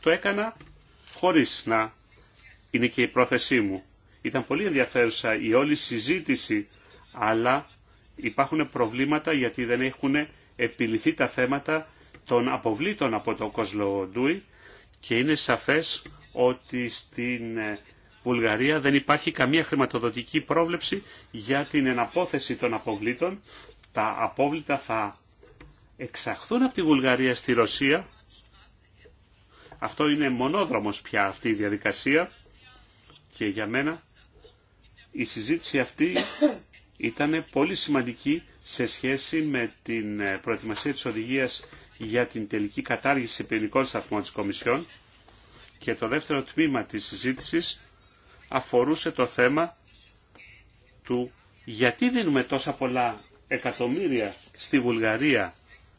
Το έκανα χωρίς να είναι και η πρόθεσή μου. Ήταν πολύ ενδιαφέρουσα η όλη συζήτηση, αλλά υπάρχουν προβλήματα γιατί δεν έχουν επιληθεί τα θέματα των αποβλήτων από το Κοσλοντούι και είναι σαφές ότι στην ε, Βουλγαρία δεν υπάρχει καμία χρηματοδοτική πρόβλεψη για την εναπόθεση των αποβλήτων. Τα απόβλητα θα εξαχθούν από τη Βουλγαρία στη Ρωσία. Αυτό είναι μονόδρομος πια αυτή η διαδικασία και για μένα η συζήτηση αυτή ήταν πολύ σημαντική σε σχέση με την ε, προετοιμασία της οδηγίας για την τελική κατάργηση πυρηνικών σταθμών της Κομισιόν και το δεύτερο τμήμα της συζήτησης αφορούσε το θέμα του γιατί δίνουμε τόσα πολλά εκατομμύρια στη Βουλγαρία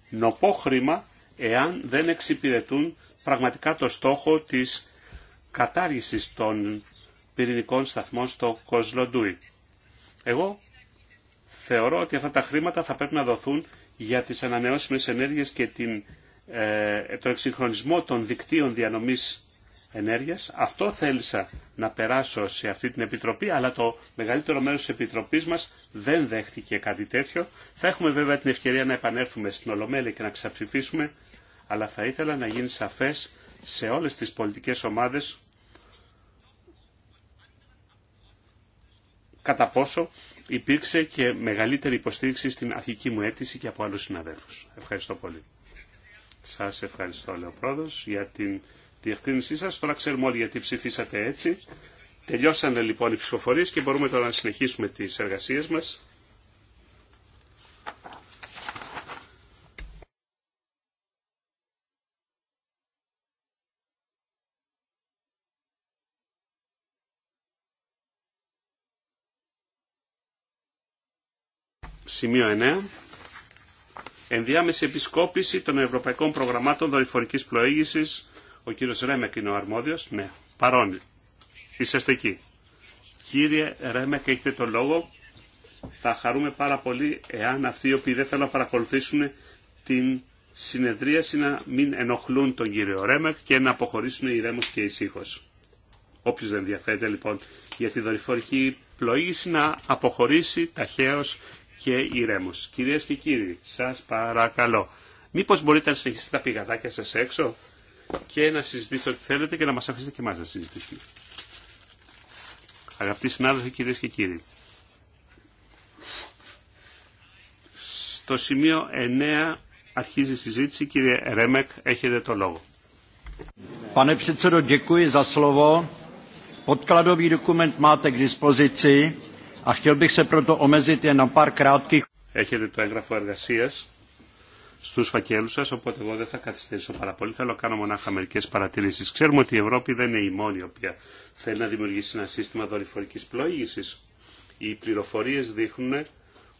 νοπό χρήμα εάν δεν εξυπηρετούν πραγματικά το στόχο της κατάργησης των πυρηνικών σταθμών στο Κοσλοντούι. Εγώ θεωρώ ότι αυτά τα χρήματα θα πρέπει να δοθούν για τις ανανεώσιμες ενέργειες και την, ε, το εξυγχρονισμό των δικτύων διανομής ενέργειας. Αυτό θέλησα να περάσω σε αυτή την Επιτροπή, αλλά το μεγαλύτερο μέρος της Επιτροπής μας δεν δέχτηκε κάτι τέτοιο. Θα έχουμε βέβαια την ευκαιρία να επανέλθουμε στην Ολομέλη και να ξαψηφίσουμε, αλλά θα ήθελα να γίνει σαφές σε όλες τις πολιτικές ομάδες κατά πόσο υπήρξε και μεγαλύτερη υποστήριξη στην αρχική μου αίτηση και από άλλους συναδέλφους. Ευχαριστώ πολύ. Σας ευχαριστώ, λέω πρόεδρος, για την διευκρίνησή σας. Τώρα ξέρουμε όλοι γιατί ψηφίσατε έτσι. Τελειώσανε λοιπόν οι ψηφοφορίες και μπορούμε τώρα να συνεχίσουμε τις εργασίες μας. Σημείο 9. Ενδιάμεση επισκόπηση των ευρωπαϊκών προγραμμάτων δορυφορικής πλοήγησης. Ο κύριος Ρέμεκ είναι ο αρμόδιος. Ναι, παρόν. Είσαστε εκεί. Κύριε Ρέμεκ, έχετε το λόγο. Θα χαρούμε πάρα πολύ εάν αυτοί οι οποίοι δεν θέλουν να παρακολουθήσουν την συνεδρίαση να μην ενοχλούν τον κύριο Ρέμεκ και να αποχωρήσουν ηρέμως και ησύχω. Όποιο δεν ενδιαφέρεται λοιπόν για τη δορυφορική πλοήγηση να αποχωρήσει ταχαίω και ηρέμος. Κυρίες και κύριοι, σας παρακαλώ, μήπως μπορείτε να συνεχίσετε τα πηγαδάκια σα έξω και να συζητήσετε ό,τι θέλετε και να μας αφήσετε και εμάς να συζητήσουμε. Αγαπητοί συνάδελφοι, κυρίες και κύριοι, στο σημείο 9 αρχίζει η συζήτηση. Κύριε Ρέμεκ, έχετε το λόγο. Έχετε το έγγραφο εργασία στου φακέλου σα, οπότε εγώ δεν θα καθυστερήσω πάρα πολύ. Θέλω να κάνω μονάχα μερικέ παρατηρήσει. Ξέρουμε ότι η Ευρώπη δεν είναι η μόνη η οποία θέλει να δημιουργήσει ένα σύστημα δορυφορική πλοήγηση. Οι πληροφορίε δείχνουν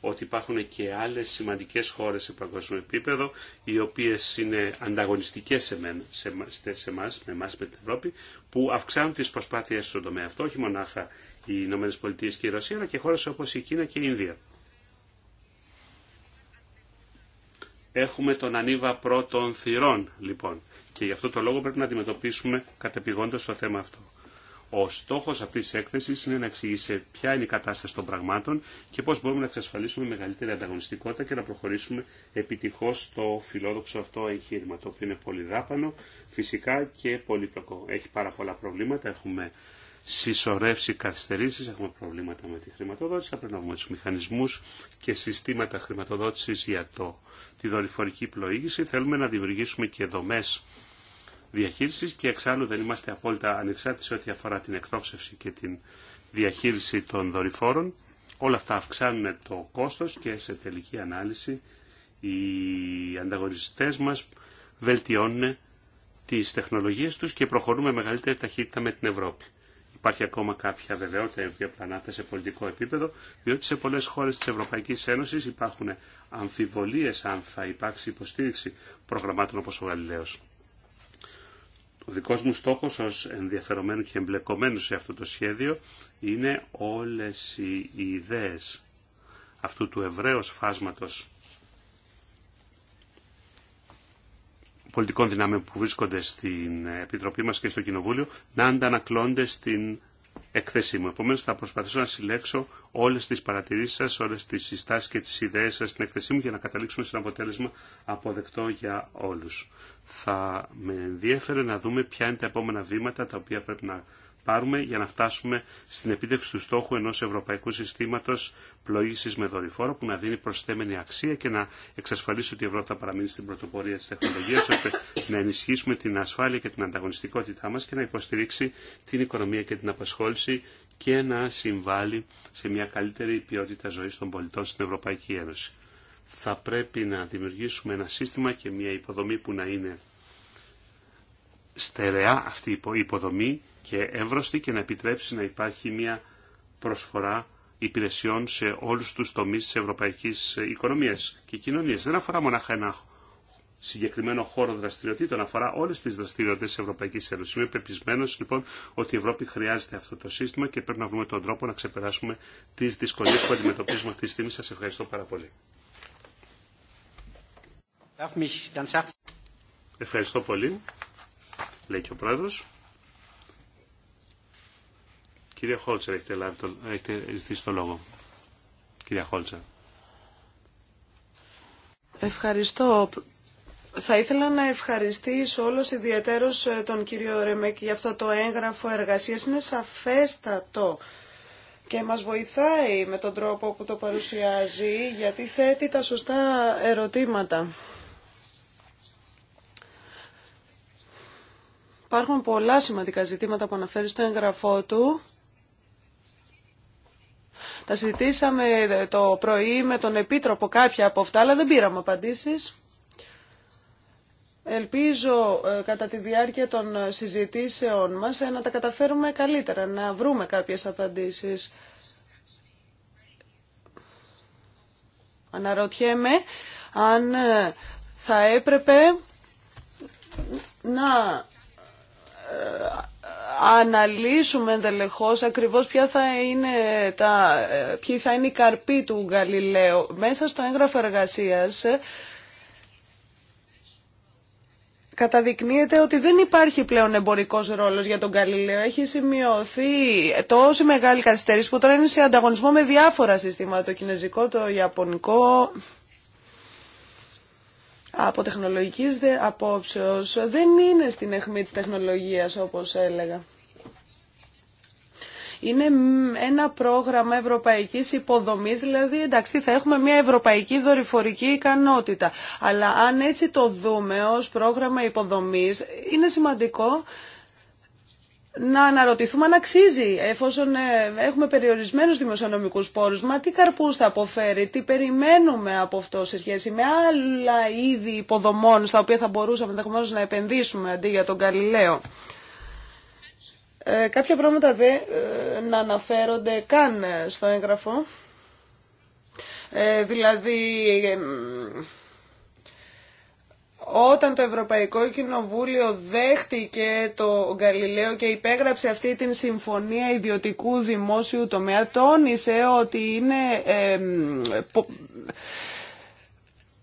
ότι υπάρχουν και άλλε σημαντικέ χώρε σε παγκόσμιο επίπεδο, οι οποίε είναι ανταγωνιστικέ σε, εμά, σε εμά, με εμά, με την Ευρώπη, που αυξάνουν τι προσπάθειε στον τομέα αυτό, όχι μονάχα οι Ηνωμένε Πολιτείε και η Ρωσία, αλλά και χώρε όπω η Κίνα και η Ινδία. Έχουμε τον ανίβα πρώτων θυρών, λοιπόν, και γι' αυτό το λόγο πρέπει να αντιμετωπίσουμε κατεπηγόντως το θέμα αυτό. Ο στόχο αυτή τη έκθεση είναι να εξηγήσει ποια είναι η κατάσταση των πραγμάτων και πώ μπορούμε να εξασφαλίσουμε μεγαλύτερη ανταγωνιστικότητα και να προχωρήσουμε επιτυχώ στο φιλόδοξο αυτό εγχείρημα, το οποίο είναι δάπανο φυσικά και πολύπλοκο. Έχει πάρα πολλά προβλήματα. Έχουμε συσσωρεύσει καθυστερήσει, έχουμε προβλήματα με τη χρηματοδότηση, θα πρέπει να βρούμε του μηχανισμού και συστήματα χρηματοδότηση για το, τη δορυφορική πλοήγηση. Θέλουμε να δημιουργήσουμε και δομέ διαχείριση και εξάλλου δεν είμαστε απόλυτα ανεξάρτητοι σε ό,τι αφορά την εκτόξευση και την διαχείριση των δορυφόρων. Όλα αυτά αυξάνουν το κόστος και σε τελική ανάλυση οι ανταγωνιστές μας βελτιώνουν τις τεχνολογίες τους και προχωρούμε μεγαλύτερη ταχύτητα με την Ευρώπη. Υπάρχει ακόμα κάποια βεβαιότητα η οποία πλανάται σε πολιτικό επίπεδο, διότι σε πολλές χώρες της Ευρωπαϊκής Ένωσης υπάρχουν αμφιβολίες αν θα υπάρξει υποστήριξη προγραμμάτων όπως ο Γαλιλαίος. Ο δικός μου στόχος ως ενδιαφερομένου και εμπλεκομένου σε αυτό το σχέδιο είναι όλες οι ιδέες αυτού του ευραίου φάσματος πολιτικών δυνάμεων που βρίσκονται στην Επιτροπή μας και στο Κοινοβούλιο να αντανακλώνται στην εκθέσή μου. Επομένως θα προσπαθήσω να συλλέξω όλες τις παρατηρήσεις σα, όλες τις συστάσεις και τις ιδέες σα στην εκθέσή μου για να καταλήξουμε σε ένα αποτέλεσμα αποδεκτό για όλους. Θα με ενδιέφερε να δούμε ποια είναι τα επόμενα βήματα τα οποία πρέπει να πάρουμε για να φτάσουμε στην επίτευξη του στόχου ενός ευρωπαϊκού συστήματος πλοήγησης με δορυφόρο που να δίνει προσθέμενη αξία και να εξασφαλίσει ότι η Ευρώπη θα παραμείνει στην πρωτοπορία της τεχνολογίας ώστε να ενισχύσουμε την ασφάλεια και την ανταγωνιστικότητά μας και να υποστηρίξει την οικονομία και την απασχόληση και να συμβάλλει σε μια καλύτερη ποιότητα ζωής των πολιτών στην Ευρωπαϊκή Ένωση. Θα πρέπει να δημιουργήσουμε ένα σύστημα και μια υποδομή που να είναι στερεά αυτή η υποδομή και εύρωστη και να επιτρέψει να υπάρχει μια προσφορά υπηρεσιών σε όλους τους τομείς της ευρωπαϊκής οικονομίας και κοινωνίας. Δεν αφορά μονάχα ένα συγκεκριμένο χώρο δραστηριοτήτων, αφορά όλε τι δραστηριότητε της Ευρωπαϊκή Ένωση. Είμαι πεπισμένο λοιπόν ότι η Ευρώπη χρειάζεται αυτό το σύστημα και πρέπει να βρούμε τον τρόπο να ξεπεράσουμε τι δυσκολίε που αντιμετωπίζουμε αυτή τη στιγμή. Σα ευχαριστώ πάρα πολύ. Ευχαριστώ πολύ λέει και ο πρόεδρο. Κυρία Χόλτσερ, έχετε, λάβει το, ζητήσει το λόγο. Κυρία Χόλτσερ. Ευχαριστώ. Θα ήθελα να ευχαριστήσω όλος ιδιαίτερος ε, τον κύριο Ρεμέκη για αυτό το έγγραφο εργασίας. Είναι σαφέστατο και μας βοηθάει με τον τρόπο που το παρουσιάζει γιατί θέτει τα σωστά ερωτήματα. Υπάρχουν πολλά σημαντικά ζητήματα που αναφέρει στο εγγραφό του. Τα συζητήσαμε το πρωί με τον Επίτροπο κάποια από αυτά, αλλά δεν πήραμε απαντήσεις. Ελπίζω ε, κατά τη διάρκεια των συζητήσεών μας ε, να τα καταφέρουμε καλύτερα, να βρούμε κάποιες απαντήσεις. Αναρωτιέμαι αν ε, θα έπρεπε να αναλύσουμε εντελεχώς ακριβώς ποια θα είναι τα, ποιοι θα είναι οι καρποί του Γαλιλαίου. Μέσα στο έγγραφο εργασίας ε, καταδεικνύεται ότι δεν υπάρχει πλέον εμπορικός ρόλος για τον Γαλιλαίο. Έχει σημειωθεί τόση μεγάλη καθυστέρηση που τώρα είναι σε ανταγωνισμό με διάφορα συστήματα, το κινέζικο, το ιαπωνικό, από τεχνολογικής δε δεν είναι στην αιχμή της τεχνολογίας όπως έλεγα. Είναι ένα πρόγραμμα ευρωπαϊκής υποδομής, δηλαδή εντάξει θα έχουμε μια ευρωπαϊκή δορυφορική ικανότητα. Αλλά αν έτσι το δούμε ως πρόγραμμα υποδομής, είναι σημαντικό να αναρωτηθούμε αν αξίζει εφόσον ε, έχουμε περιορισμένους δημοσιονομικούς πόρους. Μα τι καρπούς θα αποφέρει, τι περιμένουμε από αυτό σε σχέση με άλλα είδη υποδομών στα οποία θα μπορούσαμε ενδεχομένω να επενδύσουμε αντί για τον Καλλιλέο. Ε, κάποια πράγματα δεν ε, να αναφέρονται καν ε, στο έγγραφο. Ε, δηλαδή όταν το Ευρωπαϊκό Κοινοβούλιο δέχτηκε το Γκαλιλαίο και υπέγραψε αυτή την συμφωνία ιδιωτικού δημόσιου τομέα, τόνισε ότι είναι...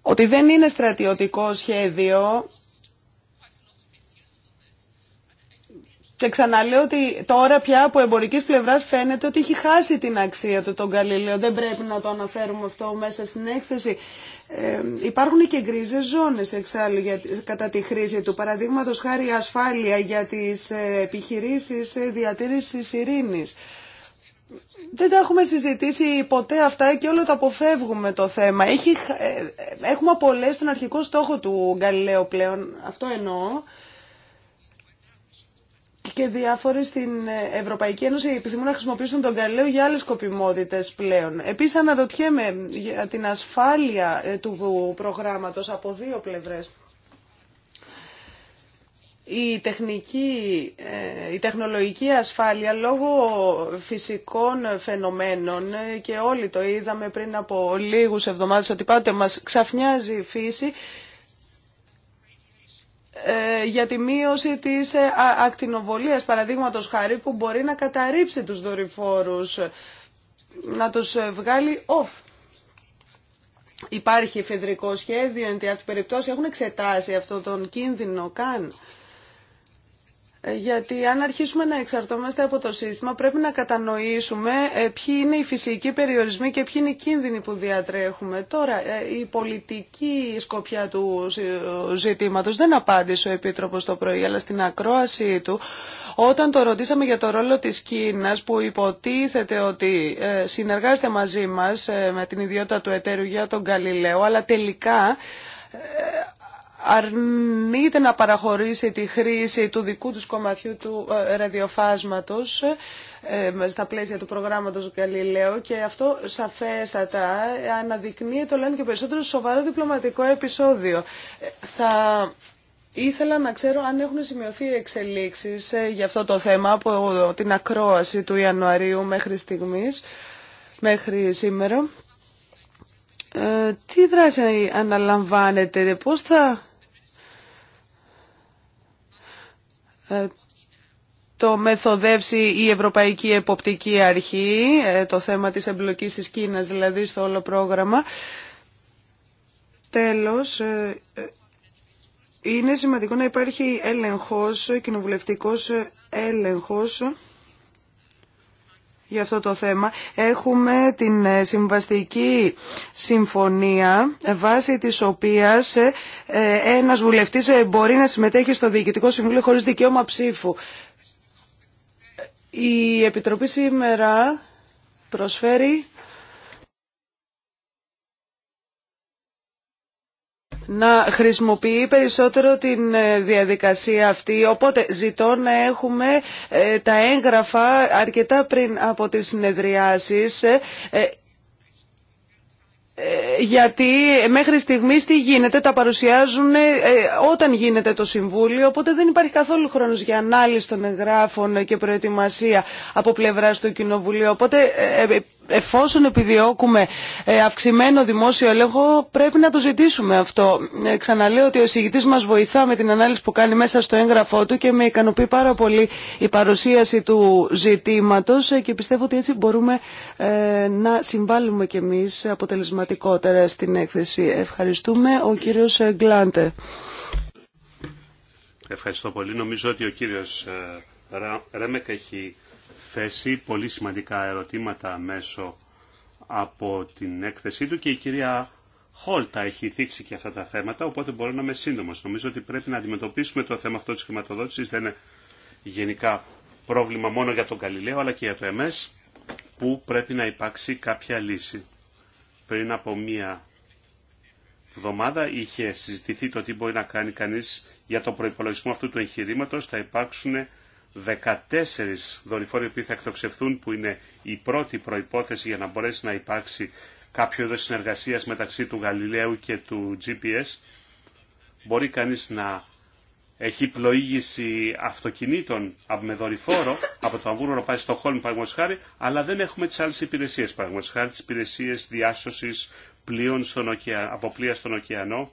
ότι δεν είναι στρατιωτικό σχέδιο Και ξαναλέω ότι τώρα πια από εμπορική πλευρά φαίνεται ότι έχει χάσει την αξία του τον Γαλιλαίο. Δεν πρέπει να το αναφέρουμε αυτό μέσα στην έκθεση. Ε, υπάρχουν και γκρίζε ζώνε εξάλλου κατά τη χρήση του. Παραδείγματο χάρη ασφάλεια για τι ε, επιχειρήσει ε, διατήρηση ειρήνη. Δεν τα έχουμε συζητήσει ποτέ αυτά και όλο το αποφεύγουμε το θέμα. Έχει, ε, έχουμε απολέσει τον αρχικό στόχο του Γκαλιλαίου πλέον, αυτό εννοώ και διάφορε στην Ευρωπαϊκή Ένωση επιθυμούν να χρησιμοποιήσουν τον Γαλλίο για άλλε σκοπιμότητε πλέον. Επίση αναρωτιέμαι για την ασφάλεια ε, του προγράμματος από δύο πλευρές. Η τεχνική, ε, η τεχνολογική ασφάλεια λόγω φυσικών φαινομένων ε, και όλοι το είδαμε πριν από λίγους εβδομάδες ότι πάτε μας ξαφνιάζει η φύση ε, για τη μείωση της ε, ακτινοβολίας, παραδείγματος χάρη, που μπορεί να καταρρύψει τους δορυφόρους, ε, να τους βγάλει off. Υπάρχει φεδρικό σχέδιο, εν τη περιπτώσει έχουν εξετάσει αυτόν τον κίνδυνο καν. Ε, γιατί αν αρχίσουμε να εξαρτώμαστε από το σύστημα πρέπει να κατανοήσουμε ε, ποιοι είναι οι φυσικοί περιορισμοί και ποιοι είναι οι κίνδυνοι που διατρέχουμε. Τώρα ε, η πολιτική σκοπιά του ζητήματος δεν απάντησε ο Επίτροπος το πρωί αλλά στην ακρόασή του όταν το ρωτήσαμε για το ρόλο της Κίνας που υποτίθεται ότι συνεργάζεται μαζί μας με την ιδιότητα του εταίρου για τον Γαλιλαίο αλλά τελικά αρνείται να παραχωρήσει τη χρήση του δικού τους κομματιού του ε, ραδιοφάσματος ε, στα πλαίσια του προγράμματος Γαλιλαίο και αυτό σαφέστατα ε, αναδεικνύει το λένε και περισσότερο σοβαρό διπλωματικό επεισόδιο. Θα ήθελα να ξέρω αν έχουν σημειωθεί εξελίξεις για αυτό το θέμα από την ακρόαση του Ιανουαρίου μέχρι στιγμής, μέχρι σήμερα. Τι δράση αναλαμβάνετε, πώς θα Ε, το μεθοδεύσει η Ευρωπαϊκή Εποπτική Αρχή, ε, το θέμα της εμπλοκής της Κίνας δηλαδή στο όλο πρόγραμμα. Τέλος, ε, είναι σημαντικό να υπάρχει έλεγχος, κοινοβουλευτικός έλεγχος για αυτό το θέμα. Έχουμε την ε, συμβαστική συμφωνία ε, βάσει της οποίας ε, ένας βουλευτής μπορεί να συμμετέχει στο Διοικητικό Συμβούλιο χωρίς δικαίωμα ψήφου. Η Επιτροπή σήμερα προσφέρει να χρησιμοποιεί περισσότερο την ε, διαδικασία αυτή. Οπότε ζητώ να έχουμε ε, τα έγγραφα αρκετά πριν από τις συνεδριάσεις ε, γιατί μέχρι στιγμής τι γίνεται, τα παρουσιάζουν όταν γίνεται το Συμβούλιο, οπότε δεν υπάρχει καθόλου χρόνος για ανάλυση των εγγράφων και προετοιμασία από πλευράς του Κοινοβουλίου. Οπότε εφόσον επιδιώκουμε ε, αυξημένο δημόσιο έλεγχο, πρέπει να το ζητήσουμε αυτό. Ε, ξαναλέω ότι ο συγητή μα βοηθά με την ανάλυση που κάνει μέσα στο έγγραφό του και με ικανοποιεί πάρα πολύ η παρουσίαση του ζητήματο ε, και πιστεύω ότι έτσι μπορούμε να συμβάλλουμε κι εμεί αποτελεσματικότερα στην έκθεση. Ευχαριστούμε. Ο κύριο Γκλάντε. Ευχαριστώ πολύ. Νομίζω ότι ο κύριος Ρέμεκ έχει θέσει πολύ σημαντικά ερωτήματα μέσω από την έκθεσή του και η κυρία Χόλτα έχει θίξει και αυτά τα θέματα, οπότε μπορώ να είμαι σύντομο. Νομίζω ότι πρέπει να αντιμετωπίσουμε το θέμα αυτό τη χρηματοδότηση. Δεν είναι γενικά πρόβλημα μόνο για τον Καλλιλέο, αλλά και για το ΕΜΕΣ, που πρέπει να υπάρξει κάποια λύση. Πριν από μία εβδομάδα είχε συζητηθεί το τι μπορεί να κάνει κανεί για το προπολογισμό αυτού του εγχειρήματο. Θα υπάρξουν 14 δορυφόροι που θα εκτοξευθούν που είναι η πρώτη προϋπόθεση για να μπορέσει να υπάρξει κάποιο είδος συνεργασίας μεταξύ του Γαλιλαίου και του GPS μπορεί κανείς να έχει πλοήγηση αυτοκινήτων με δορυφόρο από το Αμβούρο να πάει στο Χόλμ χάρη, αλλά δεν έχουμε τις άλλες υπηρεσίες παραγωγός χάρη, τις υπηρεσίες διάσωσης πλοίων στον από πλοία στον ωκεανό.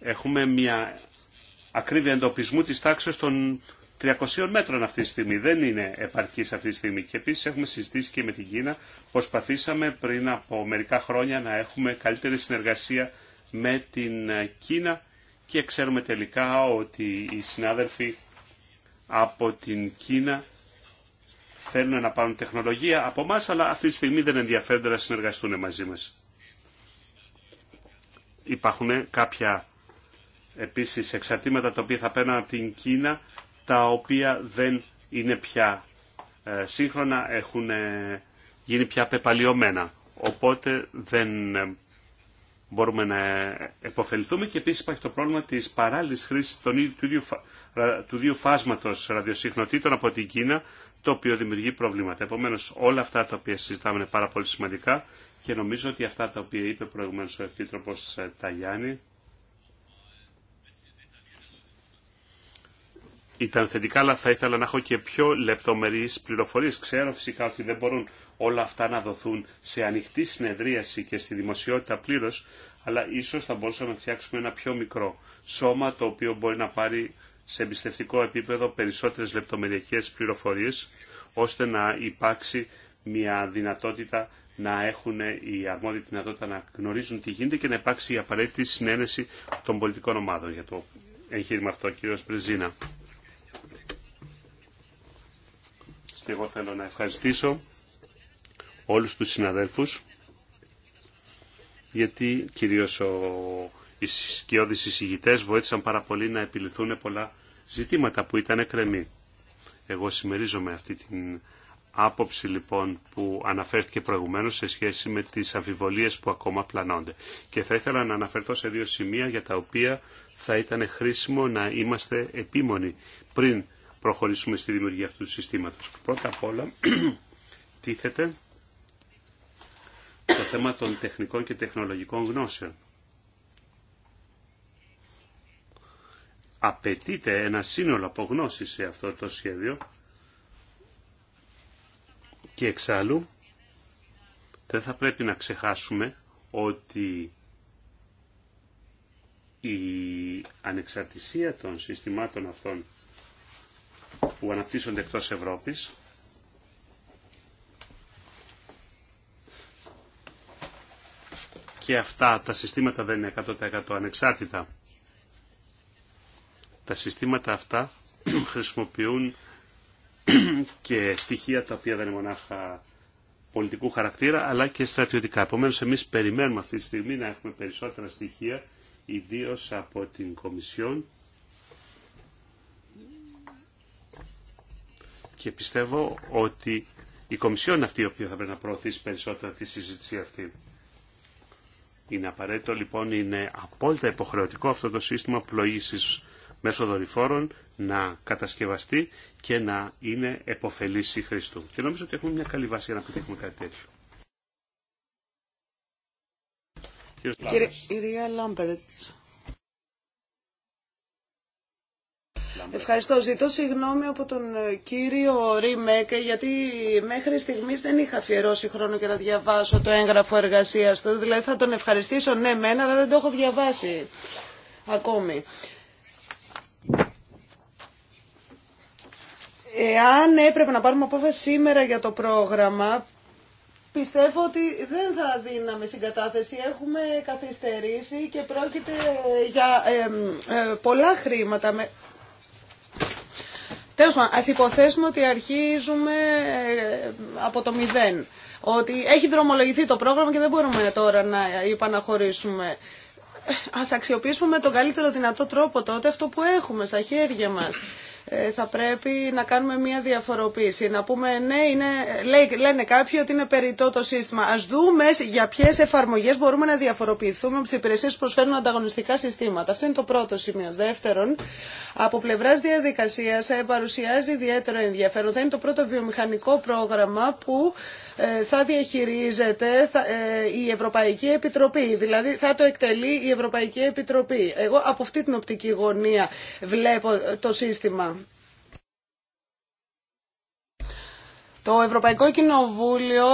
Έχουμε μια ακρίβεια εντοπισμού της τάξης των 300 μέτρων αυτή τη στιγμή. Δεν είναι επαρκή αυτή τη στιγμή. Και επίση έχουμε συζητήσει και με την Κίνα. Προσπαθήσαμε πριν από μερικά χρόνια να έχουμε καλύτερη συνεργασία με την ε, Κίνα και ξέρουμε τελικά ότι οι συνάδελφοι από την Κίνα θέλουν να πάρουν τεχνολογία από εμά, αλλά αυτή τη στιγμή δεν ενδιαφέρονται να συνεργαστούν μαζί μας. Υπάρχουν κάποια επίσης εξαρτήματα τα οποία θα παίρνουν από την Κίνα τα οποία δεν είναι πια ε, σύγχρονα, έχουν ε, γίνει πια πεπαλιωμένα. Οπότε δεν ε, μπορούμε να επωφεληθούμε και επίσης υπάρχει το πρόβλημα της παράλληλης χρήσης των, του, ίδιου, του ίδιου φάσματος ραδιοσυχνοτήτων από την Κίνα, το οποίο δημιουργεί προβλήματα. Επομένως όλα αυτά τα οποία συζητάμε είναι πάρα πολύ σημαντικά και νομίζω ότι αυτά τα οποία είπε προηγουμένως ο Επίτροπος Ταγιάννη ήταν θετικά, αλλά θα ήθελα να έχω και πιο λεπτομερείς πληροφορίες. Ξέρω φυσικά ότι δεν μπορούν όλα αυτά να δοθούν σε ανοιχτή συνεδρίαση και στη δημοσιότητα πλήρως, αλλά ίσως θα μπορούσαμε να φτιάξουμε ένα πιο μικρό σώμα το οποίο μπορεί να πάρει σε εμπιστευτικό επίπεδο περισσότερες λεπτομεριακές πληροφορίες, ώστε να υπάρξει μια δυνατότητα να έχουν η αρμόδιοι δυνατότητα να γνωρίζουν τι γίνεται και να υπάρξει η απαραίτητη συνένεση των πολιτικών ομάδων για το εγχείρημα αυτό, κύριο Πρεζίνα. εγώ θέλω να ευχαριστήσω όλους τους συναδέλφους γιατί κυρίως ο, οι σκιώδεις εισηγητές βοήθησαν πάρα πολύ να επιληθούν πολλά ζητήματα που ήταν εκκρεμή. Εγώ συμμερίζομαι αυτή την άποψη λοιπόν που αναφέρθηκε προηγουμένως σε σχέση με τις αμφιβολίες που ακόμα πλανώνται. Και θα ήθελα να αναφερθώ σε δύο σημεία για τα οποία θα ήταν χρήσιμο να είμαστε επίμονοι πριν προχωρήσουμε στη δημιουργία αυτού του συστήματος. Πρώτα απ' όλα τίθεται το θέμα των τεχνικών και τεχνολογικών γνώσεων. Απαιτείται ένα σύνολο από γνώση σε αυτό το σχέδιο και εξάλλου δεν θα πρέπει να ξεχάσουμε ότι η ανεξαρτησία των συστημάτων αυτών που αναπτύσσονται εκτός Ευρώπης. Και αυτά τα συστήματα δεν είναι 100% ανεξάρτητα. Τα συστήματα αυτά χρησιμοποιούν και στοιχεία τα οποία δεν είναι μονάχα πολιτικού χαρακτήρα αλλά και στρατιωτικά. Επομένως εμείς περιμένουμε αυτή τη στιγμή να έχουμε περισσότερα στοιχεία ιδίως από την Κομισιόν και πιστεύω ότι η Κομισιόν είναι αυτή η οποία θα πρέπει να προωθήσει περισσότερο τη συζήτηση αυτή. Είναι απαραίτητο λοιπόν, είναι απόλυτα υποχρεωτικό αυτό το σύστημα πλοήγησης μέσω δορυφόρων να κατασκευαστεί και να είναι εποφελής η Χριστού. Και νομίζω ότι έχουμε μια καλή βάση για να πετύχουμε κάτι τέτοιο. Κύριε Ευχαριστώ. Ζητώ συγγνώμη από τον ε, κύριο Ρίμεκ, γιατί μέχρι στιγμή δεν είχα αφιερώσει χρόνο για να διαβάσω το έγγραφο εργασία του. Δηλαδή θα τον ευχαριστήσω, ναι, μένα, αλλά δεν το έχω διαβάσει ακόμη. Εάν έπρεπε να πάρουμε απόφαση σήμερα για το πρόγραμμα, Πιστεύω ότι δεν θα δίναμε συγκατάθεση. Έχουμε καθυστερήσει και πρόκειται για ε, ε πολλά χρήματα. Τέλος πάντων, ας υποθέσουμε ότι αρχίζουμε ε, από το μηδέν. Ότι έχει δρομολογηθεί το πρόγραμμα και δεν μπορούμε τώρα να υπαναχωρήσουμε. Ε, ας αξιοποιήσουμε με τον καλύτερο δυνατό τρόπο τότε αυτό που έχουμε στα χέρια μας. Ε, θα πρέπει να κάνουμε μια διαφοροποίηση. Να πούμε ναι, είναι, λένε κάποιοι ότι είναι περιττό το σύστημα. Α δούμε για ποιες εφαρμογέ μπορούμε να διαφοροποιηθούμε από τι υπηρεσίε που προσφέρουν ανταγωνιστικά συστήματα. Αυτό είναι το πρώτο σημείο. Δεύτερον, από πλευρά διαδικασία, ε, παρουσιάζει ιδιαίτερο ενδιαφέρον. Θα είναι το πρώτο βιομηχανικό πρόγραμμα που ε, θα διαχειρίζεται ε, η Ευρωπαϊκή Επιτροπή. Δηλαδή θα το εκτελεί η Ευρωπαϊκή Επιτροπή. Εγώ από αυτή την οπτική γωνία βλέπω το σύστημα. Το Ευρωπαϊκό Κοινοβούλιο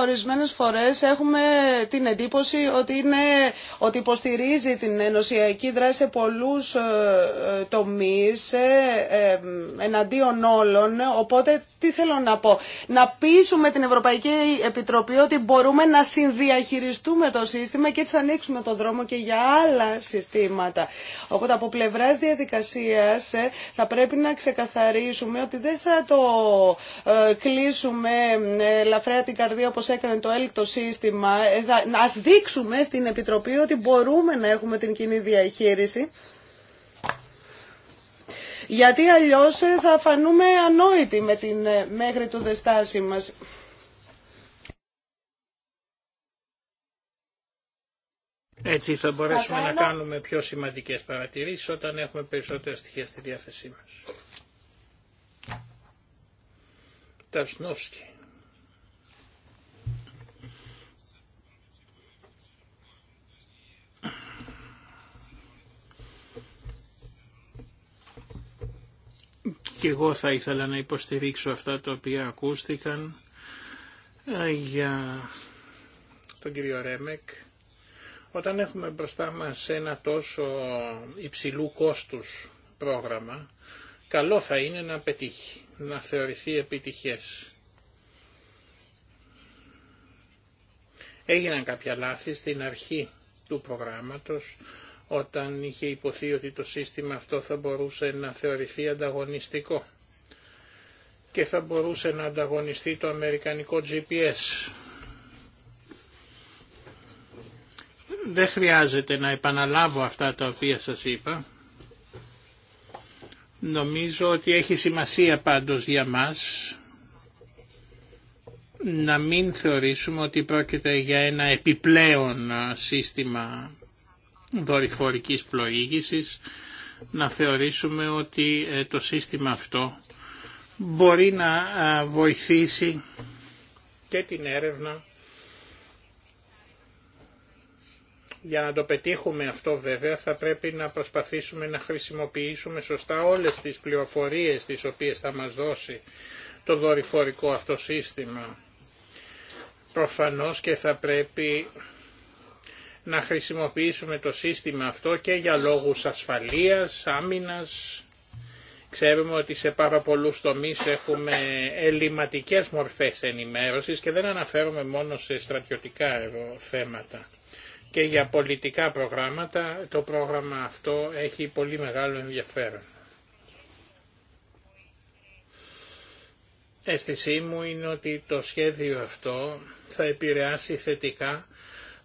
ορισμένες φορές έχουμε την εντύπωση ότι, είναι, ότι υποστηρίζει την ενωσιακή δράση σε πολλούς ε, τομείς εναντίον όλων, οπότε τι θέλω να πω. Να πείσουμε την Ευρωπαϊκή Επιτροπή ότι μπορούμε να συνδιαχειριστούμε το σύστημα και έτσι θα ανοίξουμε τον δρόμο και για άλλα συστήματα. Οπότε από πλευρά διαδικασία ε, θα πρέπει να ξεκαθαρίσουμε ότι δεν θα το ε, κλείσουμε ε, λαφρέα την καρδία όπω έκανε το έλκτο σύστημα. Να δείξουμε στην Επιτροπή ότι μπορούμε να έχουμε την κοινή διαχείριση γιατί αλλιώς ε, θα φανούμε ανόητοι με την ε, μέχρι του δεστάση μας. Έτσι θα μπορέσουμε να κάνουμε πιο σημαντικές παρατηρήσεις όταν έχουμε περισσότερα στοιχεία στη διάθεσή μας. Ταυσνόφσκι. Και εγώ θα ήθελα να υποστηρίξω αυτά τα οποία ακούστηκαν ε, για τον κύριο Ρέμεκ. Όταν έχουμε μπροστά μας ένα τόσο υψηλού κόστους πρόγραμμα, καλό θα είναι να πετύχει, να θεωρηθεί επιτυχές. Έγιναν κάποια λάθη στην αρχή του προγράμματος, όταν είχε υποθεί ότι το σύστημα αυτό θα μπορούσε να θεωρηθεί ανταγωνιστικό και θα μπορούσε να ανταγωνιστεί το αμερικανικό GPS. Δεν χρειάζεται να επαναλάβω αυτά τα οποία σας είπα. Νομίζω ότι έχει σημασία πάντως για μας να μην θεωρήσουμε ότι πρόκειται για ένα επιπλέον σύστημα δορυφορικής πλοήγησης να θεωρήσουμε ότι ε, το σύστημα αυτό μπορεί να βοηθήσει και την έρευνα Για να το πετύχουμε αυτό βέβαια θα πρέπει να προσπαθήσουμε να χρησιμοποιήσουμε σωστά όλες τις πληροφορίες τις οποίες θα μας δώσει το δορυφορικό αυτό σύστημα. Προφανώς και θα πρέπει να χρησιμοποιήσουμε το σύστημα αυτό και για λόγους ασφαλείας, άμυνας. Ξέρουμε ότι σε πάρα πολλούς τομείς έχουμε ελληματικές μορφές ενημέρωσης και δεν αναφέρομαι μόνο σε στρατιωτικά θέματα. Και για πολιτικά προγράμματα το πρόγραμμα αυτό έχει πολύ μεγάλο ενδιαφέρον. Αίσθησή μου είναι ότι το σχέδιο αυτό θα επηρεάσει θετικά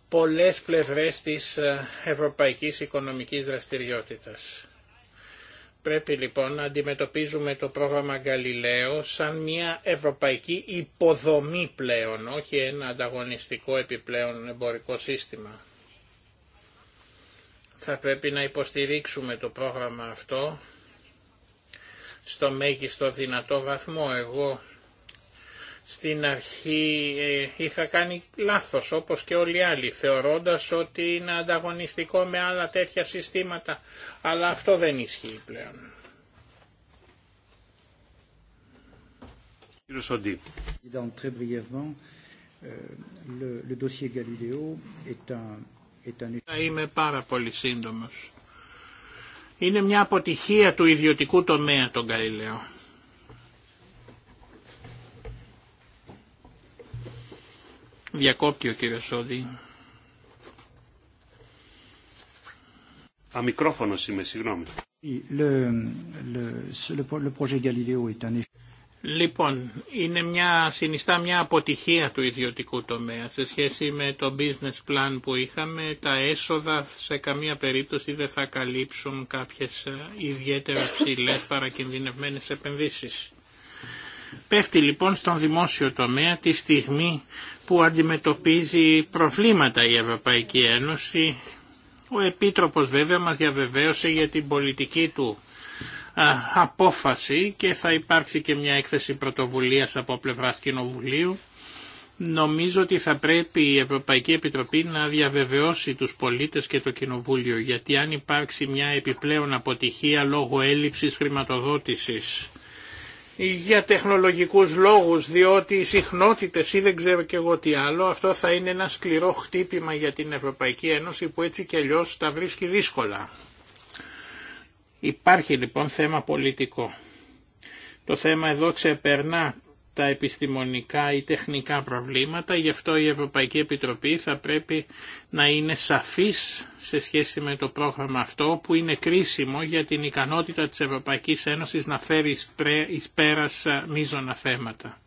πολλές πλευρές της ε, ευρωπαϊκής οικονομικής δραστηριότητας. Πρέπει λοιπόν να αντιμετωπίζουμε το πρόγραμμα Γαλιλαίο σαν μια ευρωπαϊκή υποδομή πλέον, όχι ένα ανταγωνιστικό επιπλέον εμπορικό σύστημα. Θα πρέπει να υποστηρίξουμε το πρόγραμμα αυτό στο μέγιστο δυνατό βαθμό. Εγώ στην αρχή ε, είχα κάνει λάθος όπως και όλοι οι άλλοι θεωρώντας ότι είναι ανταγωνιστικό με άλλα τέτοια συστήματα αλλά αυτό δεν ισχύει πλέον. Κύριε euh, Είμαι πάρα πολύ σύντομος. Είναι μια αποτυχία του ιδιωτικού τομέα τον Galileo Διακόπτει ο κύριος Σόδη. Αμικρόφωνος είμαι, συγγνώμη. Λοιπόν, είναι μια, συνιστά μια αποτυχία του ιδιωτικού τομέα σε σχέση με το business plan που είχαμε. Τα έσοδα σε καμία περίπτωση δεν θα καλύψουν κάποιες ε, ιδιαίτερα ψηλέ παρακινδυνευμένες επενδύσεις. Πέφτει λοιπόν στον δημόσιο τομέα τη στιγμή που αντιμετωπίζει προβλήματα η Ευρωπαϊκή Ένωση. Ο Επίτροπος βέβαια μας διαβεβαίωσε για την πολιτική του απόφαση και θα υπάρξει και μια έκθεση πρωτοβουλίας από πλευράς Κοινοβουλίου. Νομίζω ότι θα πρέπει η Ευρωπαϊκή Επιτροπή να διαβεβαιώσει τους πολίτες και το Κοινοβούλιο, γιατί αν υπάρξει μια επιπλέον αποτυχία λόγω έλλειψης χρηματοδότησης για τεχνολογικούς λόγους, διότι οι συχνότητες ή δεν ξέρω και εγώ τι άλλο, αυτό θα είναι ένα σκληρό χτύπημα για την Ευρωπαϊκή Ένωση που έτσι και αλλιώ τα βρίσκει δύσκολα. Υπάρχει λοιπόν θέμα πολιτικό. Το θέμα εδώ ξεπερνά τα επιστημονικά ή τεχνικά προβλήματα, γι' αυτό η Ευρωπαϊκή Επιτροπή θα πρέπει να είναι σαφής σε σχέση με το πρόγραμμα αυτό που είναι κρίσιμο για την ικανότητα της Ευρωπαϊκής Ένωσης να φέρει εις πέρας μείζωνα θέματα.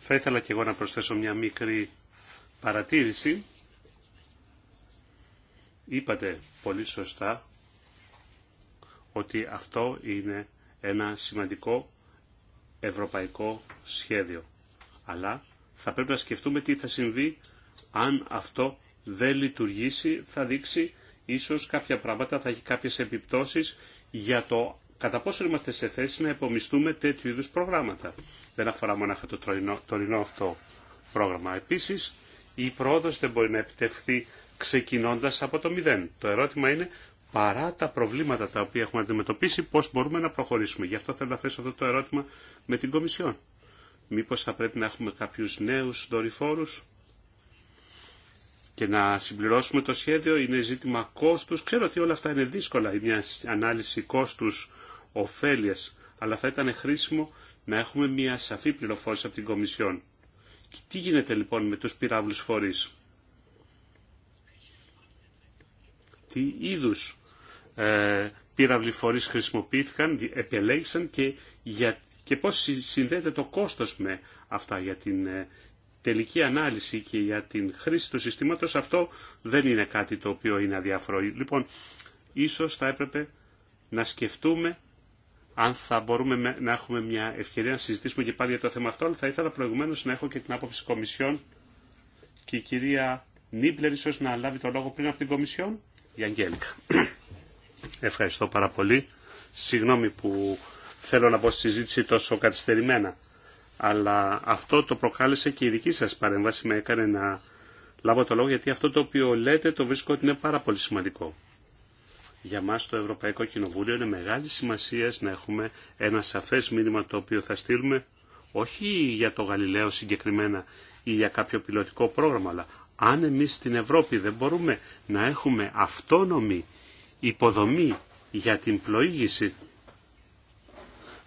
Θα ήθελα και εγώ να προσθέσω μια μικρή παρατήρηση. Είπατε πολύ σωστά ότι αυτό είναι ένα σημαντικό ευρωπαϊκό σχέδιο. Αλλά θα πρέπει να σκεφτούμε τι θα συμβεί αν αυτό δεν λειτουργήσει, θα δείξει ίσως κάποια πράγματα, θα έχει κάποιες επιπτώσεις για το κατά πόσο είμαστε σε θέση να επομιστούμε τέτοιου είδους προγράμματα. Δεν αφορά μονάχα το τωρινό αυτό πρόγραμμα. Επίσης, η πρόοδος δεν μπορεί να επιτευχθεί ξεκινώντας από το μηδέν. Το ερώτημα είναι παρά τα προβλήματα τα οποία έχουμε αντιμετωπίσει, πώς μπορούμε να προχωρήσουμε. Γι' αυτό θέλω να θέσω αυτό το ερώτημα με την Κομισιόν. Μήπως θα πρέπει να έχουμε κάποιους νέους δορυφόρους και να συμπληρώσουμε το σχέδιο. Είναι ζήτημα κόστους. Ξέρω ότι όλα αυτά είναι δύσκολα, η μια ανάλυση κόστους ωφέλειας, αλλά θα ήταν χρήσιμο να έχουμε μια σαφή πληροφόρηση από την Κομισιόν. τι γίνεται λοιπόν με τους πυράβλους φορείς. Τι είδους ε, πύραυλοι φορείς χρησιμοποιήθηκαν, επελέγησαν και, για, και πώς συνδέεται το κόστος με αυτά για την ε, τελική ανάλυση και για την χρήση του συστήματος. Αυτό δεν είναι κάτι το οποίο είναι αδιάφορο. Λοιπόν, ίσως θα έπρεπε να σκεφτούμε αν θα μπορούμε να έχουμε μια ευκαιρία να συζητήσουμε και πάλι για το θέμα αυτό, αλλά θα ήθελα προηγουμένως να έχω και την άποψη της Κομισιόν και η κυρία Νίπλερ ίσως να λάβει το λόγο πριν από την Κομισιόν. Η Αγγέλικα. Ευχαριστώ πάρα πολύ. Συγγνώμη που θέλω να πω στη συζήτηση τόσο καθυστερημένα. Αλλά αυτό το προκάλεσε και η δική σας παρέμβαση με έκανε να λάβω το λόγο γιατί αυτό το οποίο λέτε το βρίσκω ότι είναι πάρα πολύ σημαντικό. Για μας το Ευρωπαϊκό Κοινοβούλιο είναι μεγάλη σημασία να έχουμε ένα σαφές μήνυμα το οποίο θα στείλουμε όχι για το Γαλιλαίο συγκεκριμένα ή για κάποιο πιλωτικό πρόγραμμα, αλλά αν εμείς στην Ευρώπη δεν μπορούμε να έχουμε αυτόνομη υποδομή για την πλοήγηση.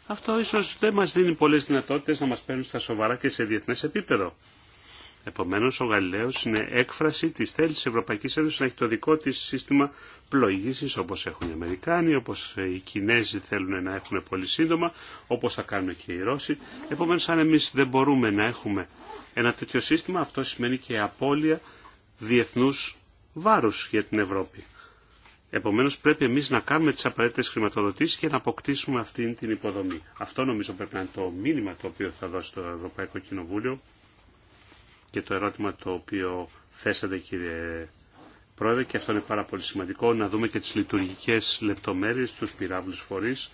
Αυτό ίσως δεν μας δίνει πολλές δυνατότητες να μας παίρνουν στα σοβαρά και σε διεθνές επίπεδο. Επομένως, ο Γαλιλαίος είναι έκφραση της θέλησης Ευρωπαϊκής Ένωσης να έχει το δικό της σύστημα πλοήγησης, όπως έχουν οι Αμερικάνοι, όπως οι Κινέζοι θέλουν να έχουν πολύ σύντομα, όπως θα κάνουν και οι Ρώσοι. Επομένως, αν εμείς δεν μπορούμε να έχουμε ένα τέτοιο σύστημα, αυτό σημαίνει και απώλεια διεθνούς βάρους για την Ευρώπη. Επομένως πρέπει εμείς να κάνουμε τις απαραίτητες χρηματοδοτήσεις και να αποκτήσουμε αυτή την υποδομή. Αυτό νομίζω πρέπει να είναι το μήνυμα το οποίο θα δώσει το Ευρωπαϊκό Κοινοβούλιο και το ερώτημα το οποίο θέσατε κύριε Πρόεδρε και αυτό είναι πάρα πολύ σημαντικό να δούμε και τις λειτουργικές λεπτομέρειες τους πυράβλους φορείς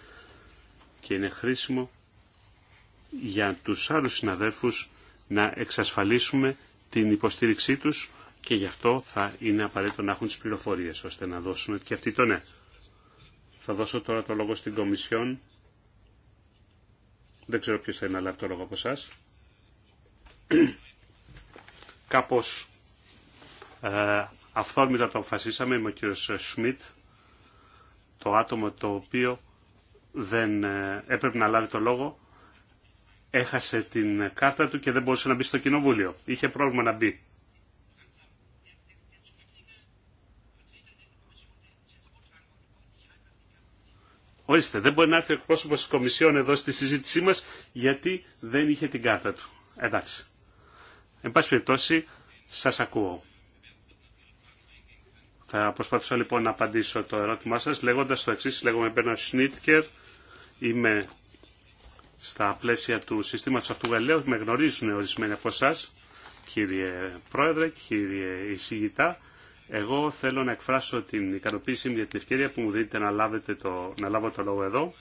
και είναι χρήσιμο για τους άλλους συναδέλφους να εξασφαλίσουμε την υποστήριξή τους και γι' αυτό θα είναι απαραίτητο να έχουν τις πληροφορίες ώστε να δώσουν και αυτοί το ναι. Θα δώσω τώρα το λόγο στην Κομισιόν. Δεν ξέρω ποιος θέλει να λάβει το λόγο από εσά. Κάπως ε, αυθόρμητα το αποφασίσαμε με ο κύριος Σμιτ, το άτομο το οποίο δεν ε, έπρεπε να λάβει το λόγο, έχασε την κάρτα του και δεν μπορούσε να μπει στο κοινοβούλιο. Είχε πρόβλημα να μπει. Ορίστε, δεν μπορεί να έρθει ο εκπρόσωπο τη Κομισιόν εδώ στη συζήτησή μα γιατί δεν είχε την κάρτα του. Εντάξει. Εν πάση περιπτώσει, σα ακούω. Θα προσπαθήσω λοιπόν να απαντήσω το ερώτημά σα λέγοντα το εξή, λέγομαι Μπέρνα Σνίτκερ, είμαι στα πλαίσια του συστηματο αυτού Γαλλίου, με γνωρίζουν ορισμένοι από εσά, κύριε Πρόεδρε, κύριε Ισηγητά, εγώ θέλω να εκφράσω την ικανοποίησή μου για την ευκαιρία που μου δίνετε να, λάβετε το, να λάβω το λόγο εδώ.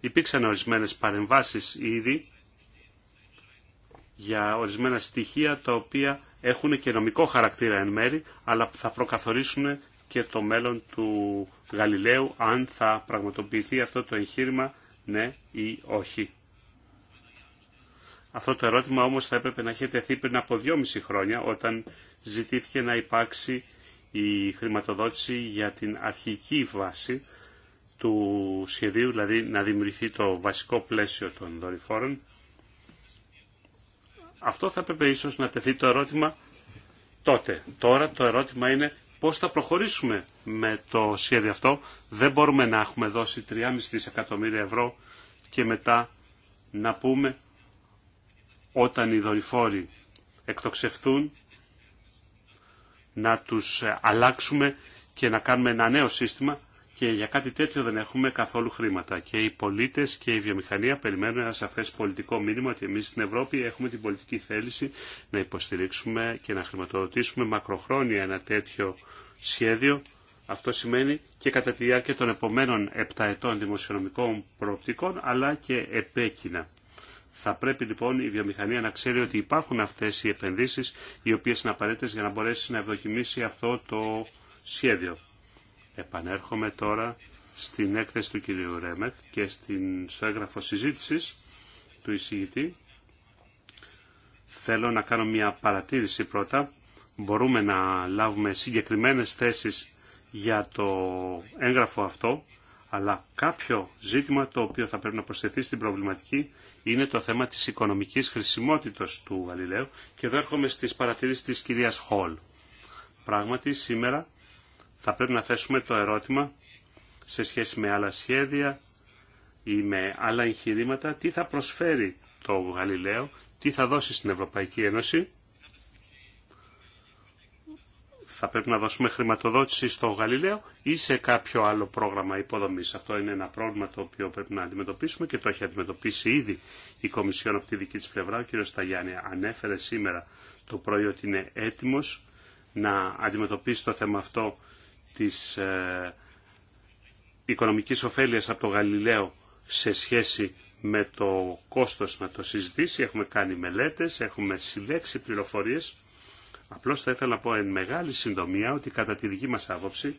Υπήρξαν ορισμένες παρεμβάσεις ήδη για ορισμένα στοιχεία τα οποία έχουν και νομικό χαρακτήρα εν μέρη, αλλά θα προκαθορίσουν και το μέλλον του Γαλιλαίου αν θα πραγματοποιηθεί αυτό το εγχείρημα ναι ή όχι. Αυτό το ερώτημα όμως θα έπρεπε να έχει τεθεί πριν από 2,5 χρόνια όταν ζητήθηκε να υπάρξει η χρηματοδότηση για την αρχική βάση του σχεδίου, δηλαδή να δημιουργηθεί το βασικό πλαίσιο των δορυφόρων. Αυτό θα έπρεπε ίσως να τεθεί το ερώτημα τότε. Τώρα το ερώτημα είναι πώς θα προχωρήσουμε με το σχέδιο αυτό. Δεν μπορούμε να έχουμε δώσει 3,5 δισεκατομμύρια ευρώ και μετά να πούμε όταν οι δορυφόροι εκτοξευτούν να τους ε, αλλάξουμε και να κάνουμε ένα νέο σύστημα και για κάτι τέτοιο δεν έχουμε καθόλου χρήματα. Και οι πολίτες και η βιομηχανία περιμένουν ένα σαφές πολιτικό μήνυμα ότι εμείς στην Ευρώπη έχουμε την πολιτική θέληση να υποστηρίξουμε και να χρηματοδοτήσουμε μακροχρόνια ένα τέτοιο σχέδιο. Αυτό σημαίνει και κατά τη διάρκεια των επομένων επτά ετών δημοσιονομικών προοπτικών αλλά και επέκεινα. Θα πρέπει λοιπόν η βιομηχανία να ξέρει ότι υπάρχουν αυτές οι επενδύσεις οι οποίες είναι απαραίτητες για να μπορέσει να ευδοκιμήσει αυτό το σχέδιο. Επανέρχομαι τώρα στην έκθεση του κυρίου Ρέμεκ και στην, στο έγγραφο συζήτησης του εισηγητή. Θέλω να κάνω μια παρατήρηση πρώτα. Μπορούμε να λάβουμε συγκεκριμένες θέσεις για το έγγραφο αυτό αλλά κάποιο ζήτημα το οποίο θα πρέπει να προσθεθεί στην προβληματική είναι το θέμα της οικονομικής χρησιμότητας του Γαλιλαίου και εδώ έρχομαι στις παρατηρήσεις της κυρίας Χολ. Πράγματι σήμερα θα πρέπει να θέσουμε το ερώτημα σε σχέση με άλλα σχέδια ή με άλλα εγχειρήματα τι θα προσφέρει το Γαλιλαίο, τι θα δώσει στην Ευρωπαϊκή Ένωση θα πρέπει να δώσουμε χρηματοδότηση στο Γαλιλαίο ή σε κάποιο άλλο πρόγραμμα υποδομής. Αυτό είναι ένα πρόβλημα το οποίο πρέπει να αντιμετωπίσουμε και το έχει αντιμετωπίσει ήδη η Κομισιόν από τη δική της πλευρά. Ο κ. Σταγιάννη ανέφερε σήμερα το πρωί ότι είναι έτοιμος να αντιμετωπίσει το θέμα αυτό της ε, οικονομικής ωφέλειας από το Γαλιλαίο σε σχέση με το κόστος να το συζητήσει. Έχουμε κάνει μελέτες, έχουμε συλλέξει πληροφορίες Απλώς θα ήθελα να πω εν μεγάλη συντομία ότι κατά τη δική μας άποψη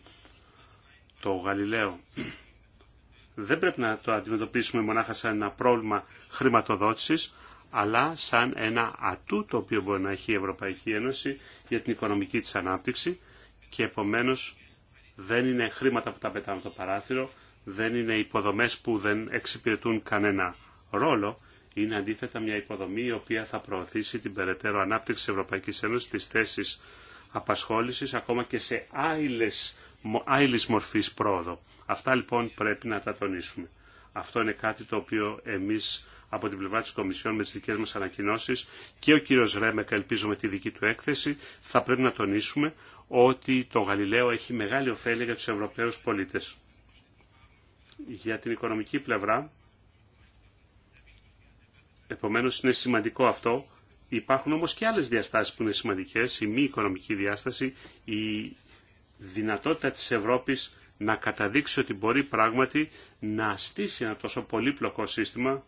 το Γαλιλαίο δεν πρέπει να το αντιμετωπίσουμε μονάχα σαν ένα πρόβλημα χρηματοδότησης, αλλά σαν ένα ατού το οποίο μπορεί να έχει η Ευρωπαϊκή Ένωση για την οικονομική της ανάπτυξη και επομένως δεν είναι χρήματα που τα από το παράθυρο, δεν είναι υποδομές που δεν εξυπηρετούν κανένα ρόλο είναι αντίθετα μια υποδομή η οποία θα προωθήσει την περαιτέρω ανάπτυξη της Ευρωπαϊκής Ένωσης, τις θέσεις απασχόλησης, ακόμα και σε άειλες, άειλης μορφής πρόοδο. Αυτά λοιπόν πρέπει να τα τονίσουμε. Αυτό είναι κάτι το οποίο εμείς από την πλευρά της Κομισιόν με τις δικές μας ανακοινώσεις και ο κύριος Ρέμεκα ελπίζω με τη δική του έκθεση θα πρέπει να τονίσουμε ότι το Γαλιλαίο έχει μεγάλη ωφέλεια για τους Ευρωπαίους πολίτες. Για την οικονομική πλευρά Επομένως είναι σημαντικό αυτό. Υπάρχουν όμως και άλλες διαστάσεις που είναι σημαντικές, η μη οικονομική διάσταση, η δυνατότητα της Ευρώπης να καταδείξει ότι μπορεί πράγματι να στήσει ένα τόσο πολύπλοκο σύστημα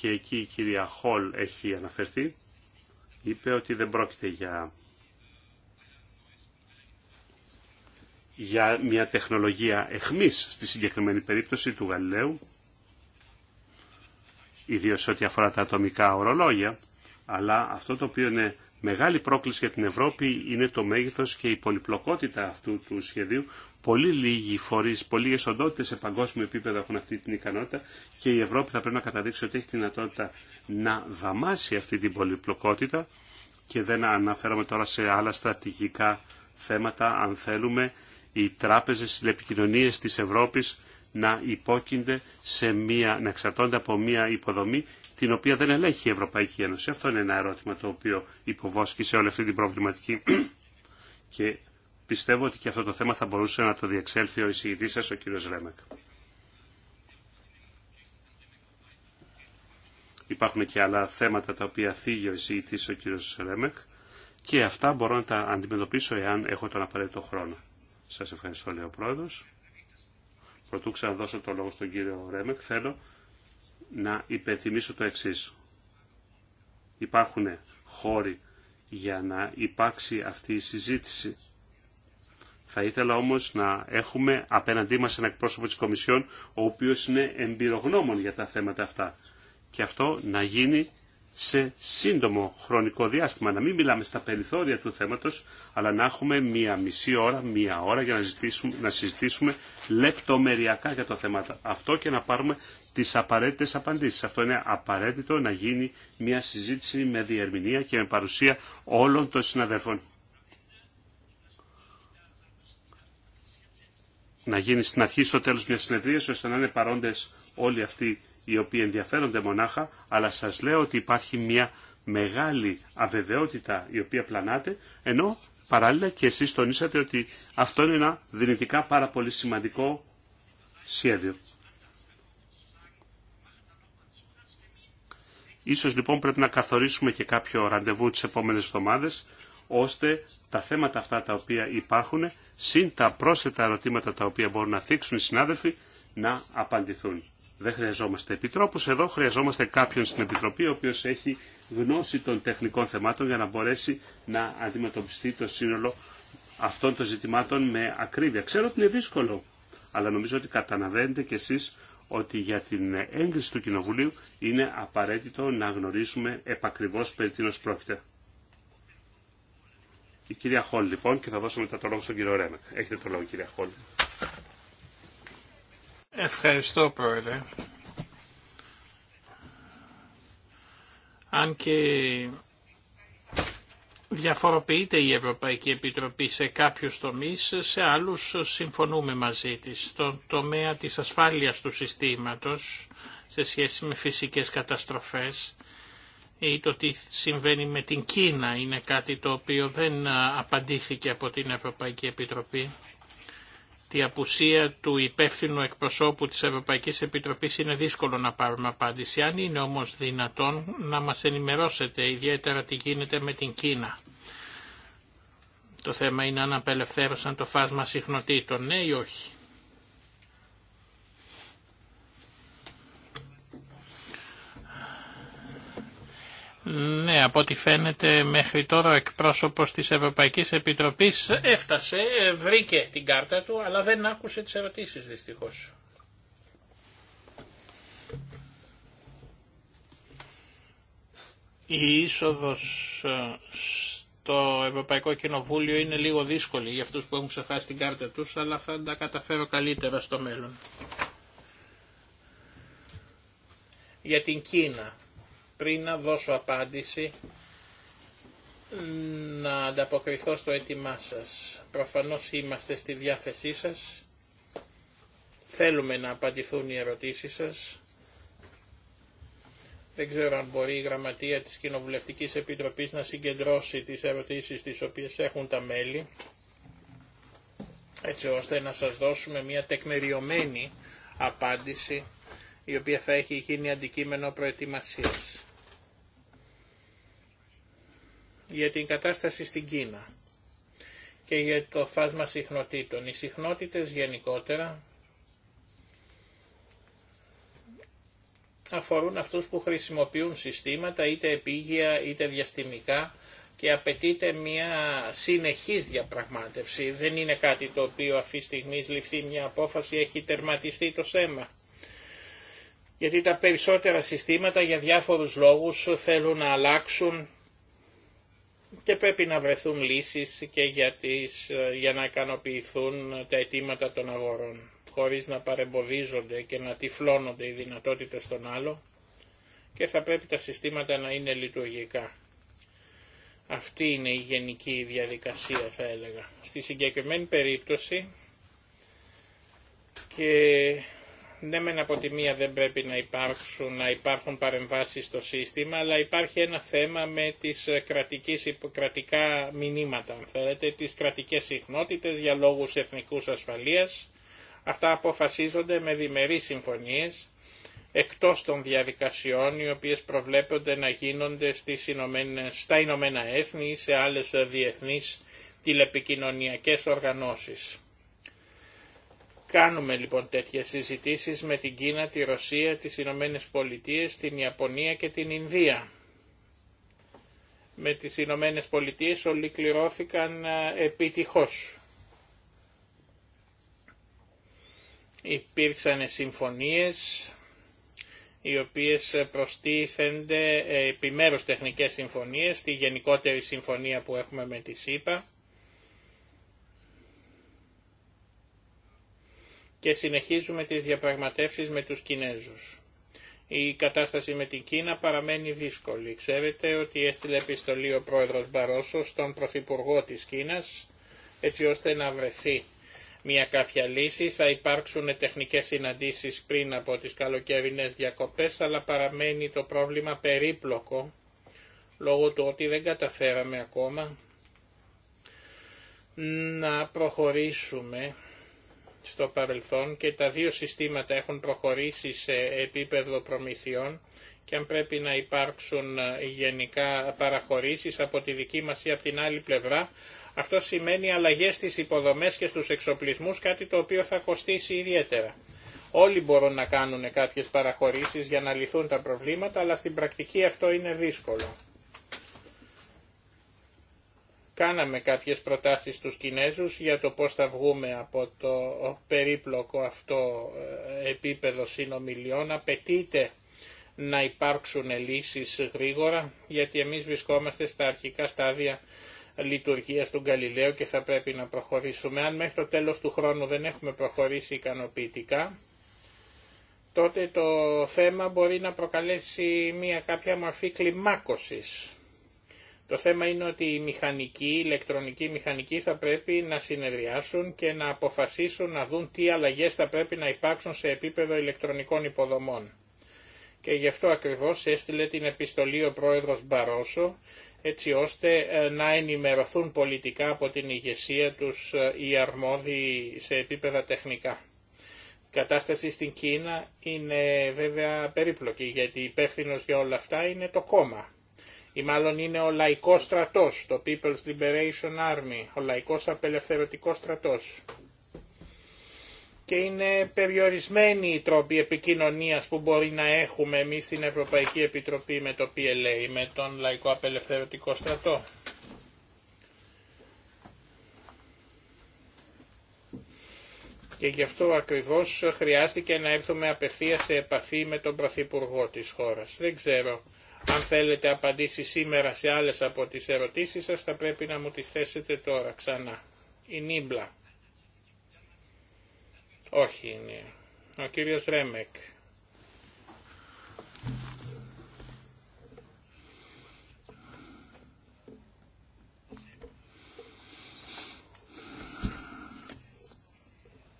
και εκεί η κυρία Χολ έχει αναφερθεί, είπε ότι δεν πρόκειται για, για μια τεχνολογία εχμής στη συγκεκριμένη περίπτωση του Γαλιλαίου, ιδίως ό,τι αφορά τα ατομικά ορολόγια, αλλά αυτό το οποίο είναι μεγάλη πρόκληση για την Ευρώπη είναι το μέγεθος και η πολυπλοκότητα αυτού του σχεδίου. Πολύ λίγοι φορείς, πολύ εσοντότητες σε παγκόσμιο επίπεδο έχουν αυτή την ικανότητα και η Ευρώπη θα πρέπει να καταδείξει ότι έχει τη δυνατότητα να δαμάσει αυτή την πολυπλοκότητα και δεν αναφέρομαι τώρα σε άλλα στρατηγικά θέματα αν θέλουμε οι τράπεζες, οι επικοινωνίες της Ευρώπης να υπόκεινται σε μία, να εξαρτώνται από μία υποδομή την οποία δεν ελέγχει η Ευρωπαϊκή Ένωση. Αυτό είναι ένα ερώτημα το οποίο υποβόσκει σε όλη αυτή την προβληματική και πιστεύω ότι και αυτό το θέμα θα μπορούσε να το διεξέλθει ο εισηγητής σας, ο κύριος Ρέμεκ. Υπάρχουν και άλλα θέματα τα οποία θίγει ο εισηγητής ο κύριος Ρέμεκ και αυτά μπορώ να τα αντιμετωπίσω εάν έχω τον απαραίτητο χρόνο. Σας ευχαριστώ λέει ο Πρόεδρος. Πρωτού ξαναδώσω το λόγο στον κύριο Ρέμεκ, θέλω να υπενθυμίσω το εξή. Υπάρχουν χώροι για να υπάρξει αυτή η συζήτηση. Θα ήθελα όμως να έχουμε απέναντί μας ένα εκπρόσωπο της Κομισιόν, ο οποίος είναι εμπειρογνώμων για τα θέματα αυτά. Και αυτό να γίνει σε σύντομο χρονικό διάστημα. Να μην μιλάμε στα περιθώρια του θέματος, αλλά να έχουμε μία μισή ώρα, μία ώρα για να, συζητήσουμε, να συζητήσουμε λεπτομεριακά για το θέμα αυτό και να πάρουμε τις απαραίτητες απαντήσεις. Αυτό είναι απαραίτητο να γίνει μία συζήτηση με διερμηνία και με παρουσία όλων των συναδελφών. Να γίνει στην αρχή, στο τέλος μια συνεδρία, ώστε να είναι παρόντες όλοι αυτοί οι οποίοι ενδιαφέρονται μονάχα, αλλά σας λέω ότι υπάρχει μια μεγάλη αβεβαιότητα η οποία πλανάτε, ενώ παράλληλα και εσείς τονίσατε ότι αυτό είναι ένα δυνητικά πάρα πολύ σημαντικό σχέδιο. Ίσως λοιπόν πρέπει να καθορίσουμε και κάποιο ραντεβού τις επόμενες εβδομάδες, ώστε τα θέματα αυτά τα οποία υπάρχουν, συν τα πρόσθετα ερωτήματα τα οποία μπορούν να θίξουν οι συνάδελφοι, να απαντηθούν. Δεν χρειαζόμαστε επιτρόπου. Εδώ χρειαζόμαστε κάποιον στην Επιτροπή ο οποίο έχει γνώση των τεχνικών θεμάτων για να μπορέσει να αντιμετωπιστεί το σύνολο αυτών των ζητημάτων με ακρίβεια. Ξέρω ότι είναι δύσκολο, αλλά νομίζω ότι καταλαβαίνετε κι εσεί ότι για την έγκριση του Κοινοβουλίου είναι απαραίτητο να γνωρίσουμε επακριβώ περί τίνο πρόκειται. Η κυρία Χόλ λοιπόν και θα δώσουμε μετά το λόγο στον κύριο Ρέμεκ. Έχετε το λόγο κυρία Χόλ. Ευχαριστώ πρόεδρε. Αν και διαφοροποιείται η Ευρωπαϊκή Επιτροπή σε κάποιους τομείς, σε άλλους συμφωνούμε μαζί της. Το τομέα της ασφάλειας του συστήματος, σε σχέση με φυσικές καταστροφές ή το τι συμβαίνει με την Κίνα είναι κάτι το οποίο δεν απαντήθηκε από την Ευρωπαϊκή Επιτροπή η απουσία του υπεύθυνου εκπροσώπου της Ευρωπαϊκής Επιτροπής είναι δύσκολο να πάρουμε απάντηση. Αν είναι όμως δυνατόν να μας ενημερώσετε ιδιαίτερα τι γίνεται με την Κίνα. Το θέμα είναι αν απελευθέρωσαν το φάσμα συχνοτήτων, ναι ή όχι. Ναι, από ό,τι φαίνεται μέχρι τώρα ο εκπρόσωπος της Ευρωπαϊκής Επιτροπής έφτασε, βρήκε την κάρτα του, αλλά δεν άκουσε τις ερωτήσεις δυστυχώς. Η είσοδος ε, στο Ευρωπαϊκό Κοινοβούλιο είναι λίγο δύσκολη για αυτούς που έχουν ξεχάσει την κάρτα τους, αλλά θα τα καταφέρω καλύτερα στο μέλλον. Για την Κίνα πριν να δώσω απάντηση να ανταποκριθώ στο αίτημά σας. Προφανώς είμαστε στη διάθεσή σας. Θέλουμε να απαντηθούν οι ερωτήσεις σας. Δεν ξέρω αν μπορεί η γραμματεία της Κοινοβουλευτικής Επιτροπής να συγκεντρώσει τις ερωτήσεις τις οποίες έχουν τα μέλη, έτσι ώστε να σας δώσουμε μια τεκμεριωμένη απάντηση η οποία θα έχει γίνει αντικείμενο προετοιμασίας για την κατάσταση στην Κίνα και για το φάσμα συχνοτήτων. Οι συχνότητες γενικότερα αφορούν αυτούς που χρησιμοποιούν συστήματα είτε επίγεια είτε διαστημικά και απαιτείται μια συνεχής διαπραγμάτευση. Δεν είναι κάτι το οποίο αυτή τη στιγμή ληφθεί μια απόφαση, έχει τερματιστεί το σέμα γιατί τα περισσότερα συστήματα για διάφορους λόγους θέλουν να αλλάξουν και πρέπει να βρεθούν λύσεις και για, για να ικανοποιηθούν τα αιτήματα των αγορών χωρίς να παρεμποδίζονται και να τυφλώνονται οι δυνατότητες των άλλων και θα πρέπει τα συστήματα να είναι λειτουργικά. Αυτή είναι η γενική διαδικασία θα έλεγα. Στη συγκεκριμένη περίπτωση ναι μεν από τη μία δεν πρέπει να υπάρξουν, να υπάρχουν παρεμβάσεις στο σύστημα, αλλά υπάρχει ένα θέμα με τις ε, κρατικές, κρατικά μηνύματα, αν τις κρατικές συχνότητες για λόγους εθνικούς ασφαλείας. Αυτά αποφασίζονται με διμερείς συμφωνίες, εκτός των διαδικασιών οι οποίες προβλέπονται να γίνονται στις στα Ηνωμένα Έθνη ή σε άλλες διεθνείς τηλεπικοινωνιακές οργανώσεις. Κάνουμε λοιπόν τέτοιες συζητήσεις με την Κίνα, τη Ρωσία, τις Ηνωμένε Πολιτείε, την Ιαπωνία και την Ινδία. Με τις Ηνωμένε Πολιτείε κληρώθηκαν ε, επιτυχώς. Υπήρξαν συμφωνίες οι οποίες προστίθενται ε, επιμέρους τεχνικές συμφωνίες τη γενικότερη συμφωνία που έχουμε με τη ΣΥΠΑ και συνεχίζουμε τις διαπραγματεύσεις με τους Κινέζους. Η κατάσταση με την Κίνα παραμένει δύσκολη. Ξέρετε ότι έστειλε επιστολή ο πρόεδρος Μπαρόσο στον πρωθυπουργό της Κίνας έτσι ώστε να βρεθεί μια κάποια λύση. Θα υπάρξουν τεχνικές συναντήσεις πριν από τις καλοκαιρινές διακοπές αλλά παραμένει το πρόβλημα περίπλοκο λόγω του ότι δεν καταφέραμε ακόμα να προχωρήσουμε στο παρελθόν και τα δύο συστήματα έχουν προχωρήσει σε επίπεδο προμηθειών και αν πρέπει να υπάρξουν ε, γενικά παραχωρήσεις από τη δική μας ή από την άλλη πλευρά, αυτό σημαίνει αλλαγές στις υποδομές και στους εξοπλισμούς, κάτι το οποίο θα κοστίσει ιδιαίτερα. Όλοι μπορούν να κάνουν κάποιες παραχωρήσεις για να λυθούν τα προβλήματα, αλλά στην πρακτική αυτό είναι δύσκολο. Κάναμε κάποιες προτάσεις στους Κινέζους για το πώς θα βγούμε από το περίπλοκο αυτό ε, επίπεδο συνομιλιών. Απαιτείται να υπάρξουν λύσεις γρήγορα, γιατί εμείς βρισκόμαστε στα αρχικά στάδια λειτουργίας του Γκαλιλαίου και θα πρέπει να προχωρήσουμε. Αν μέχρι το τέλος του χρόνου δεν έχουμε προχωρήσει ικανοποιητικά, τότε το θέμα μπορεί να προκαλέσει μια κάποια μορφή κλιμάκωσης το θέμα είναι ότι οι μηχανικοί, οι ηλεκτρονικοί μηχανικοί θα πρέπει να συνεδριάσουν και να αποφασίσουν να δουν τι αλλαγές θα πρέπει να υπάρξουν σε επίπεδο ηλεκτρονικών υποδομών. Και γι' αυτό ακριβώς έστειλε την επιστολή ο πρόεδρος Μπαρόσο, έτσι ώστε ε, να ενημερωθούν πολιτικά από την ηγεσία τους ε, οι αρμόδιοι σε επίπεδα τεχνικά. Η κατάσταση στην Κίνα είναι βέβαια περίπλοκη, γιατί υπεύθυνο για όλα αυτά είναι το κόμμα ή μάλλον είναι ο λαϊκός στρατός, το People's Liberation Army, ο λαϊκός απελευθερωτικός στρατός. Και είναι περιορισμένοι οι τρόποι επικοινωνίας που μπορεί να έχουμε εμείς στην Ευρωπαϊκή Επιτροπή με το PLA, με τον Λαϊκό Απελευθερωτικό Στρατό. Και γι' αυτό ακριβώς χρειάστηκε να έρθουμε απευθεία σε επαφή με τον Πρωθυπουργό της χώρας. Δεν ξέρω αν θέλετε απαντήσει σήμερα σε άλλες από τις ερωτήσεις σας θα πρέπει να μου τις θέσετε τώρα ξανά. Η Νίμπλα. Όχι είναι. Ο κύριος Ρέμεκ.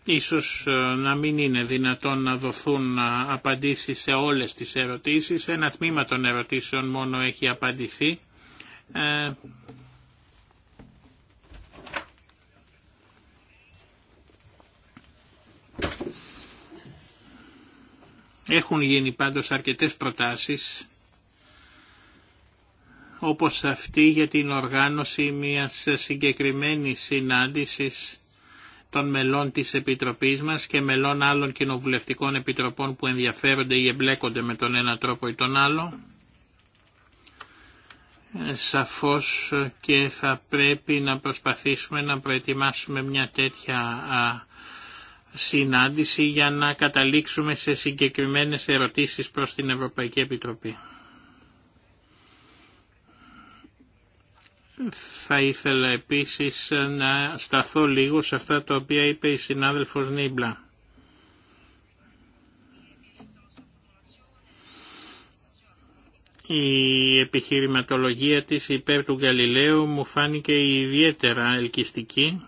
Ίσως ε, να μην είναι δυνατόν να δοθούν ε, απαντήσεις σε όλες τις ερωτήσεις. Ένα τμήμα των ερωτήσεων μόνο έχει απαντηθεί. Ε, έχουν γίνει πάντως αρκετές προτάσεις όπως αυτή για την οργάνωση μιας συγκεκριμένης συνάντησης των μελών της Επιτροπής μας και μελών άλλων κοινοβουλευτικών επιτροπών που ενδιαφέρονται ή εμπλέκονται με τον ένα τρόπο ή τον άλλο. Ε, σαφώς και θα πρέπει να προσπαθήσουμε να προετοιμάσουμε μια τέτοια συνάντηση για να καταλήξουμε σε συγκεκριμένες ερωτήσεις προς την Ευρωπαϊκή Επιτροπή. Θα ήθελα επίσης να σταθώ λίγο σε αυτά τα οποία είπε η συνάδελφος Νίμπλα. Η επιχειρηματολογία της υπέρ του Γαλιλαίου μου φάνηκε ιδιαίτερα ελκυστική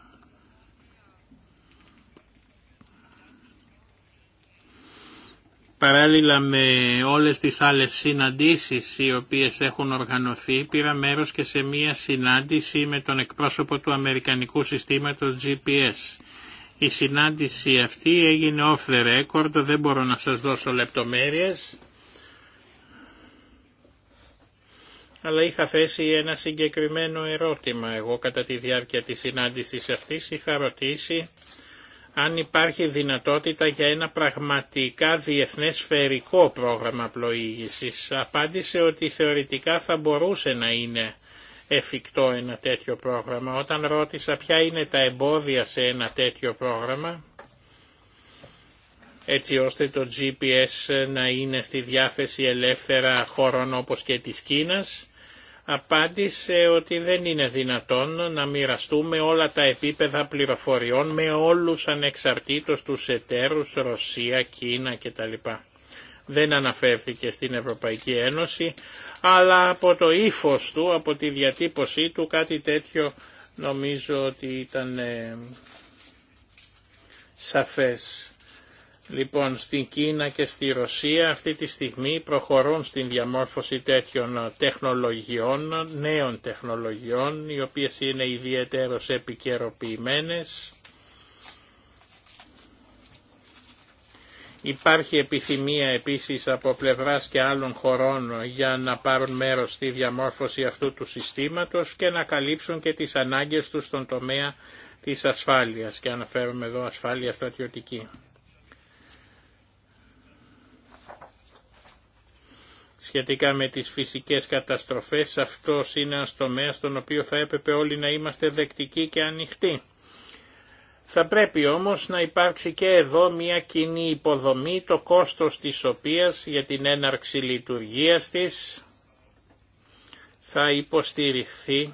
Παράλληλα με όλες τις άλλες συναντήσεις οι οποίες έχουν οργανωθεί, πήρα μέρος και σε μία συνάντηση με τον εκπρόσωπο του Αμερικανικού Συστήματος GPS. Η συνάντηση αυτή έγινε off the record, δεν μπορώ να σας δώσω λεπτομέρειες, αλλά είχα θέσει ένα συγκεκριμένο ερώτημα. Εγώ κατά τη διάρκεια της συνάντησης αυτής είχα ρωτήσει αν υπάρχει δυνατότητα για ένα πραγματικά διεθνές σφαιρικό πρόγραμμα πλοήγησης. Απάντησε ότι θεωρητικά θα μπορούσε να είναι εφικτό ένα τέτοιο πρόγραμμα. Όταν ρώτησα ποια είναι τα εμπόδια σε ένα τέτοιο πρόγραμμα, έτσι ώστε το GPS να είναι στη διάθεση ελεύθερα χωρών όπως και της Κίνας, απάντησε ότι δεν είναι δυνατόν να μοιραστούμε όλα τα επίπεδα πληροφοριών με όλους ανεξαρτήτως τους εταίρους Ρωσία, Κίνα κτλ. Δεν αναφέρθηκε στην Ευρωπαϊκή Ένωση, αλλά από το ύφο του, από τη διατύπωσή του κάτι τέτοιο νομίζω ότι ήταν ε, σαφές. Λοιπόν, στην Κίνα και στη Ρωσία αυτή τη στιγμή προχωρούν στην διαμόρφωση τέτοιων τεχνολογιών, νέων τεχνολογιών, οι οποίες είναι ιδιαίτερως επικαιροποιημένε. Υπάρχει επιθυμία επίσης από πλευράς και άλλων χωρών για να πάρουν μέρος στη διαμόρφωση αυτού του συστήματος και να καλύψουν και τις ανάγκες τους στον τομέα της ασφάλειας και αναφέρουμε εδώ ασφάλεια στρατιωτική. σχετικά με τις φυσικές καταστροφές. Αυτός είναι ένας τομέας στον οποίο θα έπρεπε όλοι να είμαστε δεκτικοί και ανοιχτοί. Θα πρέπει όμως να υπάρξει και εδώ μια κοινή υποδομή, το κόστος της οποίας για την έναρξη λειτουργίας της θα υποστηριχθεί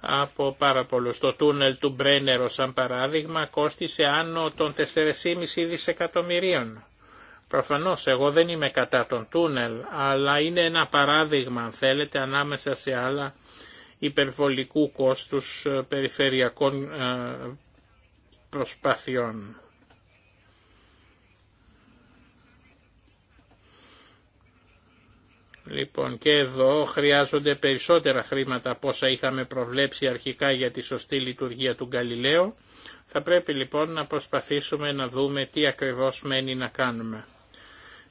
από πάρα πολλού. Το τούνελ του Μπρένερο σαν παράδειγμα κόστισε άνω των 4,5 δισεκατομμυρίων. Προφανώς εγώ δεν είμαι κατά τον τούνελ, αλλά είναι ένα παράδειγμα αν θέλετε ανάμεσα σε άλλα υπερβολικού κόστους ε, περιφερειακών ε, προσπαθειών. Λοιπόν και εδώ χρειάζονται περισσότερα χρήματα από όσα είχαμε προβλέψει αρχικά για τη σωστή λειτουργία του Γκαλιλαίου. Θα πρέπει λοιπόν να προσπαθήσουμε να δούμε τι ακριβώς μένει να κάνουμε.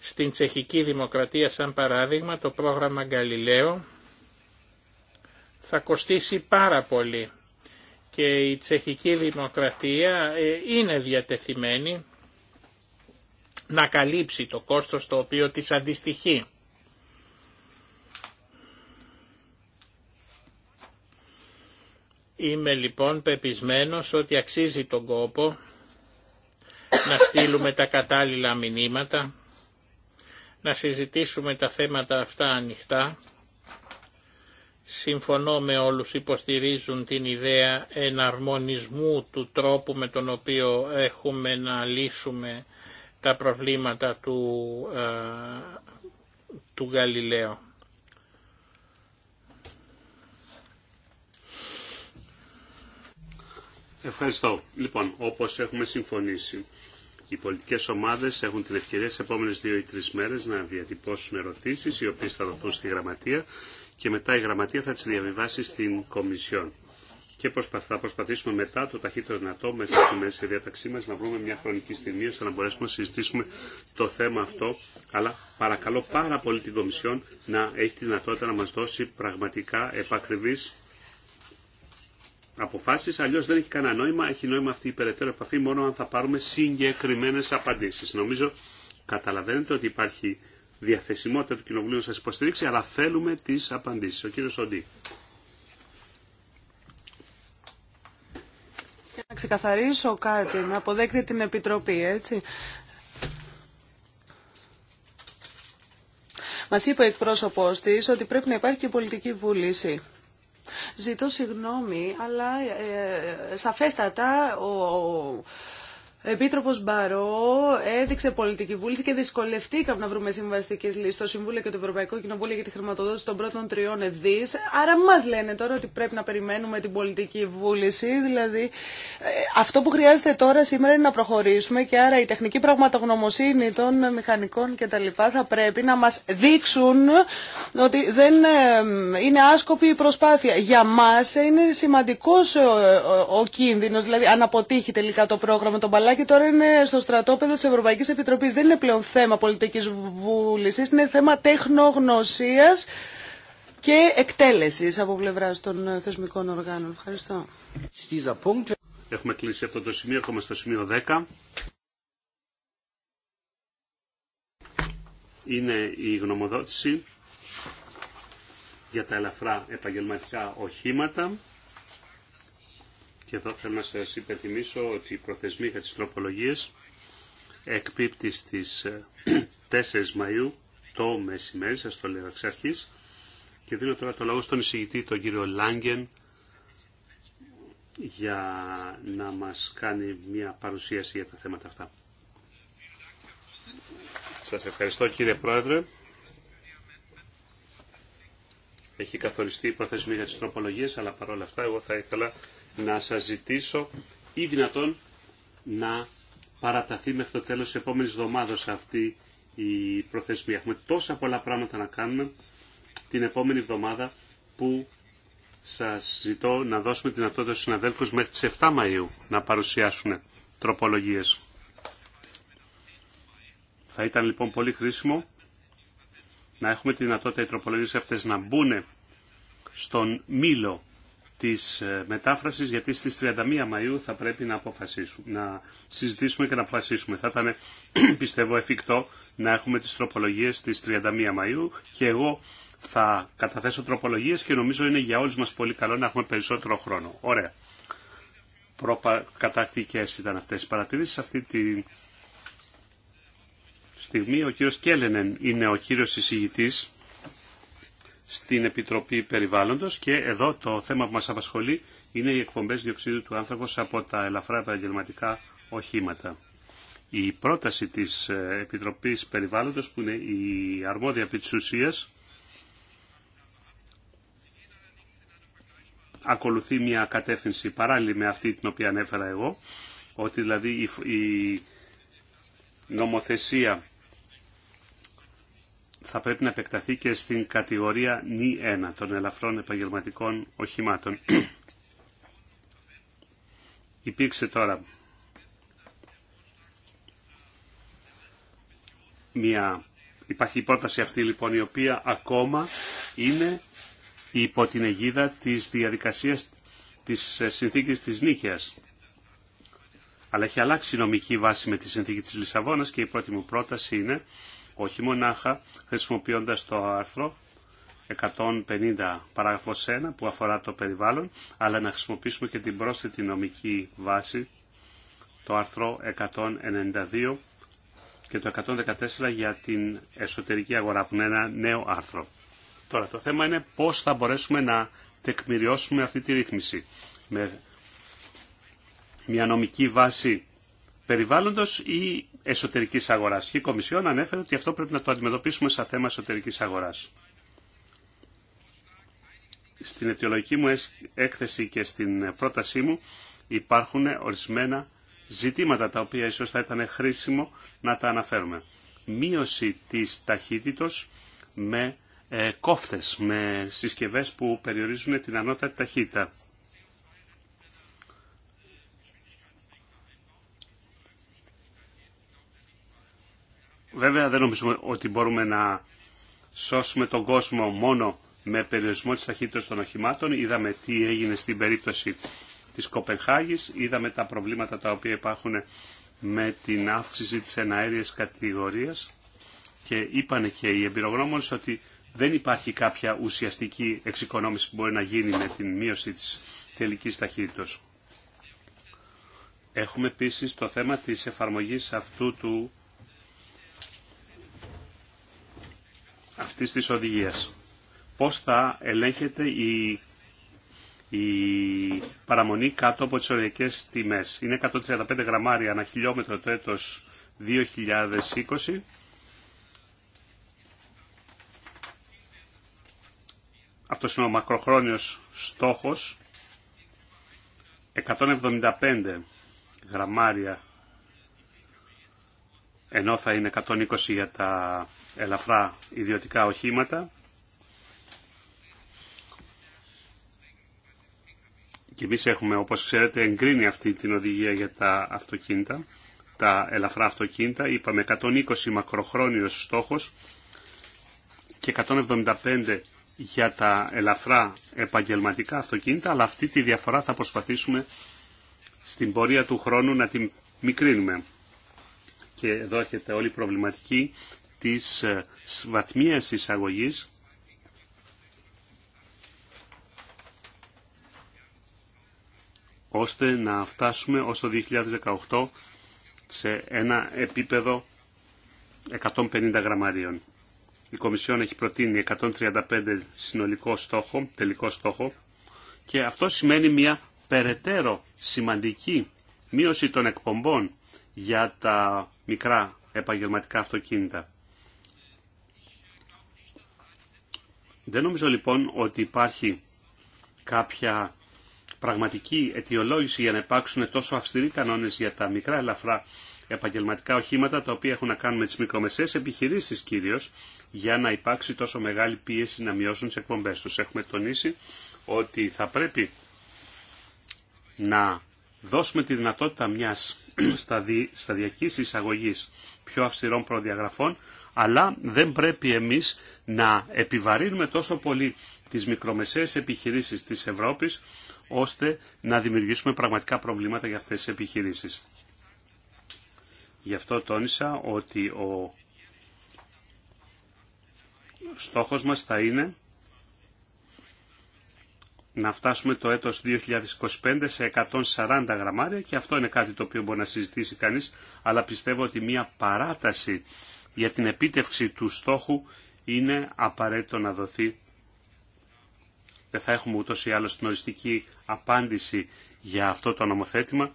Στην Τσεχική Δημοκρατία, σαν παράδειγμα, το πρόγραμμα Γκαλιλαίο θα κοστίσει πάρα πολύ και η Τσεχική Δημοκρατία ε, είναι διατεθειμένη να καλύψει το κόστος το οποίο της αντιστοιχεί. Είμαι λοιπόν πεπισμένος ότι αξίζει τον κόπο να στείλουμε τα κατάλληλα μηνύματα να συζητήσουμε τα θέματα αυτά ανοιχτά. Συμφωνώ με όλους υποστηρίζουν την ιδέα εναρμονισμού του τρόπου με τον οποίο έχουμε να λύσουμε τα προβλήματα του, ε, του Γαλιλαίου. Ευχαριστώ. Λοιπόν, όπως έχουμε συμφωνήσει, οι πολιτικέ ομάδε έχουν την ευκαιρία στι επόμενε οι οποίες θα δοθούν στη γραμματεία και μετά η τρει μέρε να διατυπωσουν ερωτήσει, οι οποίε θα δοθουν στη γραμματεια και μετα η γραμματεια θα τι διαβιβάσει στην Κομισιόν. Και θα προσπαθήσουμε μετά το ταχύτερο δυνατό μέσα στη μέση διαταξή μα, να βρούμε μια χρονική στιγμή ώστε να μπορέσουμε να συζητήσουμε το θέμα αυτό. Αλλά παρακαλώ πάρα πολύ την Κομισιόν να έχει τη δυνατότητα να μα δώσει πραγματικά επακριβεί αποφάσεις, αλλιώς δεν έχει κανένα νόημα, έχει νόημα αυτή η περαιτέρω επαφή μόνο αν θα πάρουμε συγκεκριμένες απαντήσεις. Νομίζω καταλαβαίνετε ότι υπάρχει διαθεσιμότητα του Κοινοβουλίου να σα υποστηρίξει, αλλά θέλουμε τις απαντήσεις. Ο κύριος Σοντή. Να ξεκαθαρίσω κάτι, να αποδέκτε την Επιτροπή, έτσι. Μας είπε ο εκπρόσωπός της ότι πρέπει να υπάρχει και πολιτική βούληση. Ζητώ συγγνώμη, αλλά ε, ε, σαφέστατα ο, Επίτροπο Μπαρό έδειξε πολιτική βούληση και δυσκολευτήκαμε να βρούμε συμβαστικέ λύσει στο Συμβούλιο και το Ευρωπαϊκό Κοινοβούλιο για τη χρηματοδότηση των πρώτων τριών ευδή. Άρα μα λένε τώρα ότι πρέπει να περιμένουμε την πολιτική βούληση. Δηλαδή, ε, αυτό που χρειάζεται τώρα σήμερα είναι να προχωρήσουμε και άρα η τεχνική πραγματογνωμοσύνη των μηχανικών κτλ. θα πρέπει να μα δείξουν ότι δεν ε, είναι άσκοπη η προσπάθεια. Για μα είναι σημαντικό ε, ο κίνδυνο, δηλαδή αν αποτύχει τελικά το πρόγραμμα, των παλάκων και τώρα είναι στο στρατόπεδο τη Ευρωπαϊκή Επιτροπής. Δεν είναι πλέον θέμα πολιτικής βούληση. είναι θέμα τεχνογνωσίας και εκτέλεσης από πλευρά των θεσμικών οργάνων. Ευχαριστώ. Έχουμε κλείσει αυτό το σημείο, έχουμε στο σημείο 10. Είναι η γνωμοδότηση για τα ελαφρά επαγγελματικά οχήματα. Και εδώ θέλω να ε, σας υπενθυμίσω ότι η προθεσμία για τις τροπολογίες εκπίπτει στις 4 ε, Μαΐου το μεσημέρι, σας το λέω εξ αρχής. Και δίνω τώρα το λόγο στον εισηγητή, τον κύριο Λάγκεν, για να μας κάνει μια παρουσίαση για τα θέματα αυτά. Σας ευχαριστώ κύριε Πρόεδρε έχει καθοριστεί η προθεσμία για τις τροπολογίες, αλλά παρόλα αυτά εγώ θα ήθελα να σας ζητήσω ή δυνατόν να παραταθεί μέχρι το τέλος της επόμενης εβδομάδας αυτή η προθεσμία. Έχουμε τόσα πολλά πράγματα να κάνουμε την επόμενη εβδομάδα που σας ζητώ να δώσουμε δυνατότητα στους συναδέλφους μέχρι τις 7 Μαΐου να παρουσιάσουν τροπολογίες. Θα ήταν λοιπόν πολύ χρήσιμο να έχουμε τη δυνατότητα οι τροπολογίες αυτές να μπουν στον μήλο της ε, μετάφρασης, γιατί στις 31 Μαΐου θα πρέπει να, αποφασίσουμε, να συζητήσουμε και να αποφασίσουμε. Θα ήταν, πιστεύω, εφικτό να έχουμε τις τροπολογίες στις 31 Μαΐου και εγώ θα καταθέσω τροπολογίες και νομίζω είναι για όλους μας πολύ καλό να έχουμε περισσότερο χρόνο. Ωραία. Προπα... ήταν αυτές οι παρατηρήσεις. Αυτή τη στιγμή. Ο κύριος Κέλενεν είναι ο κύριος εισηγητής στην Επιτροπή Περιβάλλοντος και εδώ το θέμα που μας απασχολεί είναι οι εκπομπές διοξίδου του άνθρακος από τα ελαφρά επαγγελματικά οχήματα. Η πρόταση της ε, Επιτροπής Περιβάλλοντος που είναι η αρμόδια επί ουσίας, ακολουθεί μια κατεύθυνση παράλληλη με αυτή την οποία ανέφερα εγώ, ότι δηλαδή η νομοθεσία θα πρέπει να επεκταθεί και στην κατηγορία νη 1 των ελαφρών επαγγελματικών οχημάτων. Υπήρξε τώρα μια... Υπάρχει η πρόταση αυτή λοιπόν η οποία ακόμα είναι υπό την αιγίδα της διαδικασίας της συνθήκης της νίκαιας αλλά έχει αλλάξει η νομική βάση με τη συνθήκη της Λισαβόνας και η πρώτη μου πρόταση είναι, όχι μονάχα χρησιμοποιώντας το άρθρο 150 παράγραφος 1 που αφορά το περιβάλλον, αλλά να χρησιμοποιήσουμε και την πρόσθετη νομική βάση, το άρθρο 192 και το 114 για την εσωτερική αγορά, που είναι ένα νέο άρθρο. Τώρα το θέμα είναι πώς θα μπορέσουμε να τεκμηριώσουμε αυτή τη ρύθμιση με μια νομική βάση περιβάλλοντος ή εσωτερικής αγοράς. Και η Κομισιόν ανέφερε ότι αυτό πρέπει να το αντιμετωπίσουμε σαν θέμα εσωτερικής αγοράς. Στην αιτιολογική μου έκθεση και στην πρότασή μου υπάρχουν ορισμένα ζητήματα τα οποία ίσως θα ήταν χρήσιμο να τα αναφέρουμε. Μείωση της ταχύτητος με ε, κόφτες, με συσκευές που περιορίζουν την ανώτατη ταχύτητα. Βέβαια δεν νομίζουμε ότι μπορούμε να σώσουμε τον κόσμο μόνο με περιορισμό της ταχύτητας των οχημάτων. Είδαμε τι έγινε στην περίπτωση της Κοπενχάγης, είδαμε τα προβλήματα τα οποία υπάρχουν με την αύξηση της εναέριας κατηγορίας και είπαν και οι εμπειρογνώμονες ότι δεν υπάρχει κάποια ουσιαστική εξοικονόμηση που μπορεί να γίνει με την μείωση της τελικής ταχύτητας. Έχουμε επίσης το θέμα της εφαρμογής αυτού του αυτής της οδηγίας. Πώς θα ελέγχεται η, η παραμονή κάτω από τις οριακές τιμές. Είναι 135 γραμμάρια ανά χιλιόμετρο το έτος 2020. Αυτό είναι ο μακροχρόνιος στόχος. 175 γραμμάρια ενώ θα είναι 120 για τα ελαφρά ιδιωτικά οχήματα. Και εμεί έχουμε, όπως ξέρετε, εγκρίνει αυτή την οδηγία για τα αυτοκίνητα, τα ελαφρά αυτοκίνητα. Είπαμε 120 μακροχρόνιος στόχος και 175 για τα ελαφρά επαγγελματικά αυτοκίνητα, αλλά αυτή τη διαφορά θα προσπαθήσουμε στην πορεία του χρόνου να την μικρύνουμε και εδώ έχετε όλη η προβληματική της ε, βαθμίας εισαγωγής ώστε να φτάσουμε ως το 2018 σε ένα επίπεδο 150 γραμμαρίων. Η Κομισιόν έχει προτείνει 135 συνολικό στόχο, τελικό στόχο και αυτό σημαίνει μια περαιτέρω σημαντική μείωση των εκπομπών για τα μικρά επαγγελματικά αυτοκίνητα. Δεν νομίζω λοιπόν ότι υπάρχει κάποια πραγματική αιτιολόγηση για να υπάρξουν τόσο αυστηροί κανόνες για τα μικρά ελαφρά επαγγελματικά οχήματα τα οποία έχουν να κάνουν με τις μικρομεσαίες επιχειρήσεις κυρίως για να υπάρξει τόσο μεγάλη πίεση να μειώσουν τις εκπομπές τους. Έχουμε τονίσει ότι θα πρέπει να δώσουμε τη δυνατότητα μιας σταδιακής εισαγωγής πιο αυστηρών προδιαγραφών, αλλά δεν πρέπει εμείς να επιβαρύνουμε τόσο πολύ τις μικρομεσαίες επιχειρήσεις της Ευρώπης, ώστε να δημιουργήσουμε πραγματικά προβλήματα για αυτές τις επιχειρήσεις. Γι' αυτό τόνισα ότι ο στόχος μας θα είναι να φτάσουμε το έτος 2025 σε 140 γραμμάρια και αυτό είναι κάτι το οποίο μπορεί να συζητήσει κανείς, αλλά πιστεύω ότι μια παράταση για την επίτευξη του στόχου είναι απαραίτητο να δοθεί. Δεν θα έχουμε ούτως ή άλλως την οριστική απάντηση για αυτό το νομοθέτημα.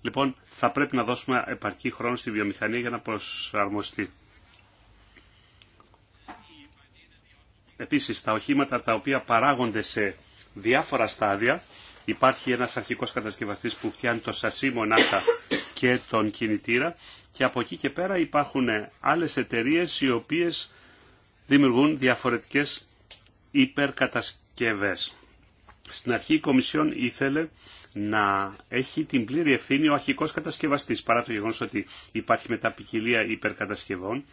Λοιπόν, θα πρέπει να δώσουμε επαρκή χρόνο στη βιομηχανία για να προσαρμοστεί. Επίσης, τα οχήματα τα οποία παράγονται σε διάφορα στάδια. Υπάρχει ένας αρχικός κατασκευαστής που φτιάνει το σασί μονάχα και τον κινητήρα και από εκεί και πέρα υπάρχουν άλλες εταιρείες οι οποίες δημιουργούν διαφορετικές υπερκατασκευές. Στην αρχή η Κομισιόν ήθελε να έχει την πλήρη ευθύνη ο αρχικός κατασκευαστής, παρά το γεγονός ότι υπάρχει μεταπικιλία υπερκατασκευών.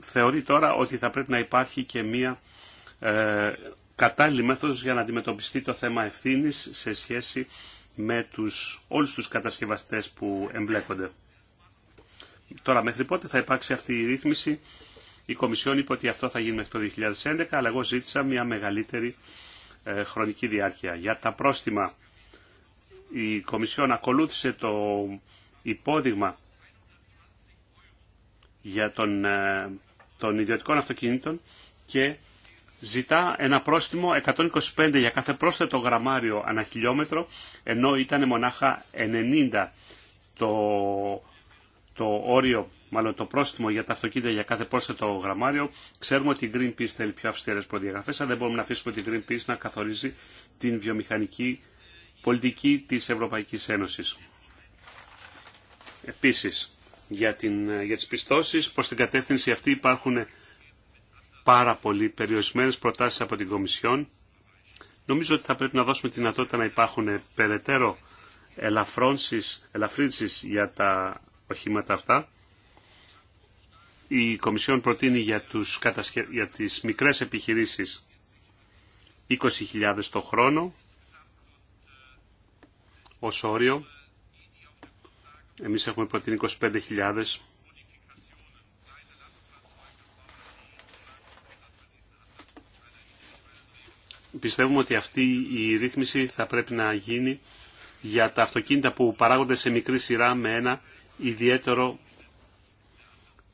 Θεωρεί τώρα ότι θα πρέπει να υπάρχει και μία ε, κατάλληλη μέθοδος για να αντιμετωπιστεί το θέμα ευθύνης σε σχέση με τους, όλους τους κατασκευαστές που εμπλέκονται. Τώρα μέχρι πότε θα υπάρξει αυτή η ρύθμιση. Η Κομισιόν είπε ότι αυτό θα γίνει μέχρι το 2011, αλλά εγώ ζήτησα μια μεγαλύτερη ε, χρονική διάρκεια. Για τα πρόστιμα, η Κομισιόν ακολούθησε το υπόδειγμα για τον, ε, των ιδιωτικών αυτοκινήτων και ζητά ένα πρόστιμο 125 για κάθε πρόσθετο γραμμάριο ανά χιλιόμετρο, ενώ ήταν μονάχα 90 το, το όριο, μάλλον το πρόστιμο για τα αυτοκίνητα για κάθε πρόσθετο γραμμάριο. Ξέρουμε ότι η Greenpeace θέλει πιο αυστηρές προδιαγραφές, αλλά δεν μπορούμε να αφήσουμε την Greenpeace να καθορίζει την βιομηχανική πολιτική της Ευρωπαϊκής Ένωσης. Επίσης, για, την, για τις πιστώσεις, προς την κατεύθυνση αυτή υπάρχουν πάρα πολύ περιορισμένες προτάσεις από την Κομισιόν. Νομίζω ότι θα πρέπει να δώσουμε τη δυνατότητα να υπάρχουν περαιτέρω ελαφρύνσεις για τα οχήματα αυτά. Η Κομισιόν προτείνει για, τους, για τις μικρές επιχειρήσεις 20.000 το χρόνο ως όριο. Εμείς έχουμε προτείνει 25.000 πιστεύουμε ότι αυτή η ρύθμιση θα πρέπει να γίνει για τα αυτοκίνητα που παράγονται σε μικρή σειρά με ένα ιδιαίτερο,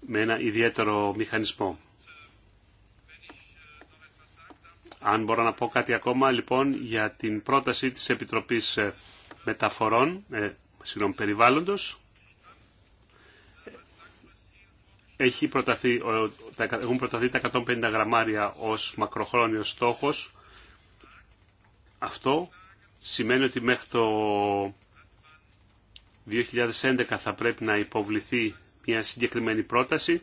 με ένα ιδιαίτερο μηχανισμό. Αν μπορώ να πω κάτι ακόμα, λοιπόν, για την πρόταση της Επιτροπής ε, Μεταφορών, ε, συγγνώμη, Περιβάλλοντος, έχει προταθεί, έχουν προταθεί τα 150 γραμμάρια ως μακροχρόνιος στόχος αυτό σημαίνει ότι μέχρι το 2011 θα πρέπει να υποβληθεί μια συγκεκριμένη πρόταση.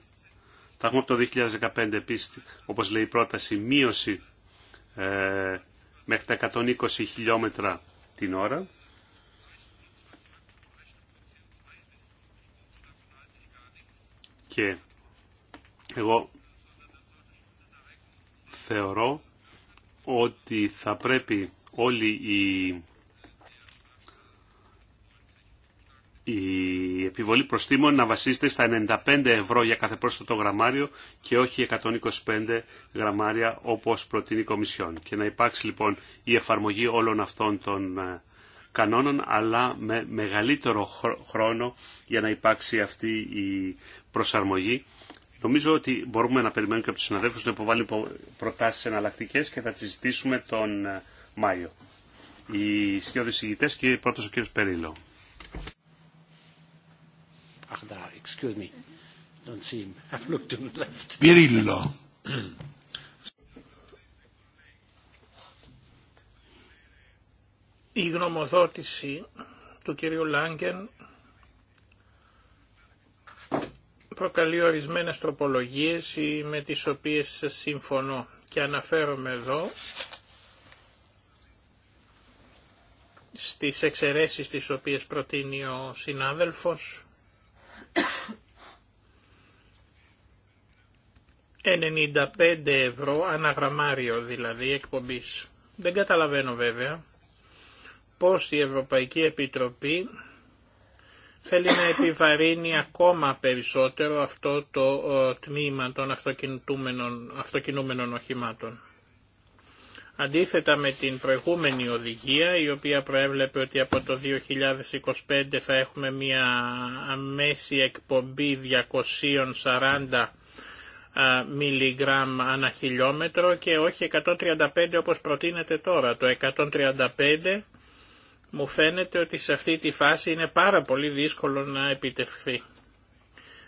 Θα έχουμε από το 2015 επίση, όπως λέει η πρόταση, μείωση ε, μέχρι τα 120 χιλιόμετρα την ώρα. Και εγώ θεωρώ ότι θα πρέπει Όλη η, η επιβολή προστήμων να βασίζεται στα 95 ευρώ για κάθε πρόσθετο γραμμάριο και όχι 125 γραμμάρια όπως προτείνει η Κομισιόν. Και να υπάρξει λοιπόν η εφαρμογή όλων αυτών των ε, κανόνων αλλά με μεγαλύτερο χρόνο για να υπάρξει αυτή η προσαρμογή. Νομίζω ότι μπορούμε να περιμένουμε και από τους συναδέλφους να υποβάλουν προτάσεις εναλλακτικέ και θα τις ζητήσουμε τον ε, Μάιο. Οι σκιώδεις ηγητές και πρώτος ο κύριος Περίλο. Αχ, excuse me. Don't see him. I've looked to the left. Περίλο. Η γνωμοδότηση του κυρίου Λάγκεν προκαλεί ορισμένες τροπολογίες με τις οποίες συμφωνώ και αναφέρομαι εδώ στις εξαιρέσεις τις οποίες προτείνει ο συνάδελφος. 95 ευρώ αναγραμμάριο δηλαδή εκπομπής. Δεν καταλαβαίνω βέβαια πώς η Ευρωπαϊκή Επιτροπή θέλει να επιβαρύνει ακόμα περισσότερο αυτό το τμήμα των αυτοκινούμενων, αυτοκινούμενων οχημάτων. Αντίθετα με την προηγούμενη οδηγία, η οποία προέβλεπε ότι από το 2025 θα έχουμε μια αμέση εκπομπή 240 μιλιγκράμμ ανά χιλιόμετρο και όχι 135 όπως προτείνεται τώρα. Το 135 μου φαίνεται ότι σε αυτή τη φάση είναι πάρα πολύ δύσκολο να επιτευχθεί.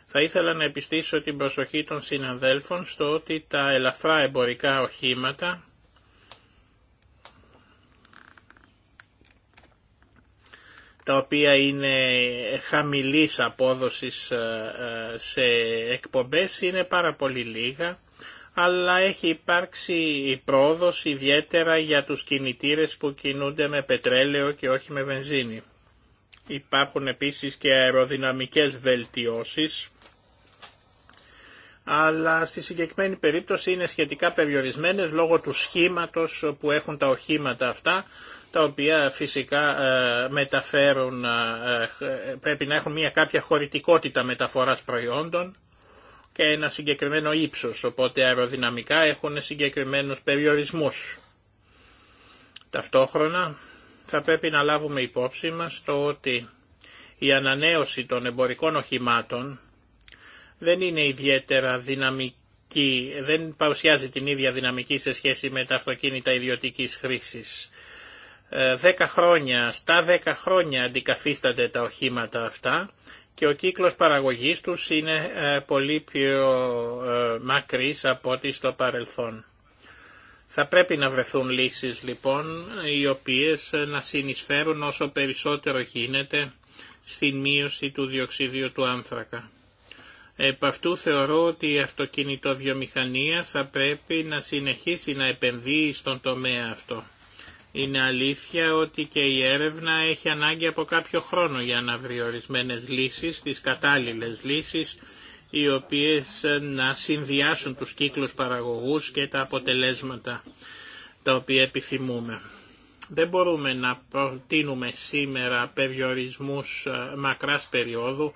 Θα ήθελα να επιστήσω την προσοχή των συναδέλφων στο ότι τα ελαφρά εμπορικά οχήματα τα οποία είναι χαμηλής απόδοσης ε, ε, σε εκπομπές είναι πάρα πολύ λίγα αλλά έχει υπάρξει η πρόοδος ιδιαίτερα για τους κινητήρες που κινούνται με πετρέλαιο και όχι με βενζίνη. Υπάρχουν επίσης και αεροδυναμικές βελτιώσεις αλλά στη συγκεκριμένη περίπτωση είναι σχετικά περιορισμένες λόγω του σχήματος που έχουν τα οχήματα αυτά τα οποία φυσικά ε, μεταφέρουν, ε, ε, πρέπει να έχουν μια κάποια χωρητικότητα μεταφοράς προϊόντων και ένα συγκεκριμένο ύψος, οπότε αεροδυναμικά έχουν συγκεκριμένους περιορισμούς. Ταυτόχρονα θα πρέπει να λάβουμε υπόψη μας το ότι η ανανέωση των εμπορικών οχημάτων δεν είναι ιδιαίτερα δυναμική, δεν παρουσιάζει την ίδια δυναμική σε σχέση με τα αυτοκίνητα ιδιωτικής χρήσης. 10 χρόνια, στα 10 χρόνια αντικαθίστανται τα οχήματα αυτά και ο κύκλος παραγωγής τους είναι ε, πολύ πιο ε, μακρύς από ό,τι στο παρελθόν. Θα πρέπει να βρεθούν λύσεις λοιπόν οι οποίες ε, να συνεισφέρουν όσο περισσότερο γίνεται στην μείωση του διοξιδίου του άνθρακα. Επ' αυτού θεωρώ ότι η αυτοκινητοβιομηχανία θα πρέπει να συνεχίσει να επενδύει στον τομέα αυτό. Είναι αλήθεια ότι και η έρευνα έχει ανάγκη από κάποιο χρόνο για να βρει ορισμένε λύσεις, τις κατάλληλες λύσεις, οι οποίες ε, να συνδυάσουν τους κύκλους παραγωγούς και τα αποτελέσματα τα οποία επιθυμούμε. Δεν μπορούμε να προτείνουμε σήμερα περιορισμούς ε, μακράς περίοδου,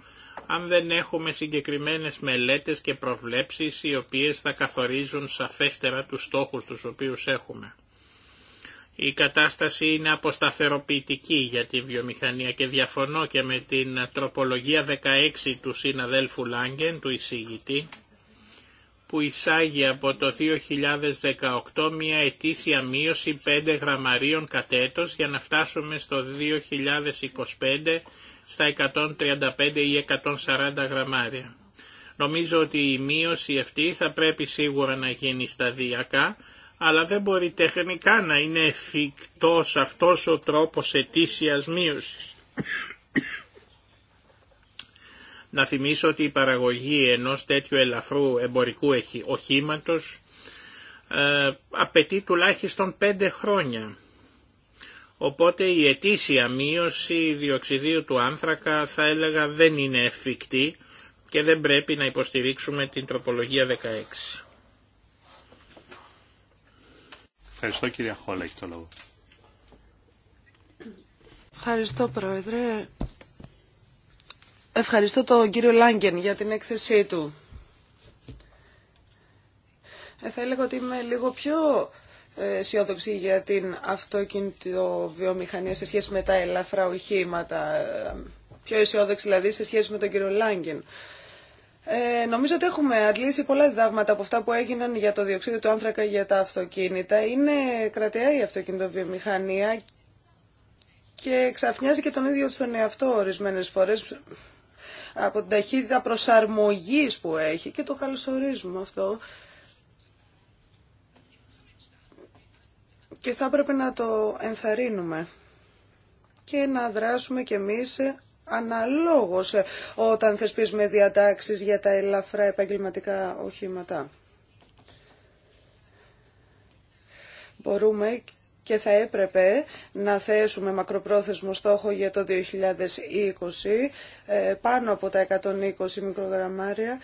αν δεν έχουμε συγκεκριμένες μελέτες και προβλέψεις οι οποίες θα καθορίζουν σαφέστερα τους στόχους τους οποίους έχουμε. Η κατάσταση είναι αποσταθεροποιητική για τη βιομηχανία και διαφωνώ και με την τροπολογία 16 του συναδέλφου Λάγκεν, του εισηγητή, που εισάγει από το 2018 μια ετήσια μείωση 5 γραμμαρίων κατ' για να φτάσουμε στο 2025 στα 135 ή 140 γραμμάρια. Νομίζω ότι η μείωση αυτή θα πρέπει σίγουρα να γίνει σταδιακά, αλλά δεν μπορεί τεχνικά να είναι εφικτός αυτός ο τρόπος ετήσιας μείωσης. Να θυμίσω ότι η παραγωγή ενός τέτοιου ελαφρού εμπορικού οχήματος ε, απαιτεί τουλάχιστον πέντε χρόνια. Οπότε η ετήσια μείωση διοξιδίου του άνθρακα θα έλεγα δεν είναι εφικτή και δεν πρέπει να υποστηρίξουμε την τροπολογία 16. Ευχαριστώ κυρία Χόλα, το λόγο. Ευχαριστώ Πρόεδρε. Ευχαριστώ τον κύριο Λάγκεν για την έκθεσή του. Ε, θα έλεγα ότι είμαι λίγο πιο ε, αισιόδοξη για την αυτοκίνητο βιομηχανία σε σχέση με τα ελαφρά οχήματα. Ε, πιο αισιόδοξη δηλαδή σε σχέση με τον κύριο Λάγκεν. Ε, νομίζω ότι έχουμε αντλήσει πολλά διδάγματα από αυτά που έγιναν για το διοξείδιο του άνθρακα για τα αυτοκίνητα. Είναι κρατεά η αυτοκινητοβιομηχανία και ξαφνιάζει και τον ίδιο τον εαυτό ορισμένε φορές από την ταχύτητα προσαρμογής που έχει και το καλωσορίζουμε αυτό. Και θα έπρεπε να το ενθαρρύνουμε και να δράσουμε κι εμείς αναλόγως ε, όταν θεσπίζουμε διατάξεις για τα ελαφρά επαγγελματικά οχήματα. Μπορούμε και θα έπρεπε να θέσουμε μακροπρόθεσμο στόχο για το 2020 ε, πάνω από τα 120 μικρογραμμάρια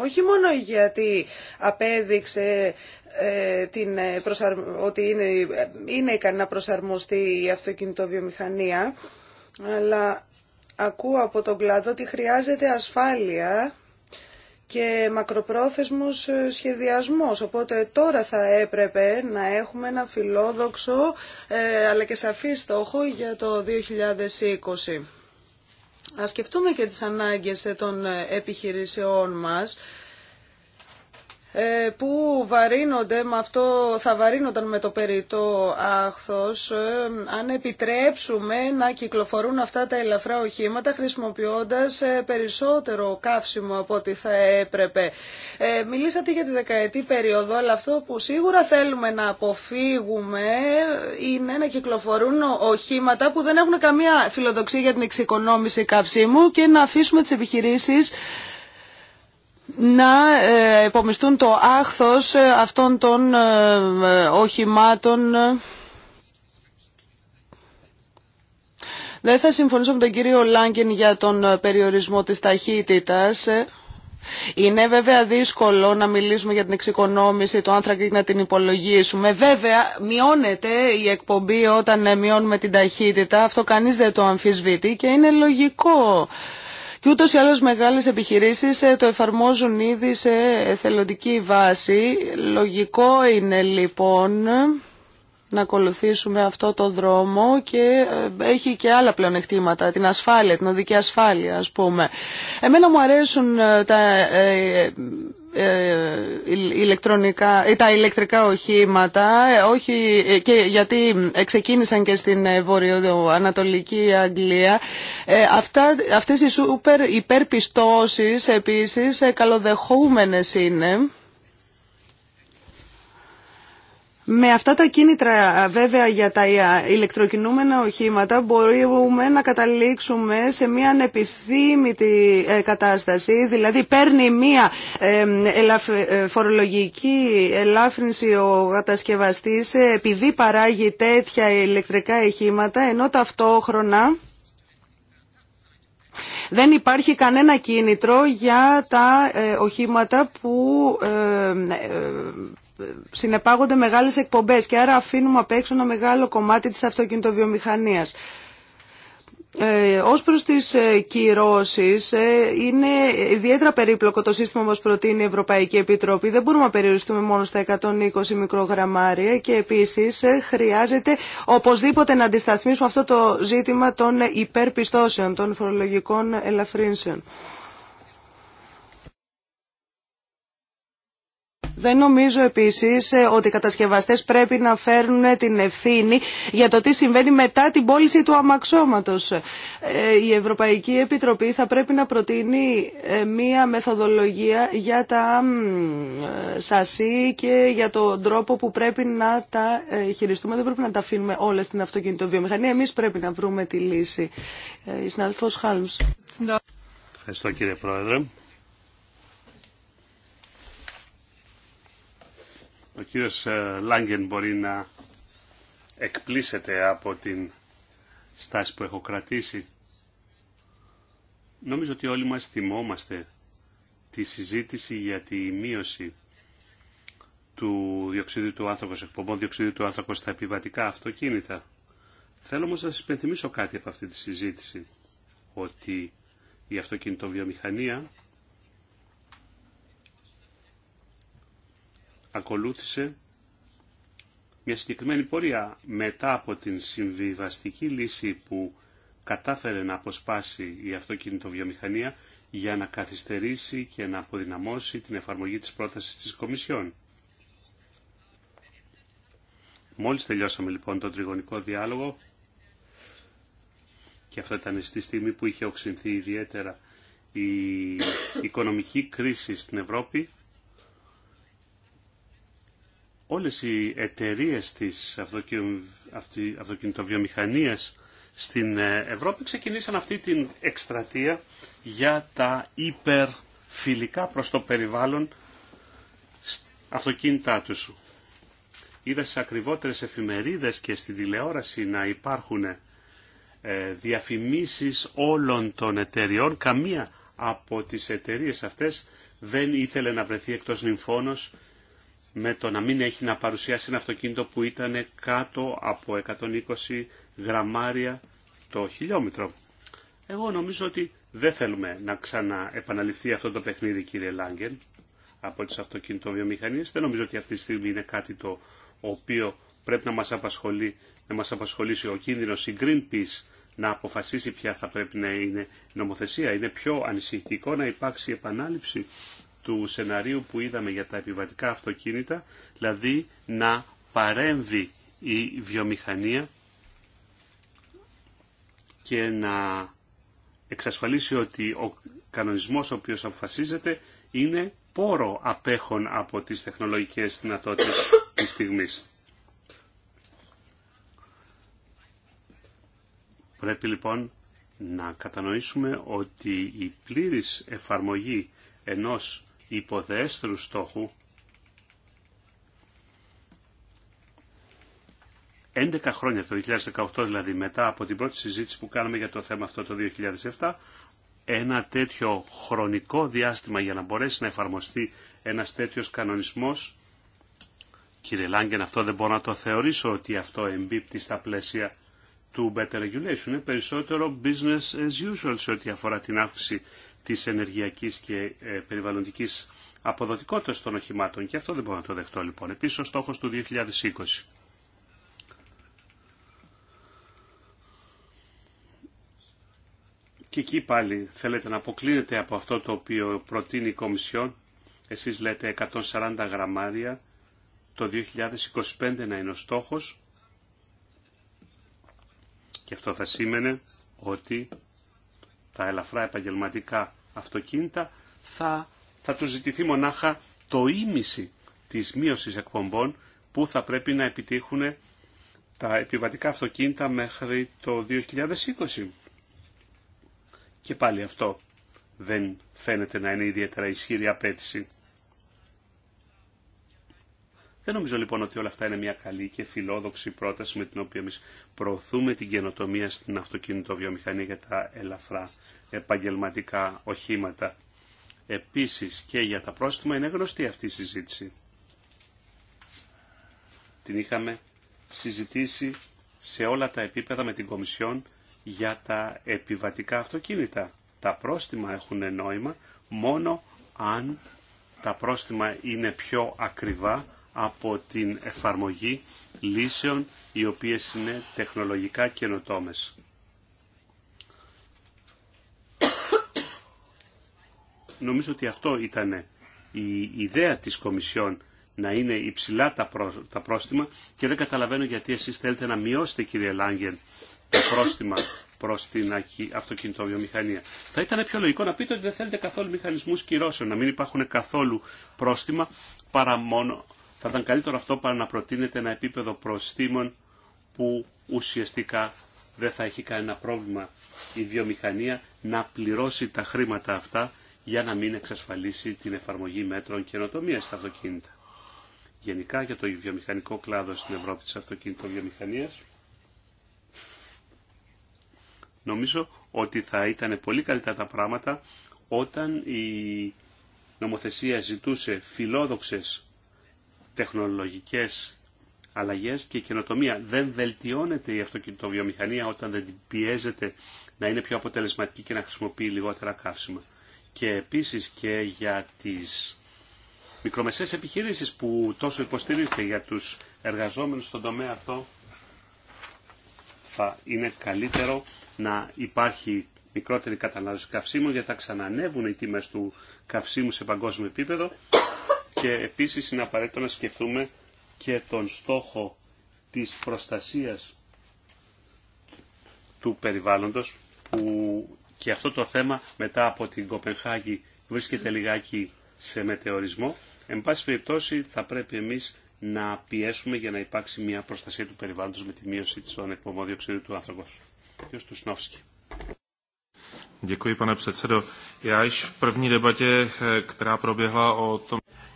όχι μόνο γιατί απέδειξε ε, την ε, ότι είναι, είναι ικανή να προσαρμοστεί η αυτοκινητοβιομηχανία, αλλά ακούω από τον κλάδο ότι χρειάζεται ασφάλεια και μακροπρόθεσμος ε, σχεδιασμός. Οπότε τώρα θα έπρεπε να έχουμε ένα φιλόδοξο αλλά και σαφή στόχο για το 2020. Ας σκεφτούμε και τις ανάγκες ε, των ε, επιχειρήσεών μας ε, που βαρύνονται με αυτό, θα βαρύνονταν με το περιττό άχθος ε, αν επιτρέψουμε να κυκλοφορούν αυτά τα ελαφρά οχήματα χρησιμοποιώντας ε, περισσότερο καύσιμο από ό,τι θα έπρεπε. Μιλήσατε για τη δεκαετή περίοδο, αλλά αυτό που σίγουρα θέλουμε να αποφύγουμε είναι να κυκλοφορούν οχήματα που δεν έχουν καμία φιλοδοξία για την εξοικονόμηση καυσίμου και να αφήσουμε τις επιχειρήσεις να ε, υπομιστούν το άχθος ε, αυτών των ε, οχημάτων. Δεν θα συμφωνήσω με τον κύριο Λάγκεν για τον περιορισμό της ταχύτητας. Είναι βέβαια δύσκολο να μιλήσουμε για την εξοικονόμηση του άνθρακα και να την υπολογίσουμε. Βέβαια, μειώνεται η εκπομπή όταν μειώνουμε την ταχύτητα. Αυτό κανείς δεν το αμφισβητεί και είναι λογικό. Και ούτως ή άλλως μεγάλες επιχειρήσεις ε, το εφαρμόζουν ήδη σε εθελοντική βάση. Λογικό είναι λοιπόν να ακολουθήσουμε αυτό το δρόμο και ε, έχει και άλλα πλεονεκτήματα, την ασφάλεια, την οδική ασφάλεια ας πούμε. Εμένα μου αρέσουν ε, τα ε, ε, ε, τα ηλεκτρικά οχήματα όχι, και γιατί ξεκίνησαν και στην βορειοανατολική Αγγλία αυτά, αυτές οι σούπερ υπερπιστώσεις επίσης καλοδεχούμενες είναι Με αυτά τα κίνητρα βέβαια για τα ηλεκτροκινούμενα οχήματα μπορούμε να καταλήξουμε σε μια ανεπιθύμητη ε, κατάσταση, δηλαδή παίρνει μια ε, φορολογική ελάφρυνση ο κατασκευαστής ε, επειδή παράγει τέτοια ηλεκτρικά οχήματα, ενώ ταυτόχρονα δεν υπάρχει κανένα κίνητρο για τα οχήματα που συνεπάγονται μεγάλες εκπομπές και άρα αφήνουμε απ' έξω ένα μεγάλο κομμάτι της αυτοκινητοβιομηχανίας. Ε, ως προς τις ε, κυρώσεις, ε, είναι ιδιαίτερα περίπλοκο το σύστημα που προτείνει η Ευρωπαϊκή Επιτροπή. Δεν μπορούμε να περιοριστούμε μόνο στα 120 μικρογραμμάρια και επίσης ε, χρειάζεται οπωσδήποτε να αντισταθμίσουμε αυτό το ζήτημα των υπερπιστώσεων, των φορολογικών ελαφρύνσεων. Δεν νομίζω επίσης ε, ότι οι κατασκευαστές πρέπει να φέρουν ε, την ευθύνη για το τι συμβαίνει μετά την πώληση του αμαξώματο. Ε, η Ευρωπαϊκή Επιτροπή θα πρέπει να προτείνει μία μεθοδολογία για τα σασί και για τον τρόπο που πρέπει να τα χειριστούμε. Δεν πρέπει να τα αφήνουμε όλα στην αυτοκινητοβιομηχανία. Εμείς πρέπει να βρούμε τη λύση. Η Συνάδελφο Χάλμ. Ευχαριστώ κύριε Πρόεδρε. Ο κύριος ε, Λάγκεν μπορεί να εκπλήσεται από την στάση που έχω κρατήσει. Νομίζω ότι όλοι μας θυμόμαστε τη συζήτηση για τη μείωση του διοξιδίου του άνθρακος, εκπομπών διοξιδίου του άνθρακος στα επιβατικά αυτοκίνητα. Θέλω όμως να σας πενθυμίσω κάτι από αυτή τη συζήτηση, ότι η αυτοκινητοβιομηχανία ακολούθησε μια συγκεκριμένη πορεία μετά από την συμβιβαστική λύση που κατάφερε να αποσπάσει η αυτοκινητοβιομηχανία για να καθυστερήσει και να αποδυναμώσει την εφαρμογή της πρότασης της Κομισιόν. Μόλις τελειώσαμε λοιπόν τον τριγωνικό διάλογο και αυτό ήταν στη στιγμή που είχε οξυνθεί ιδιαίτερα η οικονομική κρίση στην Ευρώπη όλες οι εταιρείες της αυτοκινητοβιομηχανίας στην ε, Ευρώπη ξεκινήσαν αυτή την εκστρατεία για τα υπερφιλικά προς το περιβάλλον αυτοκίνητά τους. Είδα στι ακριβότερες εφημερίδες και στην τηλεόραση να υπάρχουν ε, διαφημίσεις όλων των εταιριών. Καμία από τις εταιρείες αυτές δεν ήθελε να βρεθεί εκτός νυμφώνος με το να μην έχει να παρουσιάσει ένα αυτοκίνητο που ήταν κάτω από 120 γραμμάρια το χιλιόμετρο. Εγώ νομίζω ότι δεν θέλουμε να ξαναεπαναληφθεί αυτό το παιχνίδι κύριε Λάγκεν από τις αυτοκινητοβιομηχανίες. Δεν νομίζω ότι αυτή τη στιγμή είναι κάτι το οποίο πρέπει να μας, απασχολεί, να μας απασχολήσει ο κίνδυνος η Greenpeace να αποφασίσει ποια θα πρέπει να είναι η νομοθεσία. Είναι πιο ανησυχητικό να υπάρξει επανάληψη του σεναρίου που είδαμε για τα επιβατικά αυτοκίνητα, δηλαδή να παρέμβει η βιομηχανία και να εξασφαλίσει ότι ο κανονισμός ο οποίος αποφασίζεται είναι πόρο απέχων από τις τεχνολογικές δυνατότητες της στιγμής. Πρέπει λοιπόν να κατανοήσουμε ότι η πλήρης εφαρμογή ενός υποδέστρου στόχου 11 χρόνια, το 2018 δηλαδή, μετά από την πρώτη συζήτηση που κάναμε για το θέμα αυτό το 2007, ένα τέτοιο χρονικό διάστημα για να μπορέσει να εφαρμοστεί ένας τέτοιος κανονισμός, κύριε Λάγκεν, αυτό δεν μπορώ να το θεωρήσω ότι αυτό εμπίπτει στα πλαίσια του better regulation είναι περισσότερο business as usual σε ό,τι αφορά την αύξηση της ενεργειακής και ε, περιβαλλοντικής αποδοτικότητας των οχημάτων και αυτό δεν μπορώ να το δεχτώ λοιπόν. Επίσης ο στόχος του 2020. Και εκεί πάλι θέλετε να αποκλίνετε από αυτό το οποίο προτείνει η Κομισιόν. Εσείς λέτε 140 γραμμάρια το 2025 να είναι ο στόχος και αυτό θα σήμαινε ότι τα ελαφρά επαγγελματικά αυτοκίνητα θα, θα του ζητηθεί μονάχα το ίμιση της μείωσης εκπομπών που θα πρέπει να επιτύχουν τα επιβατικά αυτοκίνητα μέχρι το 2020. Και πάλι αυτό δεν φαίνεται να είναι ιδιαίτερα ισχυρή απέτηση. Δεν νομίζω λοιπόν ότι όλα αυτά είναι μια καλή και φιλόδοξη πρόταση με την οποία εμεί προωθούμε την καινοτομία στην αυτοκίνητο βιομηχανία για τα ελαφρά επαγγελματικά οχήματα. Επίσης και για τα πρόστιμα είναι γνωστή αυτή η συζήτηση. Την είχαμε συζητήσει σε όλα τα επίπεδα με την Κομισιόν για τα επιβατικά αυτοκίνητα. Τα πρόστιμα έχουν νόημα μόνο αν τα πρόστιμα είναι πιο ακριβά από την εφαρμογή λύσεων οι οποίες είναι τεχνολογικά καινοτόμες. Νομίζω ότι αυτό ήταν η ιδέα της Κομισιόν να είναι υψηλά τα, τα πρόστιμα και δεν καταλαβαίνω γιατί εσείς θέλετε να μειώσετε κύριε Λάγγεν το πρόστιμα προς την αυτοκινητοβιομηχανία. Θα ήταν πιο λογικό να πείτε ότι δεν θέλετε καθόλου μηχανισμούς κυρώσεων, να μην υπάρχουν καθόλου πρόστιμα παρά μόνο θα ήταν καλύτερο αυτό παρά να προτείνεται ένα επίπεδο προστήμων που ουσιαστικά δεν θα έχει κανένα πρόβλημα η βιομηχανία να πληρώσει τα χρήματα αυτά για να μην εξασφαλίσει την εφαρμογή μέτρων καινοτομία στα αυτοκίνητα. Γενικά για το βιομηχανικό κλάδο στην Ευρώπη της αυτοκίνητοβιομηχανίας νομίζω ότι θα ήταν πολύ καλύτερα τα πράγματα όταν η νομοθεσία ζητούσε φιλόδοξες τεχνολογικές αλλαγές και καινοτομία. Δεν βελτιώνεται η αυτοκινητοβιομηχανία όταν δεν την πιέζεται να είναι πιο αποτελεσματική και να χρησιμοποιεί λιγότερα καύσιμα. Και επίσης και για τις μικρομεσαίες επιχειρήσεις που τόσο υποστηρίζεται για τους εργαζόμενους στον τομέα αυτό θα είναι καλύτερο να υπάρχει μικρότερη κατανάλωση καυσίμων γιατί θα ξανανεύουν οι τιμές του καυσίμου σε παγκόσμιο επίπεδο και επίσης είναι απαραίτητο να σκεφτούμε και τον στόχο της προστασίας του περιβάλλοντος που και αυτό το θέμα μετά από την Κοπενχάγη βρίσκεται λιγάκι σε μετεωρισμό. Εν πάση περιπτώσει θα πρέπει εμείς να πιέσουμε για να υπάρξει μια προστασία του περιβάλλοντος με τη μείωση των εκπομπών του άνθρωπος.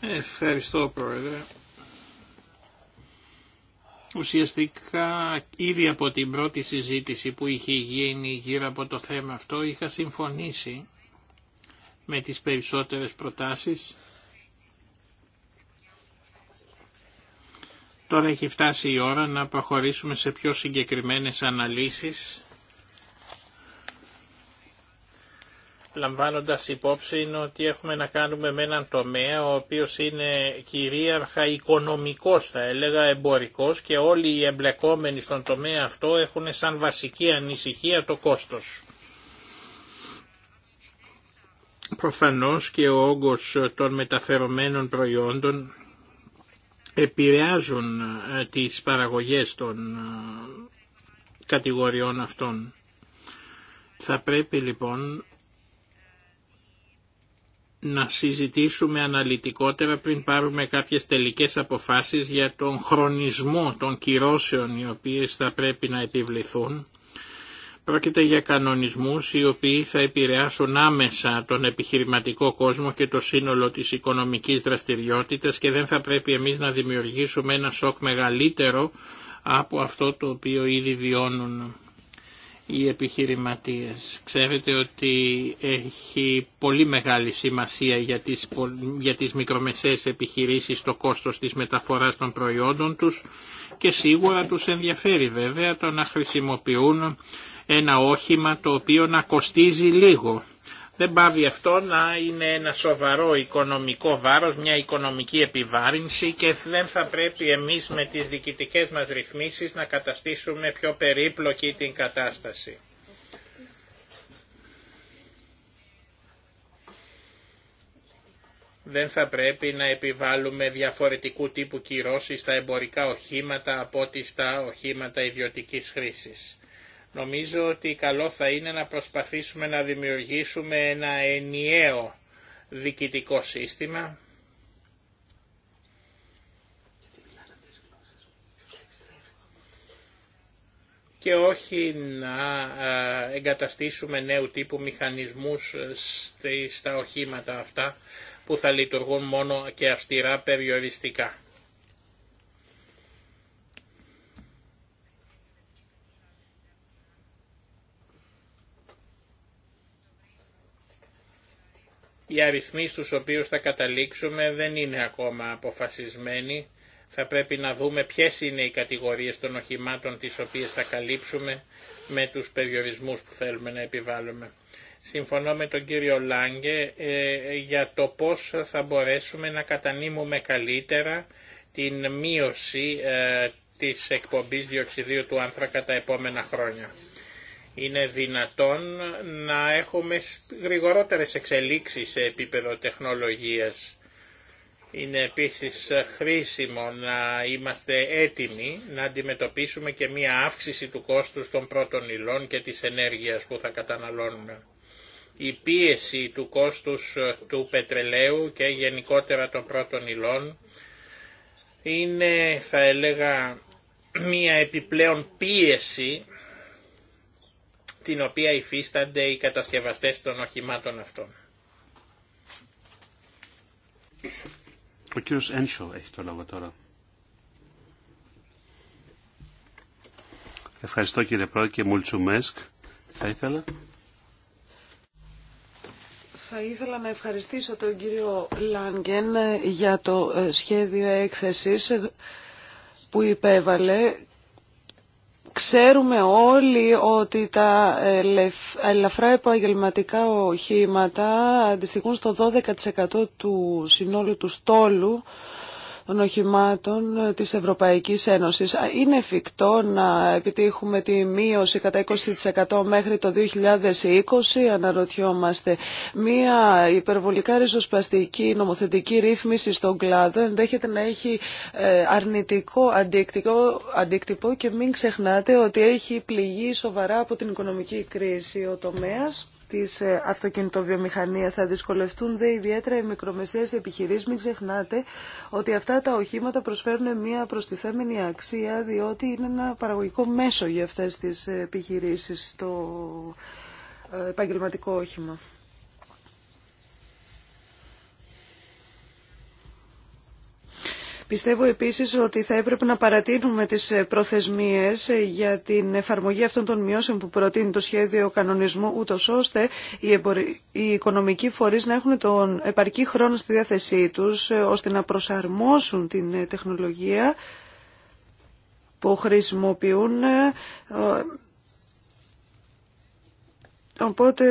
Ευχαριστώ, Πρόεδρε. Ουσιαστικά ήδη από την πρώτη συζήτηση που είχε γίνει γύρω από το θέμα αυτό είχα συμφωνήσει με τις περισσότερες προτάσεις. Τώρα έχει φτάσει η ώρα να προχωρήσουμε σε πιο συγκεκριμένες αναλύσεις λαμβάνοντας υπόψη ότι έχουμε να κάνουμε με έναν τομέα ο οποίος είναι κυρίαρχα οικονομικός θα έλεγα εμπορικός και όλοι οι εμπλεκόμενοι στον τομέα αυτό έχουν σαν βασική ανησυχία το κόστος. Προφανώς και ο όγκος των μεταφερομένων προϊόντων επηρεάζουν ε, τις παραγωγές των ε, κατηγοριών αυτών. Θα πρέπει λοιπόν να συζητήσουμε αναλυτικότερα πριν πάρουμε κάποιες τελικές αποφάσεις για τον χρονισμό των κυρώσεων οι οποίες θα πρέπει να επιβληθούν. Πρόκειται για κανονισμούς οι οποίοι θα επηρεάσουν άμεσα τον επιχειρηματικό κόσμο και το σύνολο της οικονομικής δραστηριότητας και δεν θα πρέπει εμείς να δημιουργήσουμε ένα σοκ μεγαλύτερο από αυτό το οποίο ήδη βιώνουν οι επιχειρηματίες. Ξέρετε ότι έχει πολύ μεγάλη σημασία για τις, για τις μικρομεσαίες επιχειρήσεις το κόστος της μεταφοράς των προϊόντων τους και σίγουρα τους ενδιαφέρει βέβαια το να χρησιμοποιούν ένα όχημα το οποίο να κοστίζει λίγο δεν πάβει αυτό να είναι ένα σοβαρό οικονομικό βάρος, μια οικονομική επιβάρυνση και δεν θα πρέπει εμείς με τις διοικητικές μας ρυθμίσεις να καταστήσουμε πιο περίπλοκη την κατάσταση. δεν θα πρέπει να επιβάλλουμε διαφορετικού τύπου κυρώσεις στα εμπορικά οχήματα από ό,τι στα οχήματα ιδιωτικής χρήσης. Νομίζω ότι καλό θα είναι να προσπαθήσουμε να δημιουργήσουμε ένα ενιαίο διοικητικό σύστημα και όχι να εγκαταστήσουμε νέου τύπου μηχανισμούς ε, στα οχήματα αυτά που θα λειτουργούν μόνο και αυστηρά περιοριστικά. Οι αριθμοί στους οποίους θα καταλήξουμε δεν είναι ακόμα αποφασισμένοι. Θα πρέπει να δούμε ποιες είναι οι κατηγορίες των οχημάτων τις οποίες θα καλύψουμε με τους περιορισμούς που θέλουμε να επιβάλλουμε. Συμφωνώ με τον κύριο Λάγκε ε, για το πώς θα μπορέσουμε να κατανείμουμε καλύτερα την μείωση ε, της εκπομπής διοξιδίου του άνθρακα τα επόμενα χρόνια είναι δυνατόν να έχουμε γρηγορότερες εξελίξεις σε επίπεδο τεχνολογίας. Είναι επίσης χρήσιμο να είμαστε έτοιμοι να αντιμετωπίσουμε και μία αύξηση του κόστους των πρώτων υλών και της ενέργειας που θα καταναλώνουμε. Η πίεση του κόστους ε, του πετρελαίου και γενικότερα των πρώτων υλών είναι θα έλεγα μία επιπλέον πίεση την οποία υφίστανται οι κατασκευαστές των οχημάτων αυτών. Ο κύριος Ένσο έχει το λόγο τώρα. Ευχαριστώ κύριε Πρόεδρε και Μουλτσουμέσκ. Θα ήθελα. Θα ήθελα να ευχαριστήσω τον κύριο Λάγκεν για το ε, σχέδιο έκθεσης που υπέβαλε Ξέρουμε όλοι ότι τα ε, ελαφρά επαγγελματικά οχήματα αντιστοιχούν στο 12% του συνόλου του στόλου των οχημάτων της Ευρωπαϊκής Ένωσης. Είναι εφικτό να επιτύχουμε τη μείωση κατά 20% μέχρι το 2020, αναρωτιόμαστε. Μία υπερβολικά ριζοσπαστική νομοθετική ρύθμιση στον κλάδο ενδέχεται να έχει ε, αρνητικό αντίκτυπο και μην ξεχνάτε ότι έχει πληγεί σοβαρά από την οικονομική κρίση ο τομέας της ε, αυτοκινητοβιομηχανίας θα δυσκολευτούν δε ιδιαίτερα οι μικρομεσαίες επιχειρήσεις. Μην ξεχνάτε ότι αυτά τα οχήματα προσφέρουν μια προστιθέμενη αξία διότι είναι ένα παραγωγικό μέσο για αυτές τις επιχειρήσεις το ε, επαγγελματικό όχημα. Πιστεύω επίσης ότι θα έπρεπε να παρατείνουμε τις προθεσμίες για την εφαρμογή αυτών των μειώσεων που προτείνει το σχέδιο κανονισμού, ούτω ώστε οι οικονομικοί φορείς να έχουν τον επαρκή χρόνο στη διάθεσή τους, ώστε να προσαρμόσουν την τεχνολογία που χρησιμοποιούν. Ε, οπότε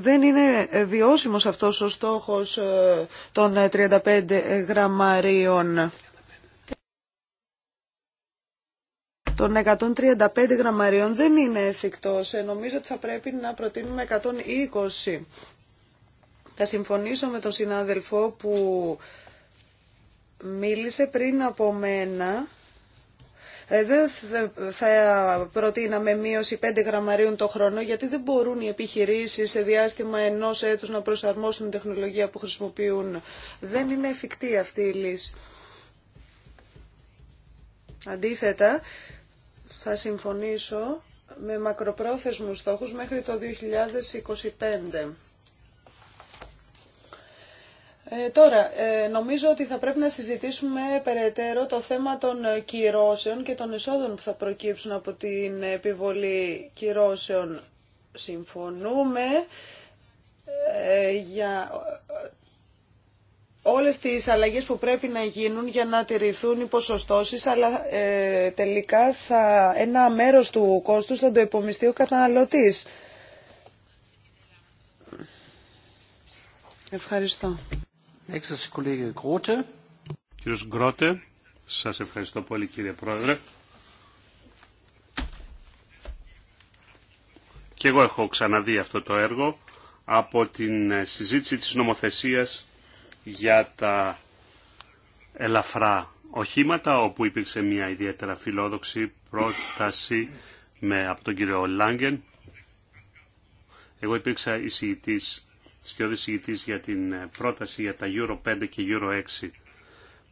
δεν είναι ε, βιώσιμος αυτός ο στόχος ε, των 35 ε, γραμμαρίων. των 135 γραμμαρίων δεν είναι εφικτός. Νομίζω ότι θα πρέπει να προτείνουμε 120. Θα συμφωνήσω με τον συνάδελφο που μίλησε πριν από μένα ε, δεν ε, θα προτείναμε μείωση 5 γραμμαρίων το χρόνο, γιατί δεν μπορούν οι επιχειρήσει σε διάστημα ενός έτους να προσαρμόσουν την τεχνολογία που χρησιμοποιούν. Δεν είναι εφικτή αυτή η λύση. Αντίθετα, θα συμφωνήσω με μακροπρόθεσμους στόχους μέχρι το 2025. Ε, τώρα, ε, νομίζω ότι θα πρέπει να συζητήσουμε περαιτέρω το θέμα των κυρώσεων και των εισόδων που θα προκύψουν από την επιβολή κυρώσεων. Συμφωνούμε ε, για ε, όλες τις αλλαγές που πρέπει να γίνουν για να τηρηθούν οι ποσοστώσεις, αλλά ε, τελικά θα, ένα μέρος του κόστους θα το υπομειστεί ο καταναλωτής. Ευχαριστώ. Nächstes Κύριος Γκρότε, σας ευχαριστώ πολύ κύριε Πρόεδρε. Και εγώ έχω ξαναδεί αυτό το έργο από την ε, συζήτηση της νομοθεσίας για τα ελαφρά οχήματα, όπου υπήρξε μια ιδιαίτερα φιλόδοξη πρόταση με, από τον κύριο Λάγκεν. Εγώ υπήρξα εισηγητής σκιώδης ηγητής για την ε, πρόταση για τα Euro 5 και Euro 6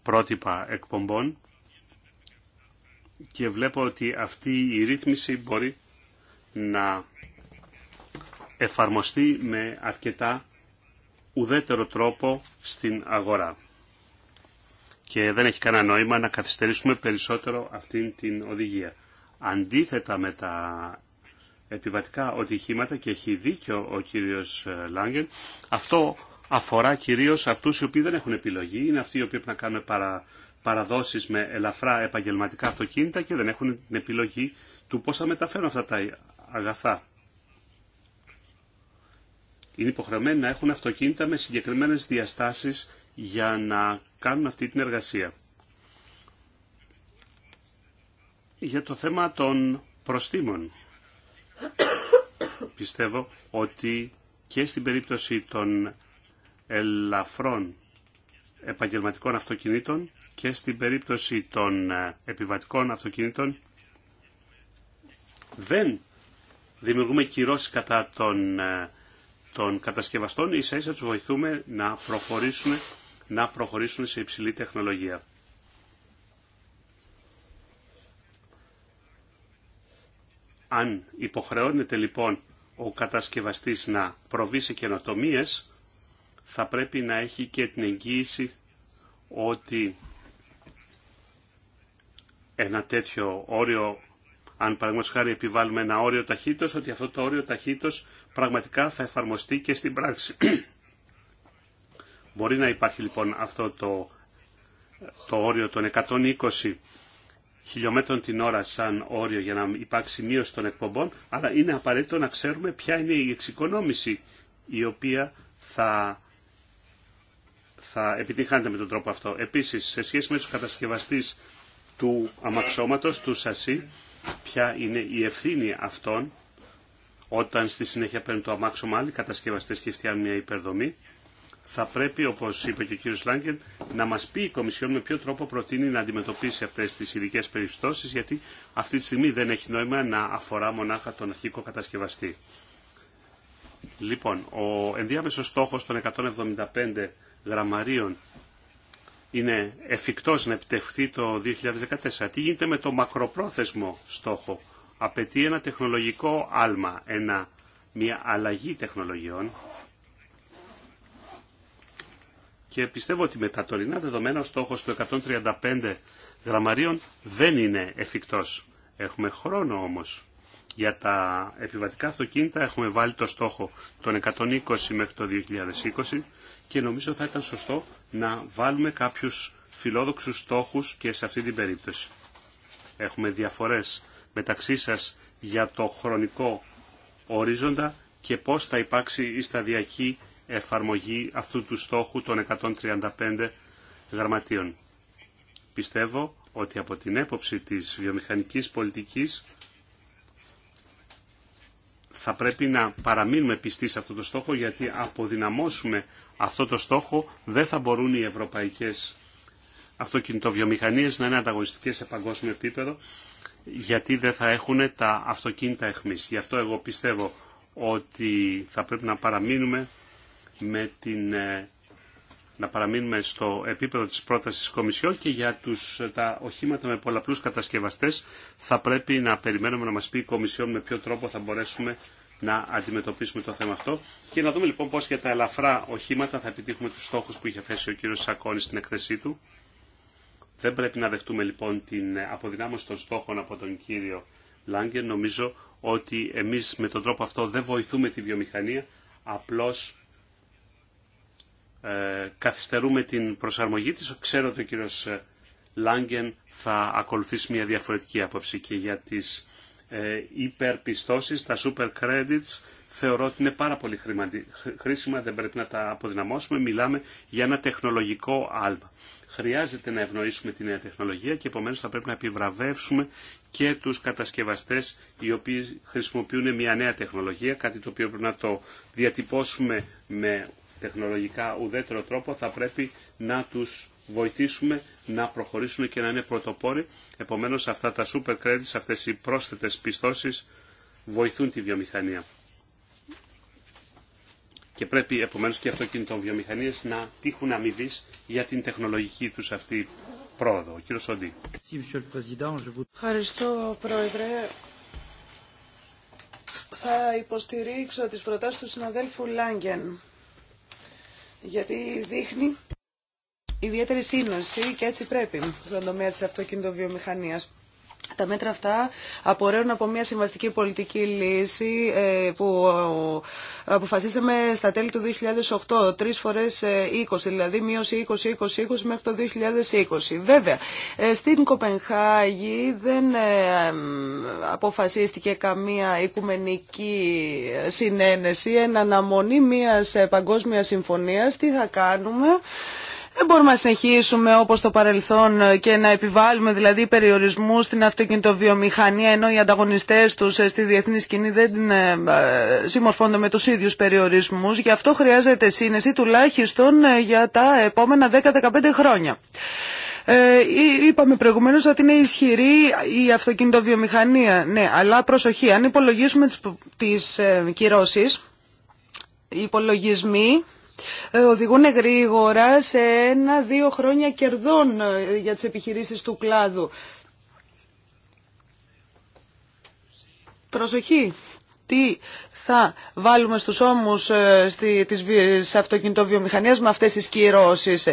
πρότυπα εκπομπών και βλέπω ότι αυτή η ρύθμιση μπορεί να εφαρμοστεί με αρκετά ουδέτερο τρόπο στην αγορά. Και δεν έχει κανένα νόημα να καθυστερήσουμε περισσότερο αυτήν την οδηγία. Αντίθετα με τα επιβατικά οτυχήματα και έχει δίκιο ο κύριος ε, Λάγκεν. Αυτό αφορά κυρίως αυτούς οι οποίοι δεν έχουν επιλογή, είναι αυτοί οι οποίοι πρέπει να κάνουν παρα, παραδόσεις με ελαφρά επαγγελματικά αυτοκίνητα και δεν έχουν την επιλογή του πώς θα μεταφέρουν αυτά τα αγαθά. Είναι υποχρεωμένοι να έχουν αυτοκίνητα με συγκεκριμένες διαστάσεις για να κάνουν αυτή την εργασία. Για το θέμα των προστήμων πιστεύω ότι και στην περίπτωση των ελαφρών επαγγελματικών αυτοκινήτων και στην περίπτωση των ε, επιβατικών αυτοκινήτων δεν δημιουργούμε κυρώσεις κατά των, ε, των κατασκευαστών, ίσα ίσα τους βοηθούμε να προχωρήσουν, να προχωρήσουν σε υψηλή τεχνολογία. Αν υποχρεώνεται λοιπόν ο κατασκευαστής να προβεί σε καινοτομίες, θα πρέπει να έχει και την εγγύηση ότι ένα τέτοιο όριο, αν παραδείγματος χάρη επιβάλλουμε ένα όριο ταχύτητος, ότι αυτό το όριο ταχύτητος πραγματικά θα εφαρμοστεί και στην πράξη. Μπορεί να υπάρχει λοιπόν αυτό το, το όριο των 120 χιλιόμετρων την ώρα σαν όριο για να υπάρξει μείωση των εκπομπών, αλλά είναι απαραίτητο να ξέρουμε ποια είναι η εξοικονόμηση η οποία θα, θα επιτυγχάνεται με τον τρόπο αυτό. Επίσης, σε σχέση με τους κατασκευαστείς του αμαξώματος, του σασί, ποια είναι η ευθύνη αυτών όταν στη συνέχεια παίρνουν το αμάξωμα άλλοι κατασκευαστές και φτιάχνουν μια υπερδομή θα πρέπει, όπως είπε και ο κύριος Λάγκεν, να μας πει η Κομισιόν με ποιο τρόπο προτείνει να αντιμετωπίσει αυτές τις ειδικέ περιπτώσει, γιατί αυτή τη στιγμή δεν έχει νόημα να αφορά μονάχα τον αρχικό κατασκευαστή. Λοιπόν, ο ενδιάμεσος στόχος των 175 γραμμαρίων είναι εφικτός να επιτευχθεί το 2014. Τι γίνεται με το μακροπρόθεσμο στόχο. Απαιτεί ένα τεχνολογικό άλμα, μια αλλαγή τεχνολογιών και πιστεύω ότι με τα τωρινά δεδομένα ο στόχος του 135 γραμμαρίων δεν είναι εφικτός. Έχουμε χρόνο όμως. Για τα επιβατικά αυτοκίνητα έχουμε βάλει το στόχο των 120 μέχρι το 2020 και νομίζω θα ήταν σωστό να βάλουμε κάποιους φιλόδοξους στόχους και σε αυτή την περίπτωση. Έχουμε διαφορές μεταξύ σας για το χρονικό ορίζοντα και πώς θα υπάρξει η σταδιακή εφαρμογή αυτού του στόχου των 135 γραμματείων. Πιστεύω ότι από την έποψη της βιομηχανικής πολιτικής θα πρέπει να παραμείνουμε πιστοί σε αυτό το στόχο γιατί αποδυναμώσουμε αυτό το στόχο δεν θα μπορούν οι ευρωπαϊκές αυτοκινητοβιομηχανίες να είναι ανταγωνιστικές σε παγκόσμιο επίπεδο γιατί δεν θα έχουν τα αυτοκίνητα εχμής. Γι' αυτό εγώ πιστεύω ότι θα πρέπει να παραμείνουμε με την, ε, να παραμείνουμε στο επίπεδο της πρότασης Κομισιόν και για τους, ε, τα οχήματα με πολλαπλούς κατασκευαστές θα πρέπει να περιμένουμε να μας πει η Κομισιόν με ποιο τρόπο θα μπορέσουμε να αντιμετωπίσουμε το θέμα αυτό και να δούμε λοιπόν πώς για τα ελαφρά οχήματα θα επιτύχουμε τους στόχους που είχε θέσει ο κύριος Σακώνη στην εκθεσή του. Δεν πρέπει να δεχτούμε λοιπόν την αποδυνάμωση των στόχων από τον κύριο Λάγκερ. Νομίζω ότι εμείς με τον τρόπο αυτό δεν βοηθούμε τη βιομηχανία, απλώς ε, καθυστερούμε την προσαρμογή της. Ξέρω ότι ο κύριος ε, Λάγκεν θα ακολουθήσει μια διαφορετική άποψη και για τις ε, υπερπιστώσεις, τα super credits, θεωρώ ότι είναι πάρα πολύ χρήσιμα, δεν πρέπει να τα αποδυναμώσουμε. Μιλάμε για ένα τεχνολογικό άλμα. Χρειάζεται να ευνοήσουμε τη νέα τεχνολογία και επομένως θα πρέπει να επιβραβεύσουμε και τους κατασκευαστές οι οποίοι χρησιμοποιούν μια νέα τεχνολογία, κάτι το οποίο πρέπει να το διατυπώσουμε με τεχνολογικά ουδέτερο τρόπο θα πρέπει να τους βοηθήσουμε να προχωρήσουν και να είναι πρωτοπόροι. Επομένως αυτά τα super credits, αυτές οι πρόσθετες πιστώσεις βοηθούν τη βιομηχανία. Και πρέπει επομένως και οι βιομηχανίες να τύχουν αμοιβή για την τεχνολογική τους αυτή πρόοδο. Ο κύριος Σοντή. Ευχαριστώ Πρόεδρε. Θα υποστηρίξω τις προτάσεις του συναδέλφου Λάγκεν γιατί δείχνει ιδιαίτερη σύνοση και έτσι πρέπει στον τομέα της αυτοκινητοβιομηχανίας. Τα μέτρα αυτά απορρέουν από μια συμβαστική πολιτική λύση ε, που αποφασίσαμε στα τέλη του 2008, τρεις φορές 20, ε, δηλαδή μείωση 20-20-20 μέχρι το 2020. Βέβαια, ε, στην Κοπενχάγη δεν αποφασίστηκε καμία οικουμενική συνένεση, εν αναμονή μιας παγκόσμιας συμφωνίας, τι θα κάνουμε. Δεν μπορούμε να συνεχίσουμε όπως το παρελθόν και να επιβάλλουμε δηλαδή περιορισμού στην αυτοκινητοβιομηχανία ενώ οι ανταγωνιστές τους στη διεθνή σκηνή δεν ε, συμμορφώνται με τους ίδιους περιορισμούς. Γι' αυτό χρειάζεται σύνεση τουλάχιστον ε, για τα επόμενα 10-15 χρόνια. Ε, είπαμε προηγουμένω ότι είναι ισχυρή η αυτοκινητοβιομηχανία. Ναι, αλλά προσοχή, αν υπολογίσουμε τις, τις ε, κυρώσεις, οι υπολογισμοί ε, οδηγούν γρήγορα σε ένα-δύο χρόνια κερδών ε, για τις επιχειρήσεις του κλάδου. Προσοχή! Τι θα βάλουμε στους ώμους ε, της αυτοκινητοβιομηχανίας με αυτές τις κυρώσεις.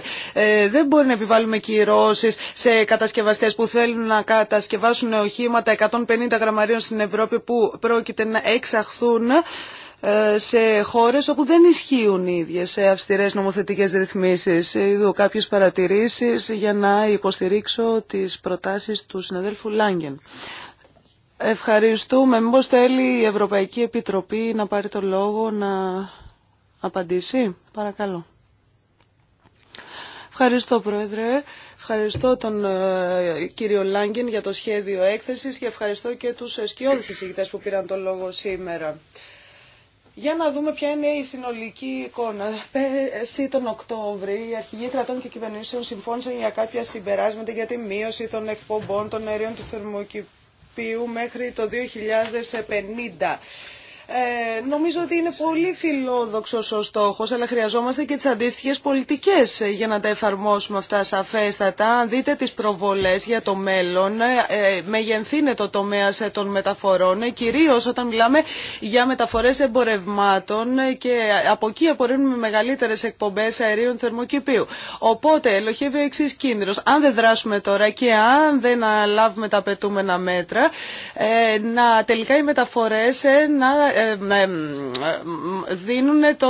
Δεν μπορεί να επιβάλλουμε κυρώσεις σε κατασκευαστές που θέλουν να κατασκευάσουν οχήματα 150 γραμμαρίων στην Ευρώπη που πρόκειται να εξαχθούν ε, σε χώρες όπου δεν ισχύουν οι ίδιες αυστηρές νομοθετικές ρυθμίσεις. Είδω κάποιες παρατηρήσεις για να υποστηρίξω τις προτάσεις του συναδέλφου Λάγκεν. Ευχαριστούμε. Μήπως θέλει η Ευρωπαϊκή Επιτροπή να πάρει το λόγο να απαντήσει. Παρακαλώ. Ευχαριστώ, Πρόεδρε. Ευχαριστώ τον ε, κύριο Λάγκεν για το σχέδιο έκθεσης και ευχαριστώ και τους σκιώδεις εισηγητές που πήραν το λόγο σήμερα. Για να δούμε ποια είναι η συνολική εικόνα. Πέρσι τον Οκτώβρη οι αρχηγοί κρατών και κυβερνήσεων συμφώνησαν για κάποια συμπεράσματα για τη μείωση των εκπομπών των αερίων του θερμοκηπίου μέχρι το 2050. Ε, νομίζω ότι είναι πολύ φιλόδοξο ο στόχο, αλλά χρειαζόμαστε και τι αντίστοιχε πολιτικέ ε, για να τα εφαρμόσουμε αυτά σαφέστατα. Αν δείτε τι προβολέ για το μέλλον, ε, ε μεγενθύνεται το τομέα ε, των μεταφορών, κυρίω όταν μιλάμε για μεταφορέ εμπορευμάτων και από εκεί απορρίνουμε μεγαλύτερε εκπομπέ αερίων θερμοκηπίου. Οπότε, ελοχεύει ο εξή κίνδυνο. Αν δεν δράσουμε τώρα και αν δεν λάβουμε τα απαιτούμενα μέτρα, ε, να τελικά οι μεταφορέ να δίνουν το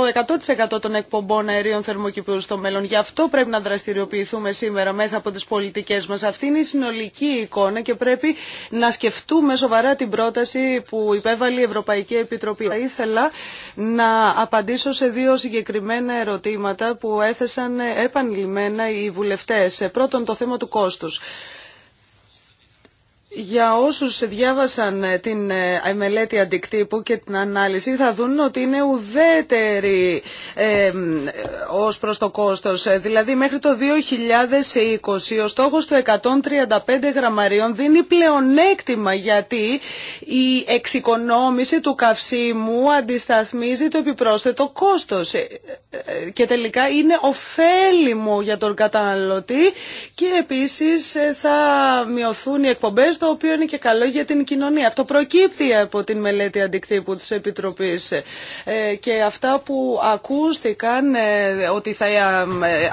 100% των εκπομπών αερίων θερμοκηπίου στο μέλλον. Γι' αυτό πρέπει να δραστηριοποιηθούμε σήμερα μέσα από τις πολιτικές μας. Αυτή είναι η συνολική εικόνα και πρέπει να σκεφτούμε σοβαρά την πρόταση που υπέβαλε η Ευρωπαϊκή Επιτροπή. Θα ήθελα να απαντήσω σε δύο συγκεκριμένα ερωτήματα που έθεσαν επανειλημμένα οι βουλευτές. Πρώτον, το θέμα του κόστους. Για όσους διάβασαν ε, την ε, μελέτη αντικτύπου και την ανάλυση θα δουν ότι είναι ουδέτερη ε, ως προς το κόστος. Ε, δηλαδή μέχρι το 2020 ο στόχος του 135 γραμμαρίων δίνει πλεονέκτημα γιατί η εξοικονόμηση του καυσίμου αντισταθμίζει το επιπρόσθετο κόστος και τελικά είναι ωφέλιμο για τον καταναλωτή και επίσης θα μειωθούν οι εκπομπές το οποίο είναι και καλό για την κοινωνία. Αυτό προκύπτει από την μελέτη αντικτύπου της Επιτροπής ε, και αυτά που ακούστηκαν ε, ότι θα ε,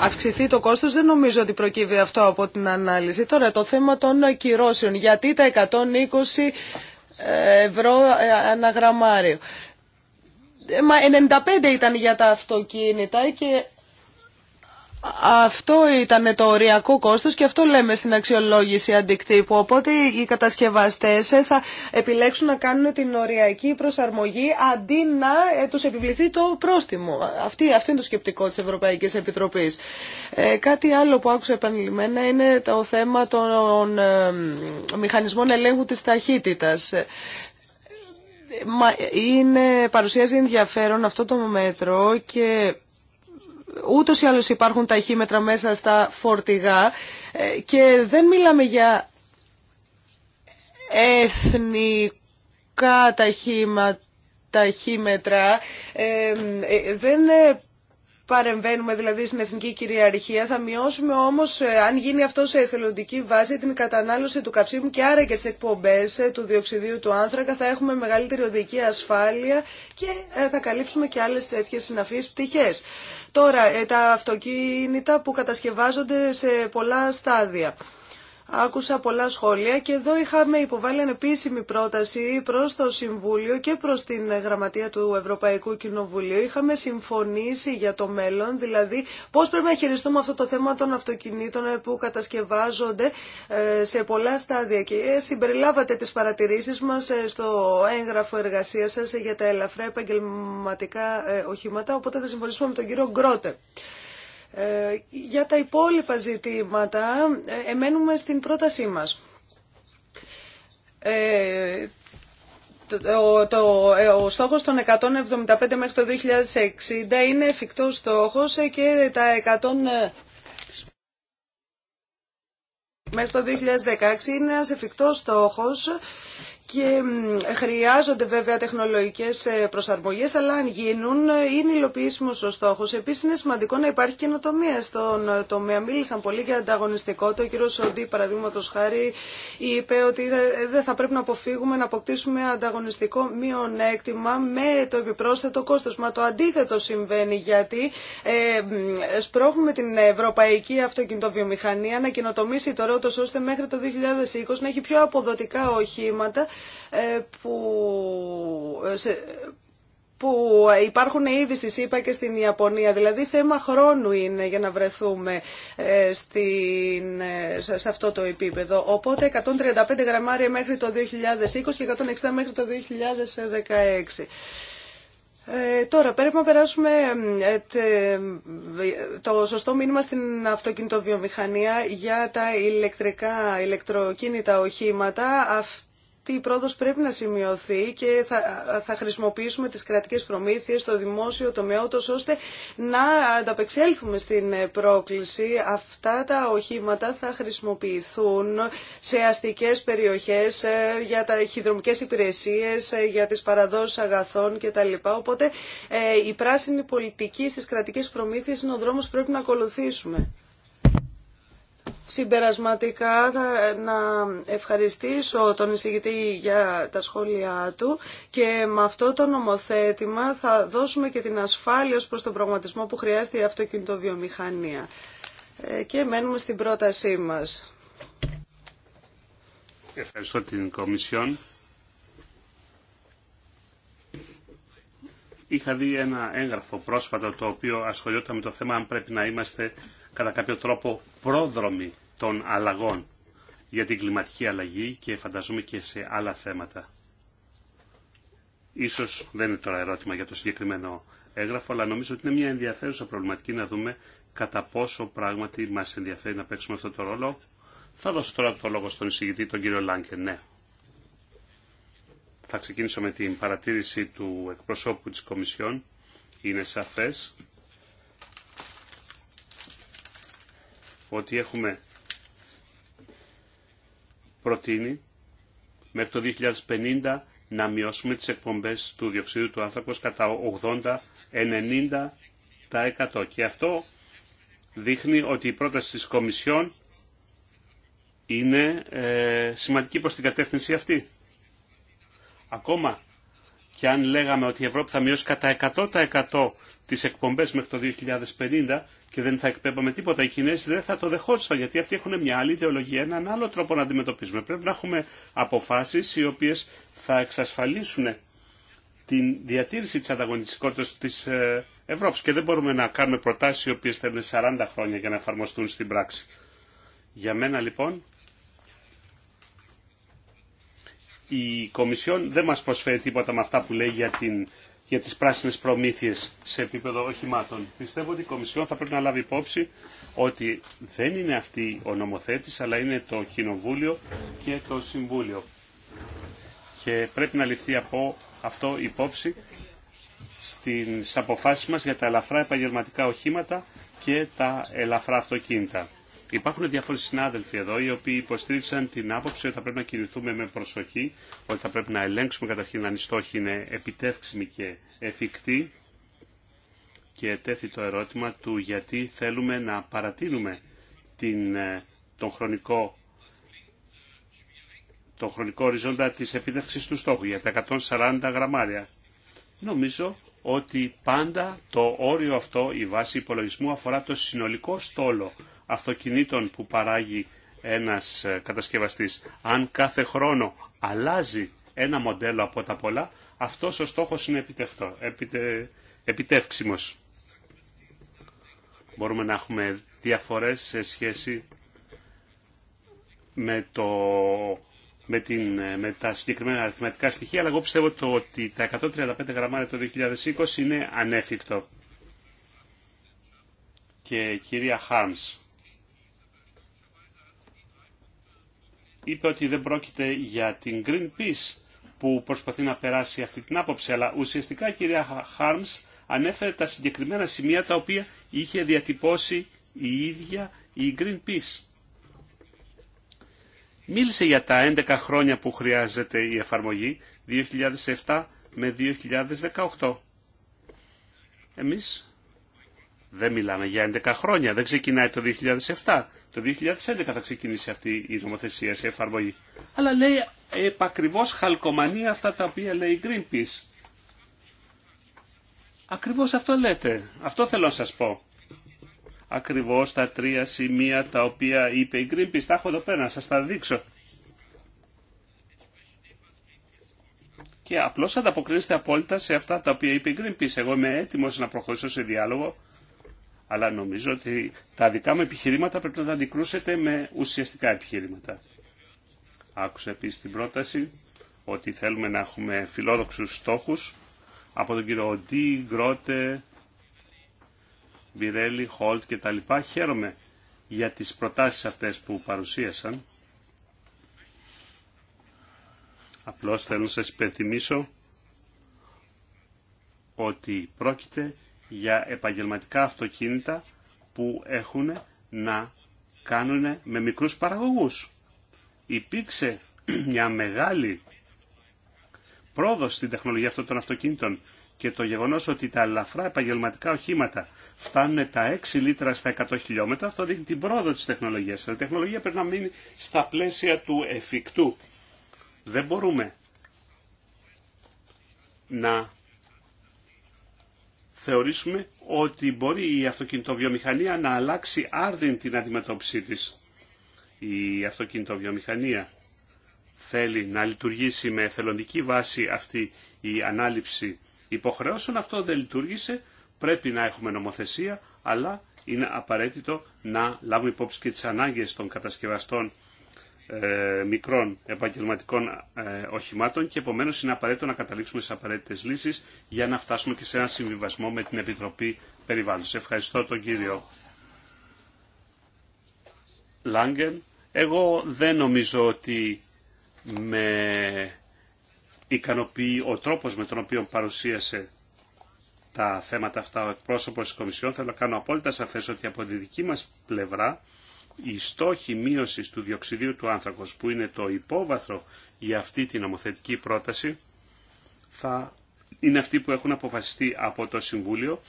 αυξηθεί το κόστος δεν νομίζω ότι προκύπτει αυτό από την ανάλυση. Τώρα το θέμα των ακυρώσεων. Γιατί τα 120 ευρώ αναγραμμάριο. Μα 95 ήταν για τα αυτοκίνητα και αυτό ήταν το οριακό κόστος και αυτό λέμε στην αξιολόγηση αντικτύπου. Οπότε οι κατασκευαστές θα επιλέξουν να κάνουν την οριακή προσαρμογή αντί να ε, τους επιβληθεί το πρόστιμο. Αυτή, αυτό είναι το σκεπτικό της Ευρωπαϊκής Επιτροπής. Ε, κάτι άλλο που άκουσα επανειλημμένα είναι το θέμα των ε, μηχανισμών ελέγχου της ταχύτητας είναι, παρουσιάζει ενδιαφέρον αυτό το μέτρο και ούτω ή άλλω υπάρχουν ταχύμετρα μέσα στα φορτηγά ε, και δεν μιλάμε για εθνικά ταχύμετρα. Ε, ε, δεν ε, παρεμβαίνουμε δηλαδή στην εθνική κυριαρχία. Θα μειώσουμε όμω ε, αν γίνει αυτό σε εθελοντική βάση, την κατανάλωση του καυσίμου και άρα και τι εκπομπέ ε, του διοξιδίου του άνθρακα. Θα έχουμε μεγαλύτερη οδική ασφάλεια και ε, θα καλύψουμε και άλλε τέτοιε συναφείς πτυχέ. Τώρα, τα αυτοκίνητα που κατασκευάζονται σε πολλά στάδια. Άκουσα πολλά σχόλια και εδώ είχαμε υποβάλει ανεπίσημη πρόταση προς το Συμβούλιο και προς την Γραμματεία του Ευρωπαϊκού Κοινοβουλίου. Είχαμε συμφωνήσει για το μέλλον, δηλαδή πώς πρέπει να χειριστούμε αυτό το θέμα των αυτοκινήτων που κατασκευάζονται ε, σε πολλά στάδια. Και ε, συμπεριλάβατε τις παρατηρήσεις μας ε, στο έγγραφο εργασίας σας για τα ελαφρά επαγγελματικά οχήματα, οπότε θα συμφωνήσουμε με τον κύριο Γκρότε. Ε, για τα υπόλοιπα ζητήματα ε, εμένουμε στην πρότασή μας. Ε, το, το, ε, ο στόχος των 175 μέχρι το 2060 είναι εφικτός στόχος και τα 100 μέχρι το 2016 είναι ένας εφικτός στόχος και χρειάζονται βέβαια τεχνολογικές ε, προσαρμογές, αλλά αν γίνουν ε, είναι υλοποιήσιμο ο στόχος. Επίσης είναι σημαντικό να υπάρχει καινοτομία στον ε, τομέα. Μίλησαν πολύ για ανταγωνιστικότητα. Ο κύριο Σοντή, παραδείγματο χάρη, είπε ότι δεν θα πρέπει να αποφύγουμε να αποκτήσουμε ανταγωνιστικό μειονέκτημα με το επιπρόσθετο κόστος. Μα το αντίθετο συμβαίνει γιατί ε, σπρώχνουμε την ευρωπαϊκή αυτοκινητοβιομηχανία να καινοτομήσει τώρα, ώστε μέχρι το 2020 να έχει πιο αποδοτικά οχήματα ε, που ε, που υπάρχουν ήδη στη ΣΥΠΑ και στην Ιαπωνία. Δηλαδή θέμα χρόνου είναι για να βρεθούμε ε, στην, σε αυτό το επίπεδο. Οπότε 135 γραμμάρια μέχρι το 2020 και 160 μέχρι το 2016. Ε, τώρα πρέπει να περάσουμε το σωστό μήνυμα στην αυτοκινητοβιομηχανία για τα ηλεκτρικά, ηλεκτροκίνητα οχήματα. Αυτό αυτή η πρόοδος πρέπει να σημειωθεί και θα, θα χρησιμοποιήσουμε τις κρατικές προμήθειες στο δημόσιο τομέα, ούτως ώστε να ανταπεξέλθουμε στην πρόκληση. Αυτά τα οχήματα θα χρησιμοποιηθούν σε αστικές περιοχές ε, για τα χειδρομικές υπηρεσίες, ε, για τις παραδόσεις αγαθών κτλ. Οπότε ε, η πράσινη πολιτική στις κρατικές προμήθειες είναι ο δρόμος που πρέπει να ακολουθήσουμε. Συμπερασματικά θα, ε, να ευχαριστήσω τον εισηγητή για τα σχόλιά του και με αυτό το νομοθέτημα θα δώσουμε και την ασφάλεια ως προς τον πραγματισμό που χρειάζεται η αυτοκινητοβιομηχανία. Ε, και μένουμε στην πρότασή μας. Ευχαριστώ την Κομισιόν. Είχα δει ένα έγγραφο πρόσφατα το οποίο ασχολιόταν με το θέμα αν πρέπει να είμαστε κατά κάποιο τρόπο πρόδρομοι των αλλαγών για την κλιματική αλλαγή και φανταζόμαι και σε άλλα θέματα. Ίσως δεν είναι τώρα ερώτημα για το συγκεκριμένο έγγραφο, αλλά νομίζω ότι είναι μια ενδιαφέρουσα προβληματική να δούμε κατά πόσο πράγματι μας ενδιαφέρει να παίξουμε αυτό το ρόλο. Θα δώσω τώρα το λόγο στον εισηγητή, τον κύριο Λάγκε, ναι. Θα ξεκινήσω με την παρατήρηση του εκπροσώπου της Κομισιόν. Είναι σαφές ότι έχουμε προτείνει μέχρι το 2050 να μειώσουμε τις εκπομπές του διοξείδου του άνθρακος κατά 80-90% και αυτό δείχνει ότι η πρόταση της Κομισιόν είναι ε, σημαντική προς την κατεύθυνση αυτή. Ακόμα και αν λέγαμε ότι η Ευρώπη θα μειώσει κατά 100% τις εκπομπές μέχρι το 2050, και δεν θα εκπέμπαμε τίποτα. Οι Κινέζοι δεν θα το δεχόντουσαν γιατί αυτοί έχουν μια άλλη ιδεολογία, έναν άλλο τρόπο να αντιμετωπίζουμε. Πρέπει να έχουμε αποφάσεις οι οποίες θα εξασφαλίσουν την διατήρηση της ανταγωνιστικότητα της ε, Ευρώπης και δεν μπορούμε να κάνουμε προτάσεις οι οποίες θέλουν 40 χρόνια για να εφαρμοστούν στην πράξη. Για μένα λοιπόν η Κομισιόν δεν μας προσφέρει τίποτα με αυτά που λέει για την για τις πράσινες προμήθειες σε επίπεδο οχημάτων. Πιστεύω ότι η Κομισιόν θα πρέπει να λάβει υπόψη ότι δεν είναι αυτή ο νομοθέτης, αλλά είναι το Κοινοβούλιο και το Συμβούλιο. Και πρέπει να ληφθεί από αυτό υπόψη στις αποφάσεις μας για τα ελαφρά επαγγελματικά οχήματα και τα ελαφρά αυτοκίνητα. Υπάρχουν διάφοροι συνάδελφοι εδώ οι οποίοι υποστήριξαν την άποψη ότι θα πρέπει να κινηθούμε με προσοχή, ότι θα πρέπει να ελέγξουμε καταρχήν αν η στόχη είναι επιτεύξιμη και εφικτή και τέθη το ερώτημα του γιατί θέλουμε να παρατείνουμε την, ε, τον χρονικό τον χρονικό οριζόντα της επίτευξης του στόχου για τα 140 γραμμάρια. Νομίζω ότι πάντα το όριο αυτό, η βάση υπολογισμού αφορά το συνολικό στόλο αυτοκινήτων που παράγει ένας ε, κατασκευαστής, αν κάθε χρόνο αλλάζει ένα μοντέλο από τα πολλά, αυτός ο στόχος είναι επιτευτό, επιτεύξιμος. Μπορούμε να έχουμε διαφορές σε σχέση με, το, με, την, ε, με τα συγκεκριμένα αριθματικά στοιχεία, αλλά εγώ πιστεύω το ότι τα 135 γραμμάρια το 2020 είναι ανέφικτο. Και κυρία Χάρμς, είπε ότι δεν πρόκειται για την Greenpeace που προσπαθεί να περάσει αυτή την άποψη, αλλά ουσιαστικά η κυρία Χάρμς ανέφερε τα συγκεκριμένα σημεία τα οποία είχε διατυπώσει η ίδια η Greenpeace. Μίλησε για τα 11 χρόνια που χρειάζεται η εφαρμογή, 2007 με 2018. Εμείς δεν μιλάμε για 11 χρόνια, δεν ξεκινάει το 2007. Το 2011 θα ξεκινήσει αυτή η νομοθεσία σε εφαρμογή. Αλλά λέει επακριβώ χαλκομανία αυτά τα οποία λέει η Greenpeace. Ακριβώς αυτό λέτε. Αυτό θέλω να σας πω. Ακριβώς τα τρία σημεία τα οποία είπε η Greenpeace. Τα έχω εδώ πέρα να σας τα δείξω. Και απλώς ανταποκρίνεστε απόλυτα σε αυτά τα οποία είπε η Greenpeace. Εγώ είμαι έτοιμος να προχωρήσω σε διάλογο αλλά νομίζω ότι τα δικά μου επιχειρήματα πρέπει να τα αντικρούσετε με ουσιαστικά επιχειρήματα. Άκουσα επίση την πρόταση ότι θέλουμε να έχουμε φιλόδοξους στόχους από τον κύριο Οντί, Γκρότε, Μπιρέλη, Χολτ κτλ. τα Χαίρομαι για τις προτάσεις αυτές που παρουσίασαν. Απλώς θέλω να σας υπενθυμίσω ότι πρόκειται για επαγγελματικά αυτοκίνητα που έχουν να κάνουν με μικρούς παραγωγούς. Υπήρξε μια μεγάλη πρόοδος στην τεχνολογία αυτών των αυτοκίνητων και το γεγονός ότι τα ελαφρά επαγγελματικά οχήματα φτάνουν τα 6 λίτρα στα 100 χιλιόμετρα, αυτό δείχνει την πρόοδο της τεχνολογίας. Η τεχνολογία πρέπει να μείνει στα πλαίσια του εφικτού. Δεν μπορούμε να θεωρήσουμε ότι μπορεί η αυτοκινητοβιομηχανία να αλλάξει άρδιν την αντιμετώπιση της. Η αυτοκινητοβιομηχανία θέλει να λειτουργήσει με εθελοντική βάση αυτή η ανάληψη υποχρεώσεων. Αυτό δεν λειτουργήσε. Πρέπει να έχουμε νομοθεσία, αλλά είναι απαραίτητο να λάβουμε υπόψη και τις ανάγκες των κατασκευαστών ε, μικρών επαγγελματικών ε, οχημάτων και επομένως είναι απαραίτητο να καταλήξουμε στις απαραίτητες λύσεις για να φτάσουμε και σε ένα συμβιβασμό με την Επιτροπή Περιβάλλοντος. Ευχαριστώ τον κύριο Λάγκεν. Εγώ δεν νομίζω ότι με ικανοποιεί ο τρόπος με τον οποίο παρουσίασε τα θέματα αυτά ο εκπρόσωπος της Κομισιόν. Θέλω να κάνω απόλυτα σαφές ότι από τη δική μας πλευρά οι στόχοι μείωση του διοξιδίου του άνθρακο, που είναι το υπόβαθρο για αυτή την νομοθετική πρόταση θα είναι αυτοί που έχουν αποφασιστεί από το Συμβούλιο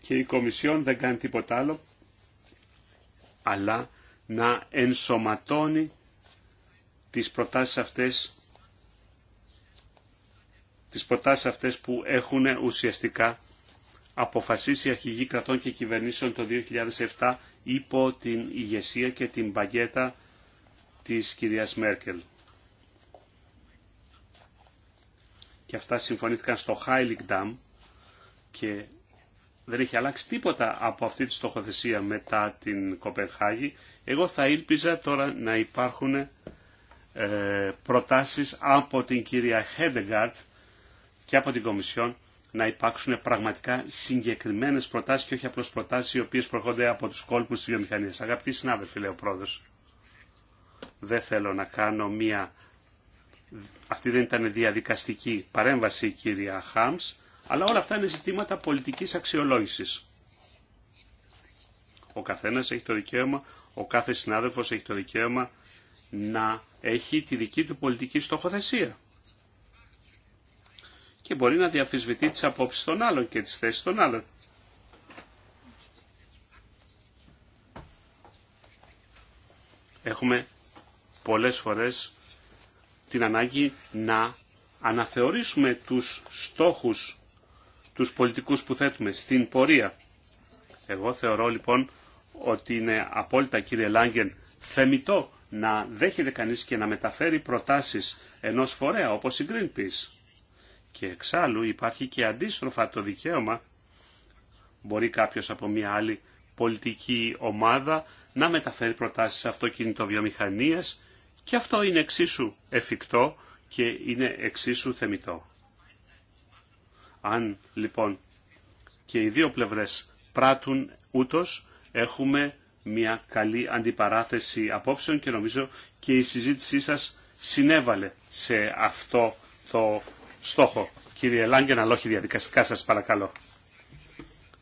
και η Κομισιόν δεν κάνει τίποτα άλλο αλλά να ενσωματώνει τις προτάσεις αυτές τις προτάσεις αυτές που έχουν ουσιαστικά αποφασίσει οι αρχηγοί κρατών και κυβερνήσεων το 2007 υπό την ηγεσία και την παγέτα της κυρίας Μέρκελ. Και αυτά συμφωνήθηκαν στο Νταμ και δεν έχει αλλάξει τίποτα από αυτή τη στοχοθεσία μετά την Κοπενχάγη. Εγώ θα ήλπιζα τώρα να υπάρχουν ε, προτάσεις από την κυρία Χέντεγκαρτ και από την Κομισιόν να υπάρξουν πραγματικά συγκεκριμένε προτάσει και όχι απλώ προτάσει οι οποίε προχωρούνται από του κόλπου τη βιομηχανία. Αγαπητοί συνάδελφοι, λέει ο πρόεδρο, δεν θέλω να κάνω μία. Αυτή δεν ήταν διαδικαστική παρέμβαση, κυρία Χάμ, αλλά όλα αυτά είναι ζητήματα πολιτική αξιολόγηση. Ο καθένα έχει το δικαίωμα, ο κάθε συνάδελφο έχει το δικαίωμα να έχει τη δική του πολιτική στοχοθεσία και μπορεί να διαφυσβητεί τις απόψεις των άλλων και τις θέσεις των άλλων. Έχουμε πολλές φορές την ανάγκη να αναθεωρήσουμε τους στόχους, τους πολιτικούς που θέτουμε στην πορεία. Εγώ θεωρώ λοιπόν ότι είναι απόλυτα κύριε Λάγκεν θεμητό να δέχεται κανείς και να μεταφέρει προτάσεις ενός φορέα όπως η Greenpeace. Και εξάλλου υπάρχει και αντίστροφα το δικαίωμα. Μπορεί κάποιος από μια άλλη πολιτική ομάδα να μεταφέρει προτάσεις αυτοκινητοβιομηχανίας και αυτό είναι εξίσου εφικτό και είναι εξίσου θεμητό. Αν λοιπόν και οι δύο πλευρές πράττουν ούτως, έχουμε μια καλή αντιπαράθεση απόψεων και νομίζω και η συζήτησή σας συνέβαλε σε αυτό το στόχο. Κύριε Λάγκεν, αλλά όχι διαδικαστικά σας παρακαλώ.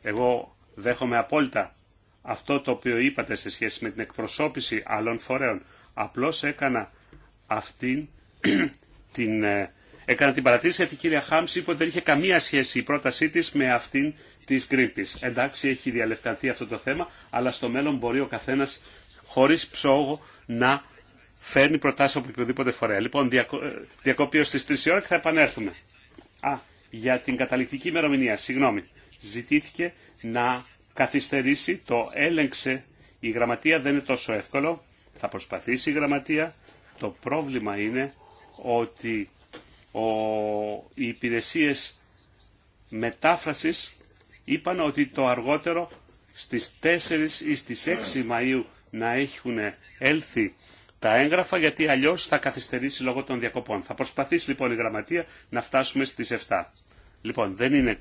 Εγώ δέχομαι απόλυτα αυτό το οποίο είπατε σε σχέση με την εκπροσώπηση άλλων φορέων. Απλώς έκανα αυτήν την... Ε, έκανα την παρατήρηση γιατί η κυρία Χάμς είπε ότι δεν είχε καμία σχέση η πρότασή τη με αυτήν τη γκρίπη. Εντάξει, έχει διαλευκανθεί αυτό το θέμα, αλλά στο μέλλον μπορεί ο καθένα χωρί ψόγο να φέρνει προτάσει από οποιοδήποτε φορέα. Λοιπόν, διακο... Ε, διακοπή ως τις 3 ώρα και θα επανέλθουμε. Α, για την καταληκτική ημερομηνία, συγγνώμη. Ζητήθηκε να καθυστερήσει, το έλεγξε η γραμματεία, δεν είναι τόσο εύκολο. Θα προσπαθήσει η γραμματεία. Το πρόβλημα είναι ότι ο... οι υπηρεσίε μετάφρασης είπαν ότι το αργότερο στις 4 ή στις 6 Μαΐου να έχουν έλθει τα έγγραφα γιατί αλλιώς θα καθυστερήσει λόγω των διακοπών. Θα προσπαθήσει λοιπόν η γραμματεία να φτάσουμε στις 7. Λοιπόν, δεν είναι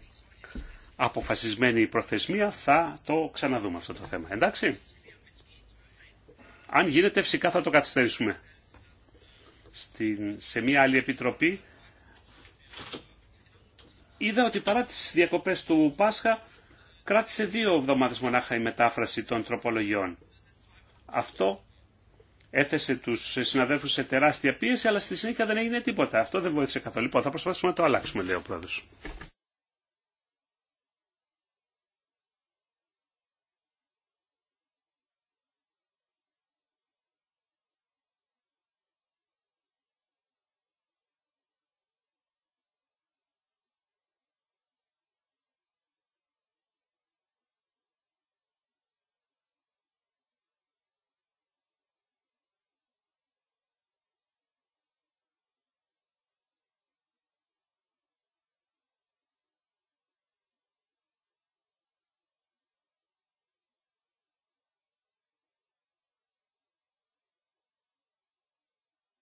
αποφασισμένη η προθεσμία, θα το ξαναδούμε αυτό το θέμα. Εντάξει. Αν γίνεται φυσικά θα το καθυστερήσουμε. σε μια άλλη επιτροπή είδα ότι παρά τις διακοπές του Πάσχα κράτησε δύο εβδομάδες μονάχα η μετάφραση των τροπολογιών. Αυτό έθεσε του συναδέλφου σε τεράστια πίεση, αλλά στη συνέχεια δεν έγινε τίποτα. Αυτό δεν βοήθησε καθόλου. Λοιπόν, θα προσπαθήσουμε να το αλλάξουμε, λέει ο πρόεδρο.